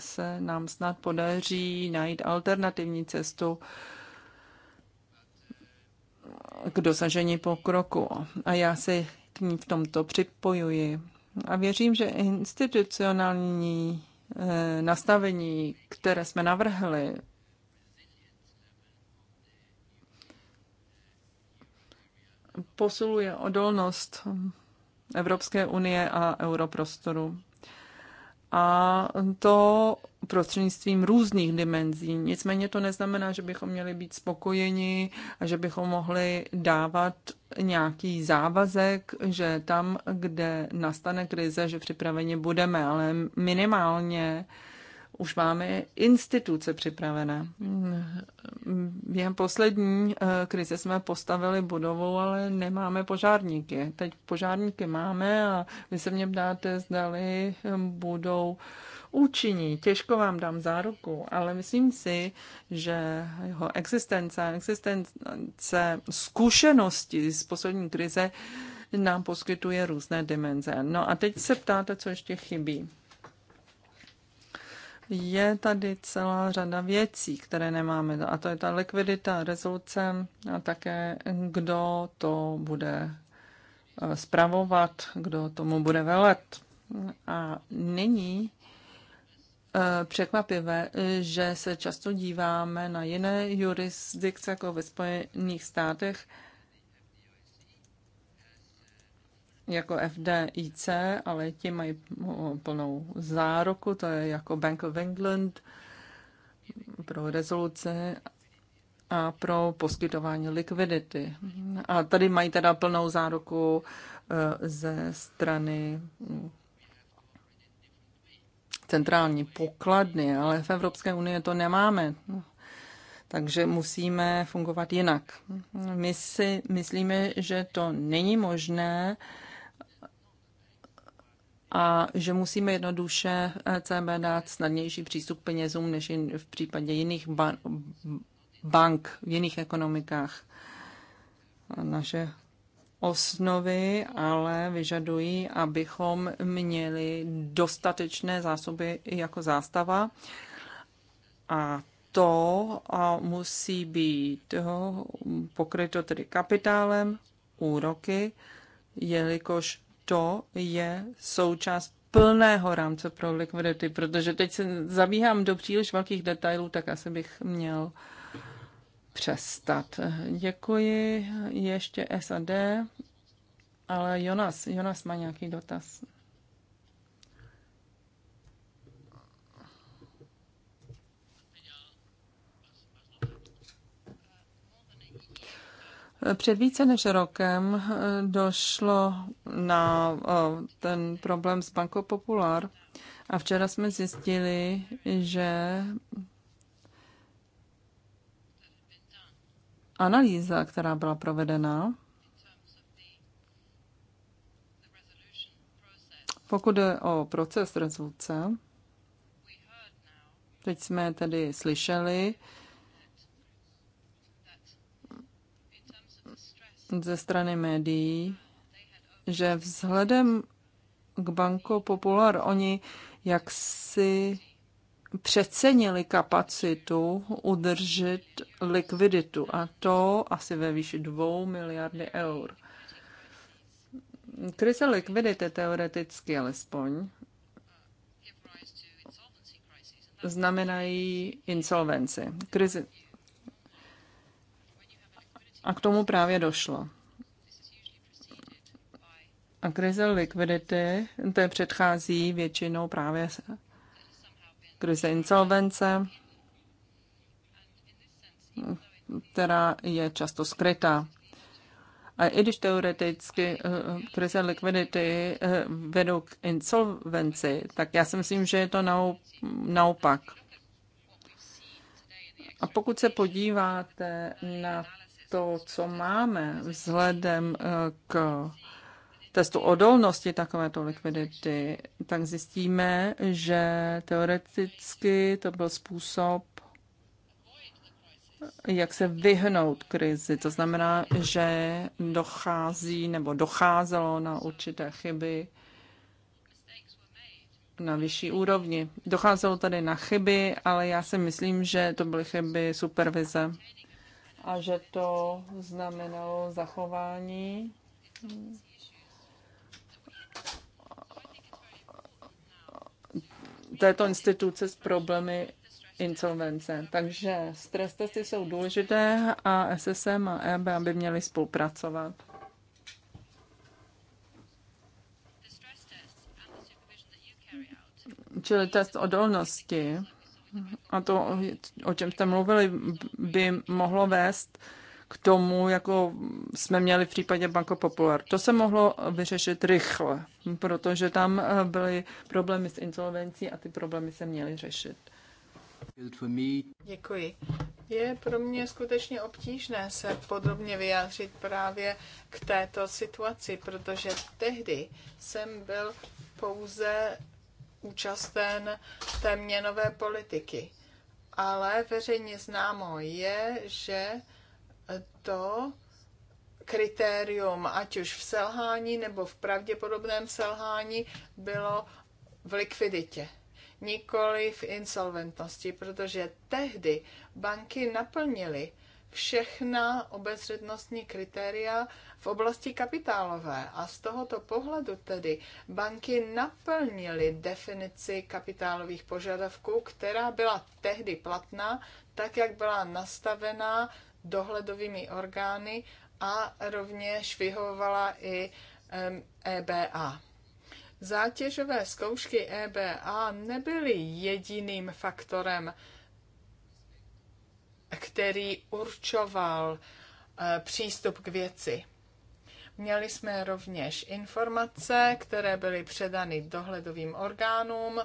se nám snad podaří najít alternativní cestu k dosažení pokroku. A já se k ní v tomto připojuji. A věřím, že institucionální Eh, nastavení, které jsme navrhli, posiluje odolnost Evropské unie a europrostoru a to prostřednictvím různých dimenzí. Nicméně to neznamená, že bychom měli být spokojeni a že bychom mohli dávat nějaký závazek, že tam, kde nastane krize, že připraveni budeme, ale minimálně už máme instituce připravené. Během poslední eh, krize jsme postavili budovu, ale nemáme požárníky. Teď požárníky máme a vy se mě ptáte, zdali eh, budou účinní. Těžko vám dám záruku, ale myslím si, že jeho existence, existence zkušenosti z poslední krize nám poskytuje různé dimenze. No a teď se ptáte, co ještě chybí je tady celá řada věcí, které nemáme. A to je ta likvidita, rezoluce a také kdo to bude eh, spravovat, kdo tomu bude velet. A nyní eh, překvapivé, že se často díváme na jiné jurisdikce, jako ve Spojených státech, jako FDIC, ale ti mají plnou zároku, to je jako Bank of England pro rezoluce a pro poskytování likvidity. A tady mají teda plnou záruku eh, ze strany mm, centrální pokladny, ale v Evropské unii to nemáme. Takže musíme fungovat jinak. My si myslíme, že to není možné a že musíme jednoduše ECB eh, dát snadnější přístup penězům než v případě jiných bank v jiných ekonomikách. naše osnovy ale vyžadují, abychom měli dostatečné zásoby jako zástava a to musí být eh, pokryto tedy kapitálem, úroky, jelikož to je součást plného rámce pro likvidity, protože teď se zabíhám do příliš velkých detailů, tak asi bych měl přestat. Děkuji. Ještě SAD, ale Jonas, Jonas má nějaký dotaz. Před více než rokem eh, došlo na eh, ten problém s Banco Popular a včera jsme zjistili, že analýza, která byla provedena, pokud jde o proces rezoluce, teď jsme tedy slyšeli, ze strany médií, že vzhledem k Banco Popular oni jaksi přecenili kapacitu udržet likviditu a to asi ve výši 2 miliardy eur. Krize likvidity teoreticky alespoň znamenají insolvenci. Krize a k tomu právě došlo. A krize likvidity, je předchází většinou právě krize insolvence, která je často skrytá. A i když teoreticky eh, eh, krize likvidity eh, vedou k insolvenci, tak já si myslím, že je to naopak. A pokud se podíváte na to, co máme vzhledem eh, k testu odolnosti takovéto likvidity, tak zjistíme, že teoreticky to byl způsob, jak se vyhnout krizi. To znamená, že dochází nebo docházelo na určité chyby na vyšší úrovni. Docházelo tady na chyby, ale já si myslím, že to byly chyby supervize a že to znamenalo zachování této instituce s problémy insolvence. Takže stres testy jsou důležité a SSM a EB by měly spolupracovat. Čili test odolnosti a to, o čem jste mluvili, by mohlo vést k tomu, jako jsme měli v případě Banko Popular. To se mohlo vyřešit rychle, protože tam eh, byly problémy s insolvencí a ty problémy se měly řešit. Děkuji. Je pro mě skutečně obtížné se podrobně vyjádřit právě k této situaci, protože tehdy jsem byl pouze účasten té měnové politiky. Ale veřejně známo je, že to kritérium, ať už v selhání nebo v pravděpodobném selhání, bylo v likviditě, nikoli v insolventnosti, protože tehdy banky naplnily všechna obezřetnostní kritéria, v oblasti kapitálové. A z tohoto pohledu tedy banky naplnily definici kapitálových požadavků, která byla tehdy platná, tak jak byla nastavená dohledovými orgány a rovněž vyhovovala i EBA. E Zátěžové zkoušky EBA nebyly jediným faktorem, který určoval e, přístup k věci. Měli jsme rovněž informace, které byly předány dohledovým orgánům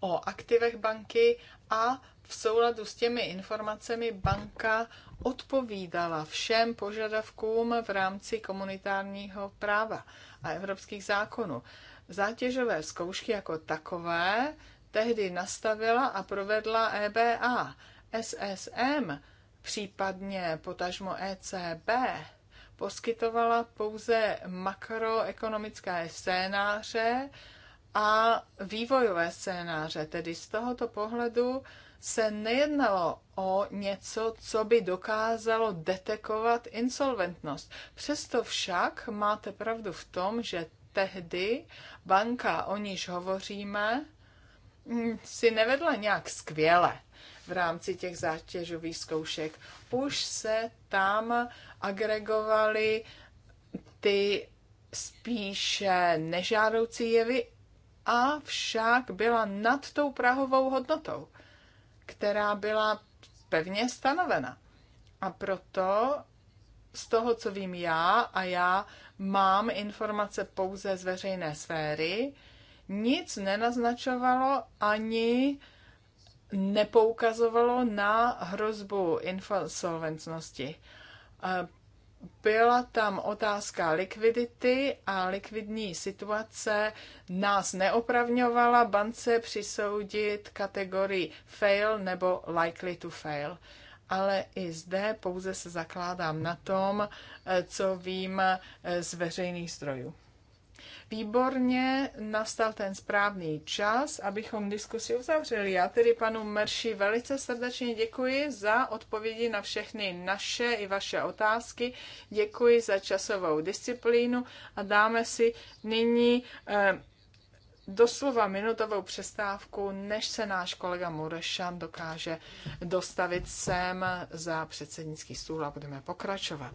o aktivech banky a v souladu s těmi informacemi banka odpovídala všem požadavkům v rámci komunitárního práva a evropských zákonů. Zátěžové zkoušky jako takové tehdy nastavila a provedla EBA. SSM, případně potažmo ECB, poskytovala pouze makroekonomické scénáře a vývojové scénáře. Tedy z tohoto pohledu se nejednalo o něco, co by dokázalo detekovat insolventnost. Přesto však máte pravdu v tom, že tehdy banka, o níž hovoříme, mm, si nevedla nějak skvěle v rámci těch zátěžových zkoušek. Už se tam agregovaly ty spíše nežádoucí jevy, avšak byla nad tou prahovou hodnotou, která byla pevně stanovena. A proto z toho, co vím já, a já mám informace pouze z veřejné sféry, nic nenaznačovalo ani nepoukazovalo na hrozbu insolvencnosti. Byla tam otázka likvidity a likvidní situace nás neopravňovala bance přisoudit kategorii fail nebo likely to fail. Ale i zde pouze se zakládám na tom, co vím z veřejných zdrojů. Výborně nastal ten správný čas, abychom diskusi uzavřeli. Já tedy panu Merši velice srdečně děkuji za odpovědi na všechny naše i vaše otázky. Děkuji za časovou disciplínu a dáme si nyní eh, doslova minutovou přestávku, než se náš kolega Murešan dokáže dostavit sem za předsednický stůl a budeme pokračovat.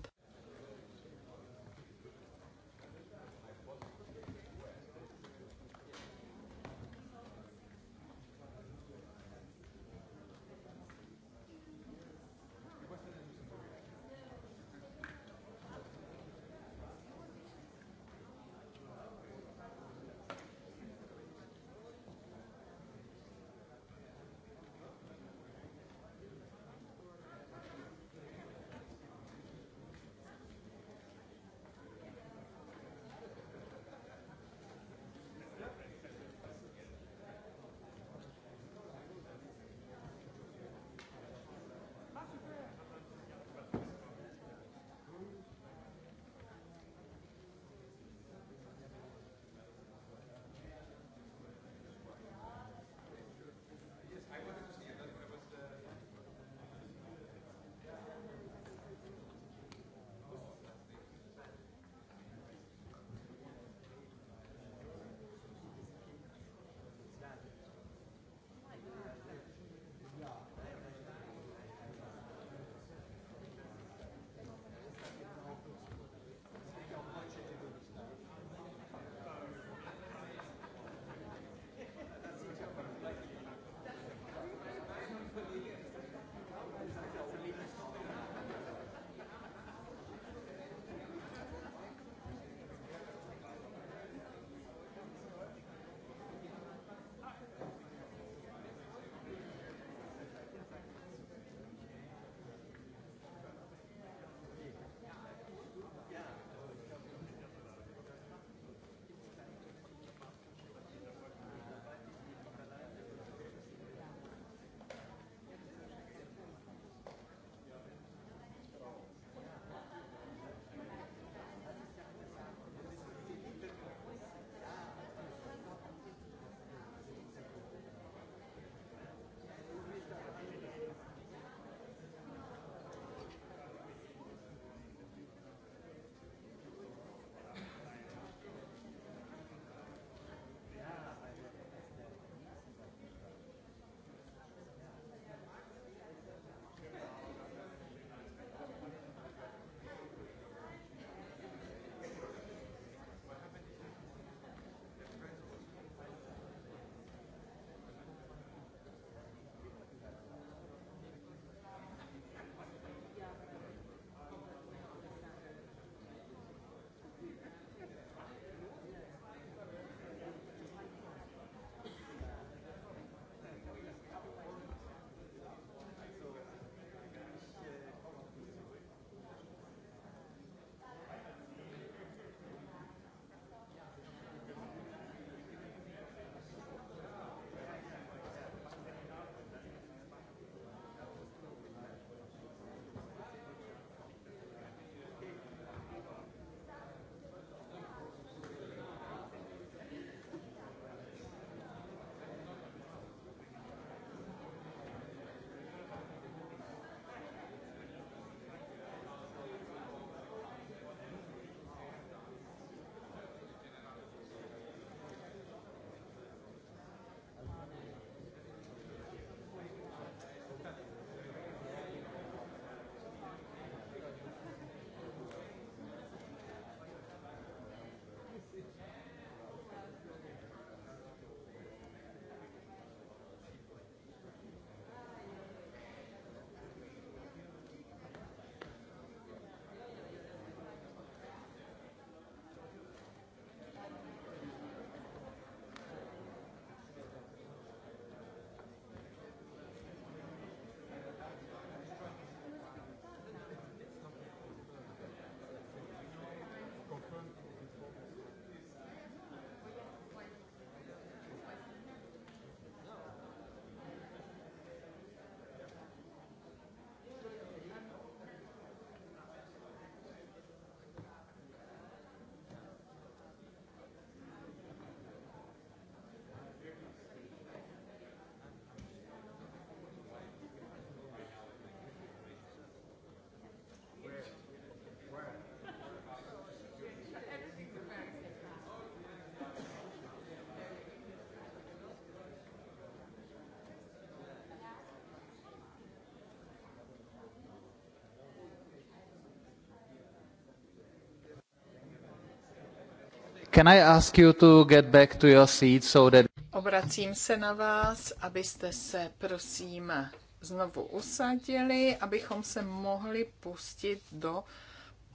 Can I ask you to get back to your seat so that... Obracím se na vás, abyste se, prosím, znovu usadili, abychom se mohli pustit do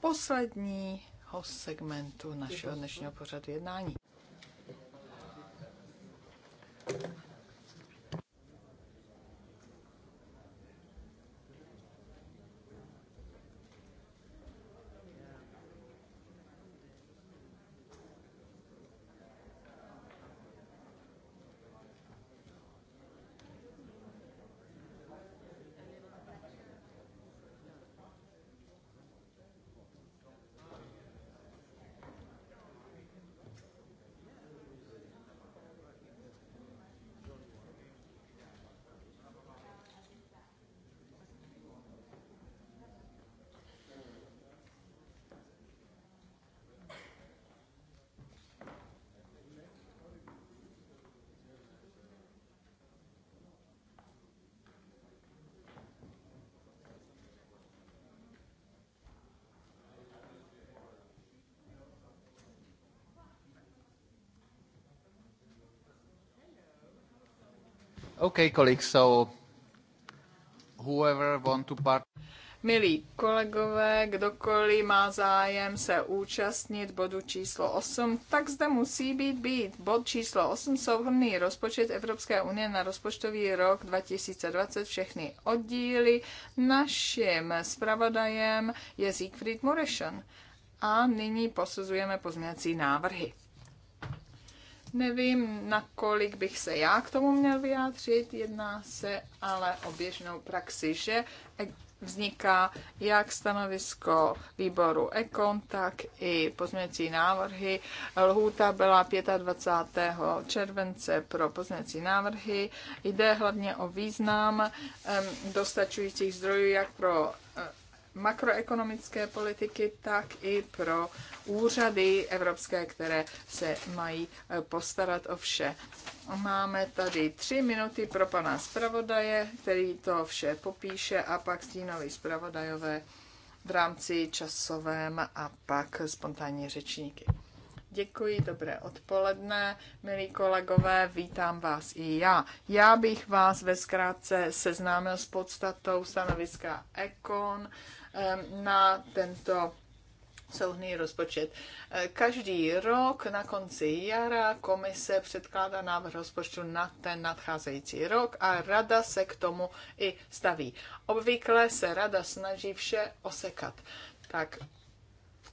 posledního segmentu našeho dnešního pořadu jednání. Okay, colleagues, so whoever want to part... Milí kolegové, kdokoliv má zájem se účastnit bodu číslo 8, tak zde musí být být. Bod číslo 8, souhrný rozpočet Evropské unie na rozpočtový rok 2020, všechny oddíly. Naším zpravodajem je Siegfried Murešan. A nyní posuzujeme pozměňovací návrhy. Nevím, nakolik bych se já k tomu měl vyjádřit. Jedná se ale o běžnou praxi, že e- vzniká jak stanovisko výboru EKON, tak i pozměňovací návrhy. Lhůta byla 25. července pro pozměňovací návrhy. Jde hlavně o význam dostačujících zdrojů jak pro makroekonomické politiky, tak i pro úřady evropské, které se mají eh, postarat o vše. Máme tady tři minuty pro pana zpravodaje, který to vše popíše a pak stínový zpravodajové v rámci časovém a pak spontánní řečníky. Děkuji, dobré odpoledne, milí kolegové, vítám vás i já. Já bych vás ve zkrátce seznámil s podstatou stanoviska ECON na tento souhný rozpočet. Každý rok na konci jara komise předkládá návrh rozpočtu na ten nadcházející rok a rada se k tomu i staví. Obvykle se rada snaží vše osekat. Tak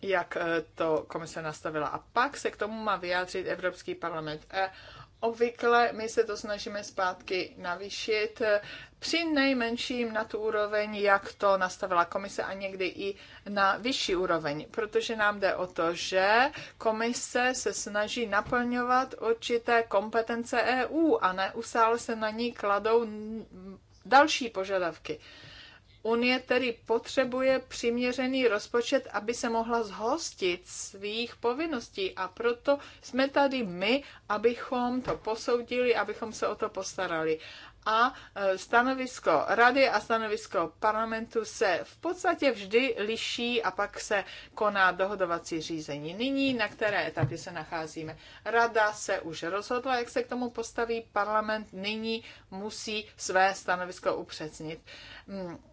jak eh, to komise nastavila. A pak se k tomu má vyjádřit Evropský parlament. E, Obvykle my se to snažíme zpátky navýšit, při nejmenším na tu úroveň, jak to nastavila komise a někdy i na vyšší úroveň, protože nám jde o to, že komise se snaží naplňovat určité kompetence EU a neustále se na ní kladou další požadavky. Unie tedy potřebuje přiměřený rozpočet, aby se mohla zhostit svých povinností a proto jsme tady my, abychom to posoudili, abychom se o to postarali. A e, stanovisko rady a stanovisko parlamentu se v podstatě vždy liší a pak se koná dohodovací řízení. Nyní, na které etapě se nacházíme? Rada se už rozhodla, jak se k tomu postaví parlament, nyní musí své stanovisko upřesnit hmm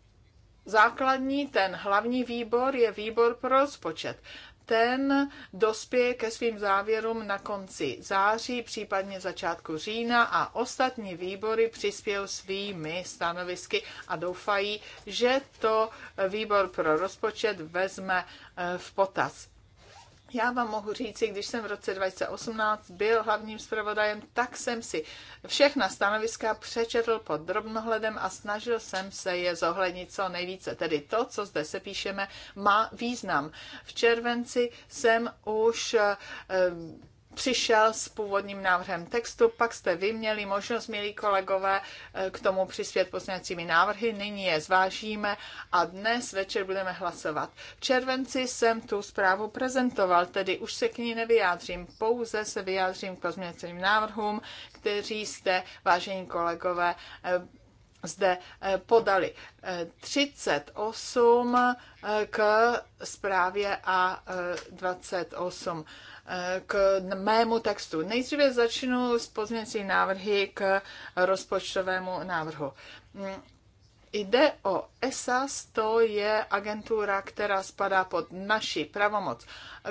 základní, ten hlavní výbor je výbor pro rozpočet. Ten dospěje ke svým závěrům na konci září, případně začátku října a ostatní výbory přispějí svými stanovisky a doufají, že to výbor pro rozpočet vezme eh, v potaz já vám mohu říct, když jsem v roce 2018 byl hlavním zpravodajem, tak jsem si všechna stanoviska přečetl pod drobnohledem a snažil jsem se je zohlednit co nejvíce. Tedy to, co zde se píšeme, má význam. V červenci jsem už eh, přišel s původním návrhem textu, pak jste vy měli možnost, milí kolegové, eh, k tomu přispět pozměňovacími návrhy, nyní je zvážíme a dnes večer budeme hlasovat. V červenci jsem tu zprávu prezentoval, tedy už se k ní nevyjádřím, pouze se vyjádřím k pozměňovacím návrhům, kteří jste, vážení kolegové, eh, zde eh, podali 38 eh, eh, k zprávě A28 k mému textu. Nejdříve začnu s pozměňující návrhy k rozpočtovému návrhu. Mm, jde o ESAS, to je agentura, která spadá pod naši pravomoc.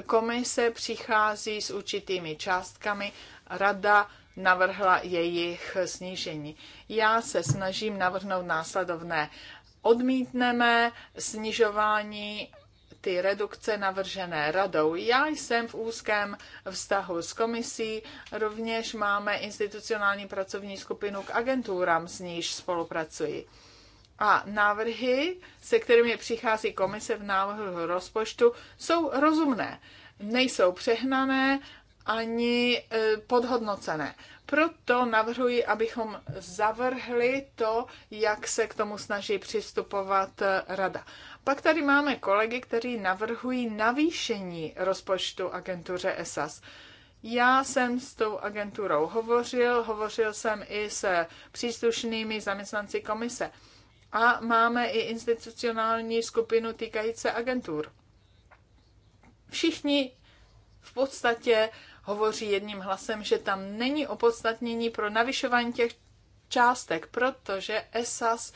Komise přichází s určitými částkami, rada navrhla jejich snížení. Já se snažím navrhnout následovné. Odmítneme snižování ty redukce navržené radou. Já jsem v úzkém vztahu s komisí, rovněž máme institucionální pracovní skupinu k agenturám, s níž spolupracuji. A návrhy, se kterými přichází komise v návrhu rozpočtu, jsou rozumné. Nejsou přehnané, ani e, podhodnocené. Proto navrhuji, abychom zavrhli to, jak se k tomu snaží přistupovat e, rada. Pak tady máme kolegy, kteří navrhují navýšení rozpočtu agentuře ESAS. Já jsem s tou agenturou hovořil, hovořil jsem i se příslušnými zaměstnanci komise. A máme i institucionální skupinu týkající agentur. Všichni v podstatě hovoří jedním hlasem, že tam není opodstatnění pro navyšování těch částek, protože ESAS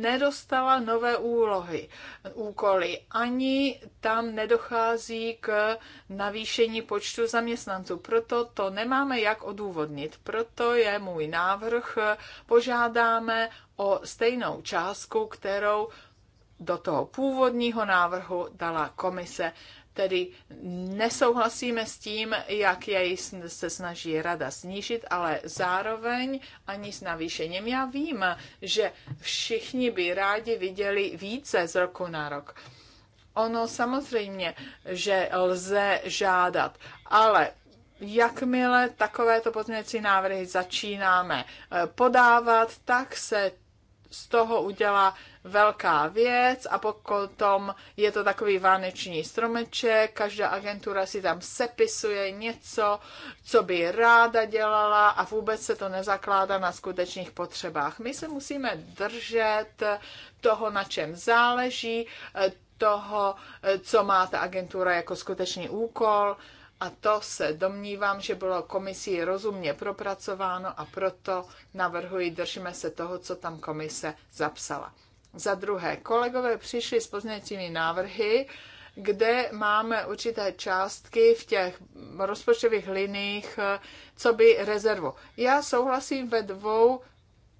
nedostala nové úlohy, úkoly, ani tam nedochází k navýšení počtu zaměstnanců. Proto to nemáme jak odůvodnit. Proto je můj návrh, požádáme o stejnou částku, kterou do toho původního návrhu dala komise. Tedy nesouhlasíme s tím, jak jej se snaží rada snížit, ale zároveň ani s navýšením. Já vím, že všichni by rádi viděli více z roku na rok. Ono samozřejmě, že lze žádat, ale jakmile takovéto pozměňovací návrhy začínáme eh, podávat, tak se z toho udělá velká věc a potom je to takový váneční stromeček, každá agentura si tam sepisuje něco, co by ráda dělala a vůbec se to nezakládá na skutečných potřebách. My se musíme držet toho, na čem záleží, toho, co má ta agentura jako skutečný úkol, a to se domnívám, že bylo komisí rozumně propracováno a proto navrhuji, držíme se toho, co tam komise zapsala. Za druhé, kolegové přišli s pozměňovacími návrhy, kde máme určité částky v těch rozpočtových liních, co by rezervu. Já souhlasím ve dvou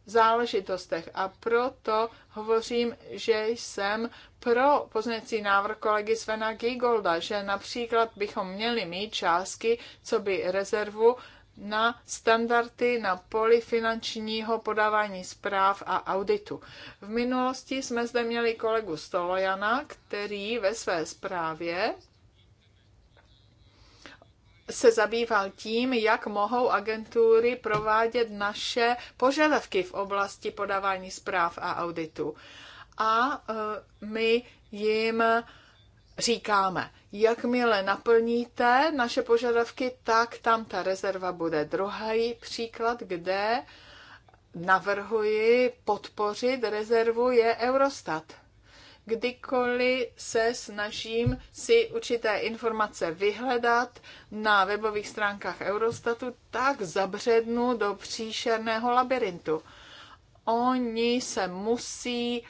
záležitostech a proto hovořím, že jsem pro poznací návrh kolegy Svena Gigolda, že například bychom měli mít částky, co by rezervu na standardy na poli finančního podávání zpráv a auditu. V minulosti jsme zde měli kolegu Stolojana, který ve své zprávě se zabýval tím, jak mohou agentury provádět naše požadavky v oblasti podávání zpráv a auditu. A e, my jim říkáme, jakmile naplníte naše požadavky, tak tam ta rezerva bude. Druhý příklad, kde navrhuji podpořit rezervu, je Eurostat. Kdykoliv se snažím si určité informace vyhledat na webových stránkách Eurostatu, tak zabřednu do příšerného labirintu. Oni se musí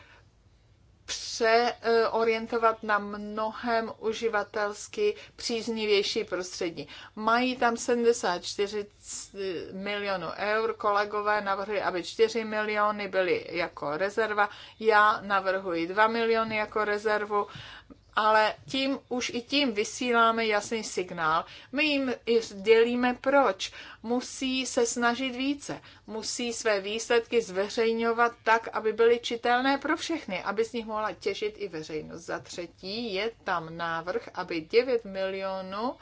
přeorientovat na mnohem uživatelsky příznivější prostředí. Mají tam 74 milionů eur, kolegové navrhují, aby 4 miliony byly jako rezerva, já navrhuji 2 miliony jako rezervu ale tím už i tím vysíláme jasný signál. My jim i sdělíme proč. Musí se snažit více, musí své výsledky zveřejňovat tak, aby byly čitelné pro všechny, aby z nich mohla těžit i veřejnost. Za třetí je tam návrh, aby 9 milionů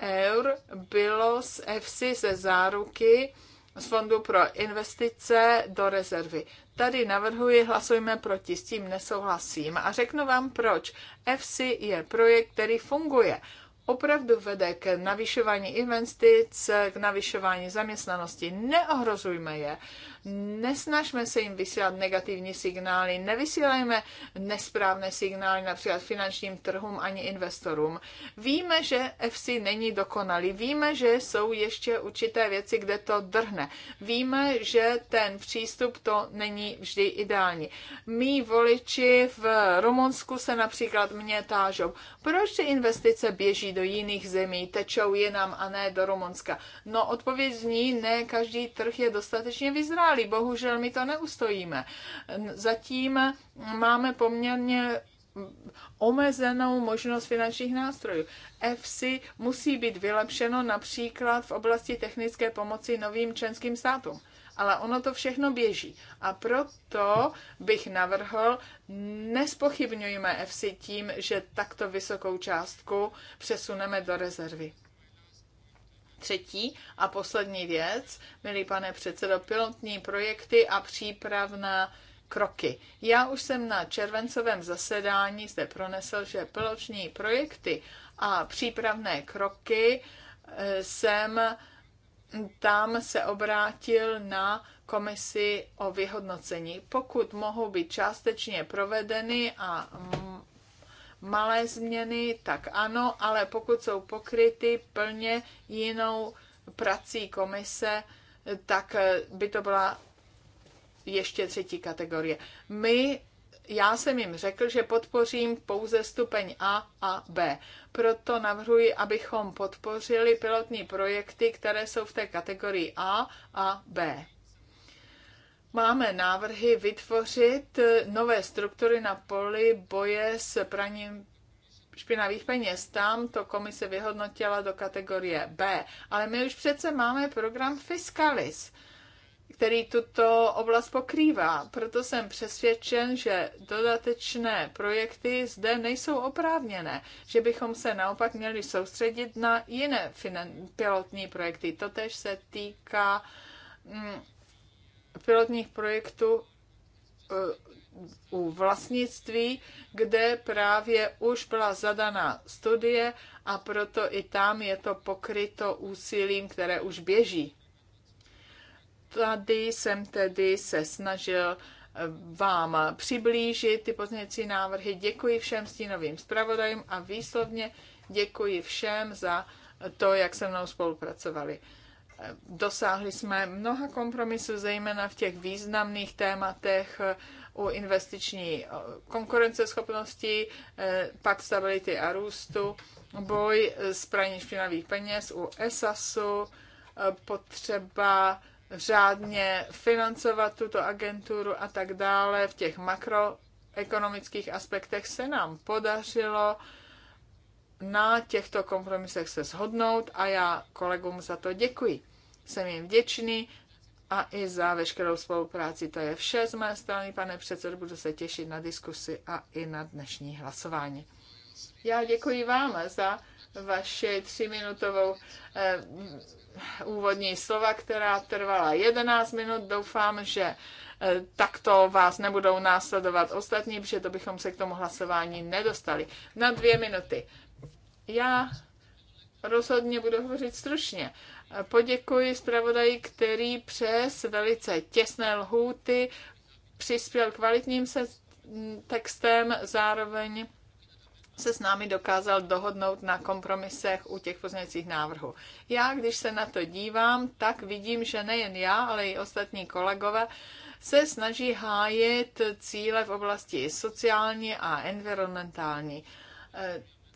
eur bylo z EFSI ze záruky z Fondu pro investice do rezervy. Tady navrhuji, hlasujme proti, s tím nesouhlasím a řeknu vám proč. FC je projekt, který funguje. Opravdu vede k navyšování investic, k navyšování zaměstnanosti. Neohrozujme je. Nesnažme se jim vysílat negativní signály, nevysílejme nesprávné signály například finančním trhům ani investorům. Víme, že FC není dokonalý, víme, že jsou ještě určité věci, kde to drhne. Víme, že ten přístup to není vždy ideální. Mí voliči v Rumunsku se například mě tážou, proč ty investice běží do jiných zemí, tečou jinam a ne do Rumunska. No odpověď zní, ne každý trh je dostatečně vyzrálý schválí. Bohužel my to neustojíme. Zatím máme poměrně omezenou možnost finančních nástrojů. EFSI musí být vylepšeno například v oblasti technické pomoci novým členským státům. Ale ono to všechno běží. A proto bych navrhl, nespochybňujme EFSI tím, že takto vysokou částku přesuneme do rezervy. Třetí a poslední věc, milý pane předsedo, pilotní projekty a přípravná kroky. Já už jsem na červencovém zasedání zde pronesl, že pilotní projekty a přípravné kroky eh, jsem tam se obrátil na komisi o vyhodnocení. Pokud mohou být částečně provedeny a malé změny, tak ano, ale pokud jsou pokryty plně jinou prací komise, tak eh, by to byla ještě třetí kategorie. My, já jsem jim řekl, že podpořím pouze stupeň A a B. Proto navrhuji, abychom podpořili pilotní projekty, které jsou v té kategorii A a B máme návrhy vytvořit eh, nové struktury na poli boje s praním špinavých peněz. Tam to komise vyhodnotila do kategorie B. Ale my už přece máme program Fiscalis, který tuto oblast pokrývá. Proto jsem přesvědčen, že dodatečné projekty zde nejsou oprávněné, že bychom se naopak měli soustředit na jiné pilotní projekty. Totež se týká mm, pilotních projektů eh, u vlastnictví, kde právě už byla zadaná studie a proto i tam je to pokryto úsilím, které už běží. Tady jsem tedy se snažil eh, vám přiblížit ty pozměňovací návrhy. Děkuji všem stínovým zpravodajům a výslovně děkuji všem za to, jak se mnou spolupracovali. Dosáhli jsme mnoha kompromisů, zejména v těch významných tématech eh, u investiční eh, konkurenceschopnosti, eh, pak stability a růstu, boj s praní špinavých peněz u ESASu, potřeba řádně financovat tuto agenturu a tak dále. V těch makroekonomických aspektech se nám podařilo na těchto kompromisech se shodnout a já kolegům za to děkuji jsem jim vděčný a i za veškerou spolupráci. To je vše z mé strany, pane předsedo, budu se těšit na diskusi a i na dnešní hlasování. Já děkuji vám za vaši tříminutovou eh, úvodní slova, která trvala 11 minut. Doufám, že eh, takto vás nebudou následovat ostatní, protože to bychom se k tomu hlasování nedostali. Na dvě minuty. Já rozhodně budu hovořit stručně. Eh, Poděkuji zpravodaji, který přes velice těsné lhůty přispěl kvalitním se textem, zároveň se s námi dokázal dohodnout na kompromisech u těch pozměňovacích návrhů. Já, když se na to dívám, tak vidím, že nejen já, ale i ostatní kolegové se snaží hájit cíle v oblasti sociální a environmentální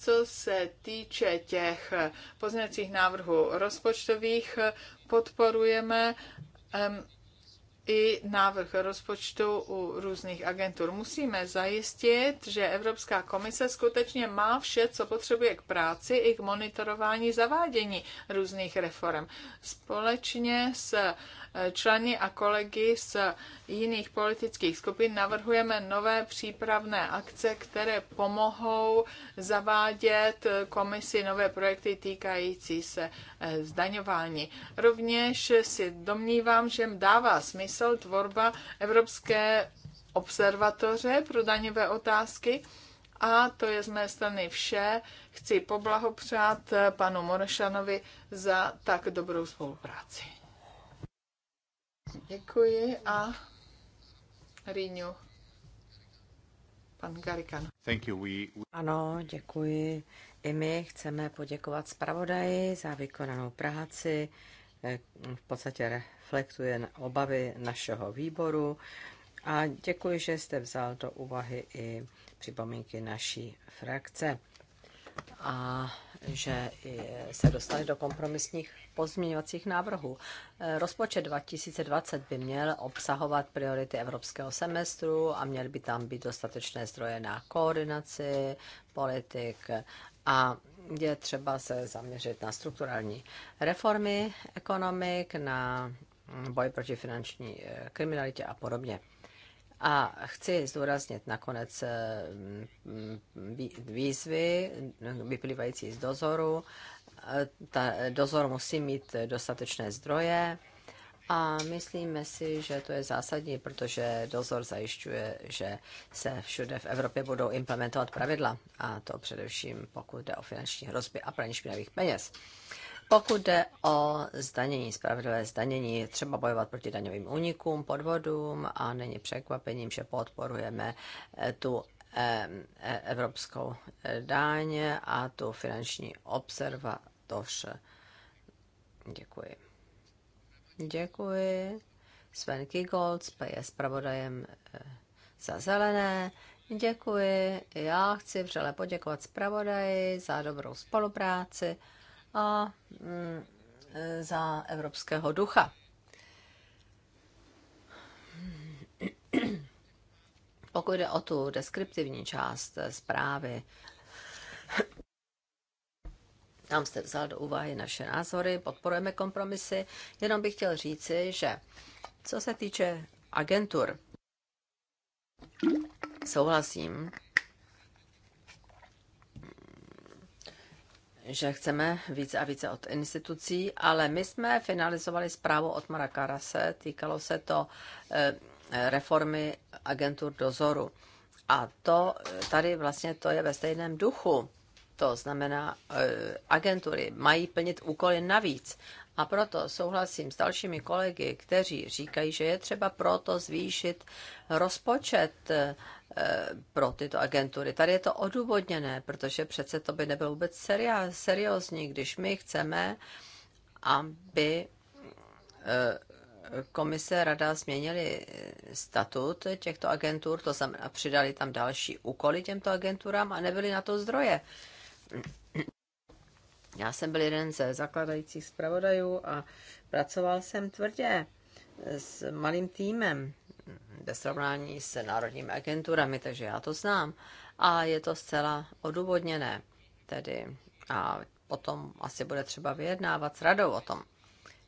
co se týče těch pozměňovacích návrhů rozpočtových, podporujeme um, i návrh rozpočtu u různých agentur. Musíme zajistit, že Evropská komise skutečně má vše, co potřebuje k práci i k monitorování zavádění různých reform. Společně s e, členy a kolegy z jiných politických skupin navrhujeme nové přípravné akce, které pomohou zavádět komisi nové projekty týkající se e, zdaňování. Rovněž si domnívám, že dává smysl, smysl tvorba Evropské observatoře pro daňové otázky. A to je z mé strany vše. Chci poblahopřát eh, panu Morešanovi za tak dobrou spolupráci. Děkuji a Rýňu. Pan Garikan. Thank you. We, we... Ano, děkuji. I my chceme poděkovat zpravodaji za vykonanou práci. Eh, v podstatě reflektuje obavy našeho výboru a děkuji, že jste vzal do úvahy i připomínky naší frakce a že se dostali do kompromisních pozměňovacích návrhů. Rozpočet 2020 by měl obsahovat priority evropského semestru a měl by tam být dostatečné zdroje na koordinaci politik a je třeba se zaměřit na strukturální reformy ekonomik, na Mm, boj proti finanční eh, kriminalitě a podobně. A chci zdůraznit nakonec eh, mm, výzvy vyplývající z dozoru. Eh, ta dozor musí mít dostatečné zdroje a myslíme si, že to je zásadní, protože dozor zajišťuje, že se všude v Evropě budou implementovat pravidla, a to především pokud jde o finanční hrozby a praní špinavých peněz. Pokud jde o zdanění, spravedlivé zdanění, je třeba bojovat proti daňovým únikům, podvodům a není překvapením, že podporujeme eh, tu e, evropskou eh, daň a tu finanční observatoř. Děkuji. Děkuji. Sven Kigolc je zpravodajem eh, za zelené. Děkuji. Já chci vřele poděkovat zpravodaji za dobrou spolupráci a mm, za evropského ducha. Pokud jde o tu deskriptivní část zprávy, tam jste vzal do úvahy naše názory, podporujeme kompromisy. Jenom bych chtěl říci, že co se týče agentur, souhlasím že chceme více a více od institucí, ale my jsme finalizovali zprávu od Marakarase, týkalo se to eh, reformy agentur dozoru. A to eh, tady vlastně to je ve stejném duchu. To znamená, eh, agentury mají plnit úkoly navíc. A proto souhlasím s dalšími kolegy, kteří říkají, že je třeba proto zvýšit rozpočet Eh, pro tyto agentury. Tady je to odůvodněné, protože přece to by nebylo vůbec seriózní, když my chceme, aby eh, komise rada změnili statut těchto agentur, to znamená přidali tam další úkoly těmto agenturám a nebyly na to zdroje. Já jsem byl jeden ze zakladajících zpravodajů a pracoval jsem tvrdě s malým týmem ve srovnání se národními agenturami, takže já to znám. A je to zcela odůvodněné. Tedy a potom asi bude třeba vyjednávat s radou o tom.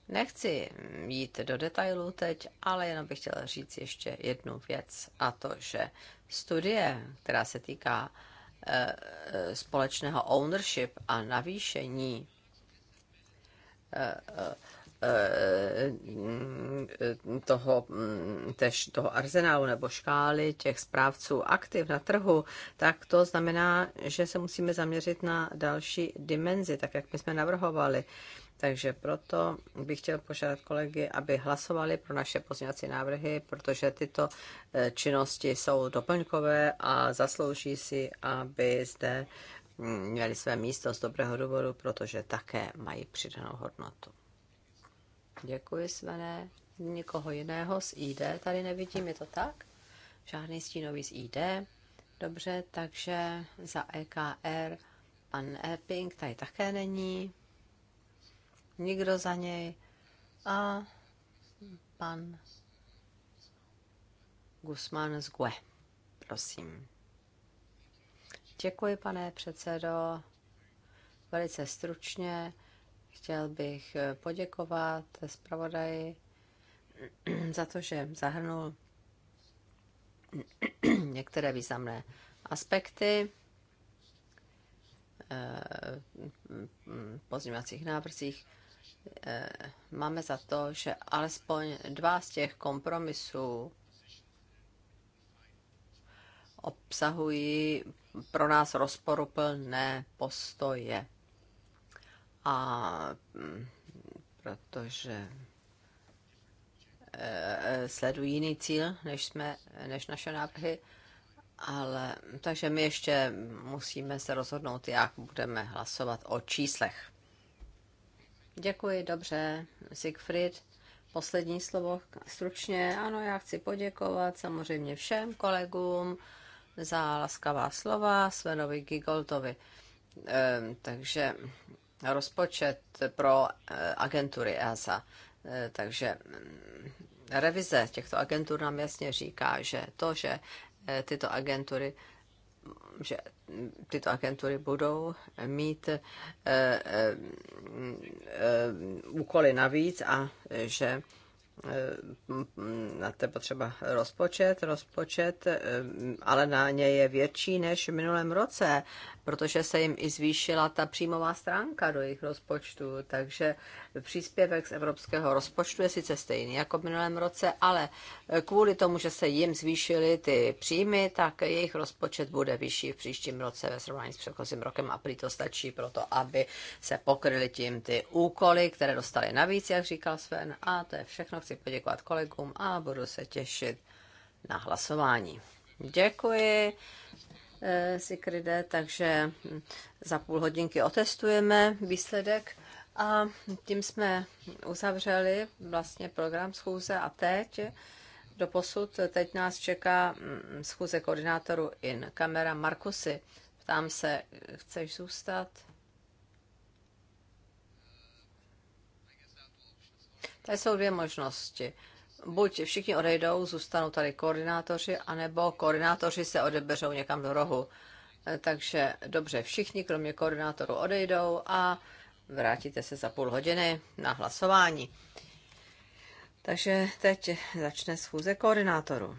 Nechci jít do detailů teď, ale jenom bych chtěla říct ještě jednu věc, a to, že studie, která se týká e, e, společného ownership a navýšení e, Eh, toho, mm, tež toho arzenálu nebo škály těch správců aktiv na trhu, tak to znamená, že se musíme zaměřit na další dimenzi, tak jak my jsme navrhovali. Takže proto bych chtěl požádat kolegy, aby hlasovali pro naše pozměňovací návrhy, protože tyto eh, činnosti jsou doplňkové a zaslouží si, aby zde mm, měli své místo z dobrého důvodu, protože také mají přidanou hodnotu. Děkuji, Svené. Nikoho jiného z ID tady nevidím, je to tak? Žádný stínový z ID. Dobře, takže za EKR pan Epping tady také není. Nikdo za něj. A pan Guzman z GUE. Prosím. Děkuji, pane předsedo. Velice stručně Chtěl bych eh, poděkovat zpravodaji za to, že zahrnul některé významné aspekty eh, pozměňovacích návrzích. Eh, máme za to, že alespoň dva z těch kompromisů obsahují pro nás rozporuplné postoje a mm, protože e, e, sledují jiný cíl, než, jsme, než naše návrhy, ale takže my ještě musíme se rozhodnout, jak budeme hlasovat o číslech. Děkuji, dobře, Siegfried. Poslední slovo stručně. Ano, já chci poděkovat samozřejmě všem kolegům za laskavá slova, Svenovi Gigoltovi. Ehm, takže rozpočet pro eh, agentury EASA. Eh, takže mm, revize těchto agentur nám jasně říká, že to, že eh, tyto agentury mm, že mm, tyto agentury budou mít e, e, e, úkoly navíc a že e, Eh, na to potřeba rozpočet, rozpočet, eh, ale na ně je větší než v minulém roce, protože se jim i zvýšila ta příjmová stránka do jejich rozpočtu, takže příspěvek z evropského rozpočtu je sice stejný jako v minulém roce, ale eh, kvůli tomu, že se jim zvýšily ty příjmy, tak jejich rozpočet bude vyšší v příštím roce ve srovnání s předchozím rokem a prý to stačí pro to, aby se pokryly tím ty úkoly, které dostali navíc, jak říkal Sven. A to je všechno. Chci poděkovat kolegům a budu se těšit na hlasování. Děkuji. Eh, Sikride, takže hm, za půl hodinky otestujeme výsledek. A tím jsme uzavřeli vlastně program schůze a teď do posud, teď nás čeká mm, schůze koordinátoru in kamera Markusy. Ptám se, chceš zůstat? Tady jsou dvě možnosti. Buď všichni odejdou, zůstanou tady koordinátoři, anebo koordinátoři se odebeřou někam do rohu. Takže dobře, všichni kromě koordinátorů odejdou a vrátíte se za půl hodiny na hlasování. Takže teď začne schůze koordinátorů.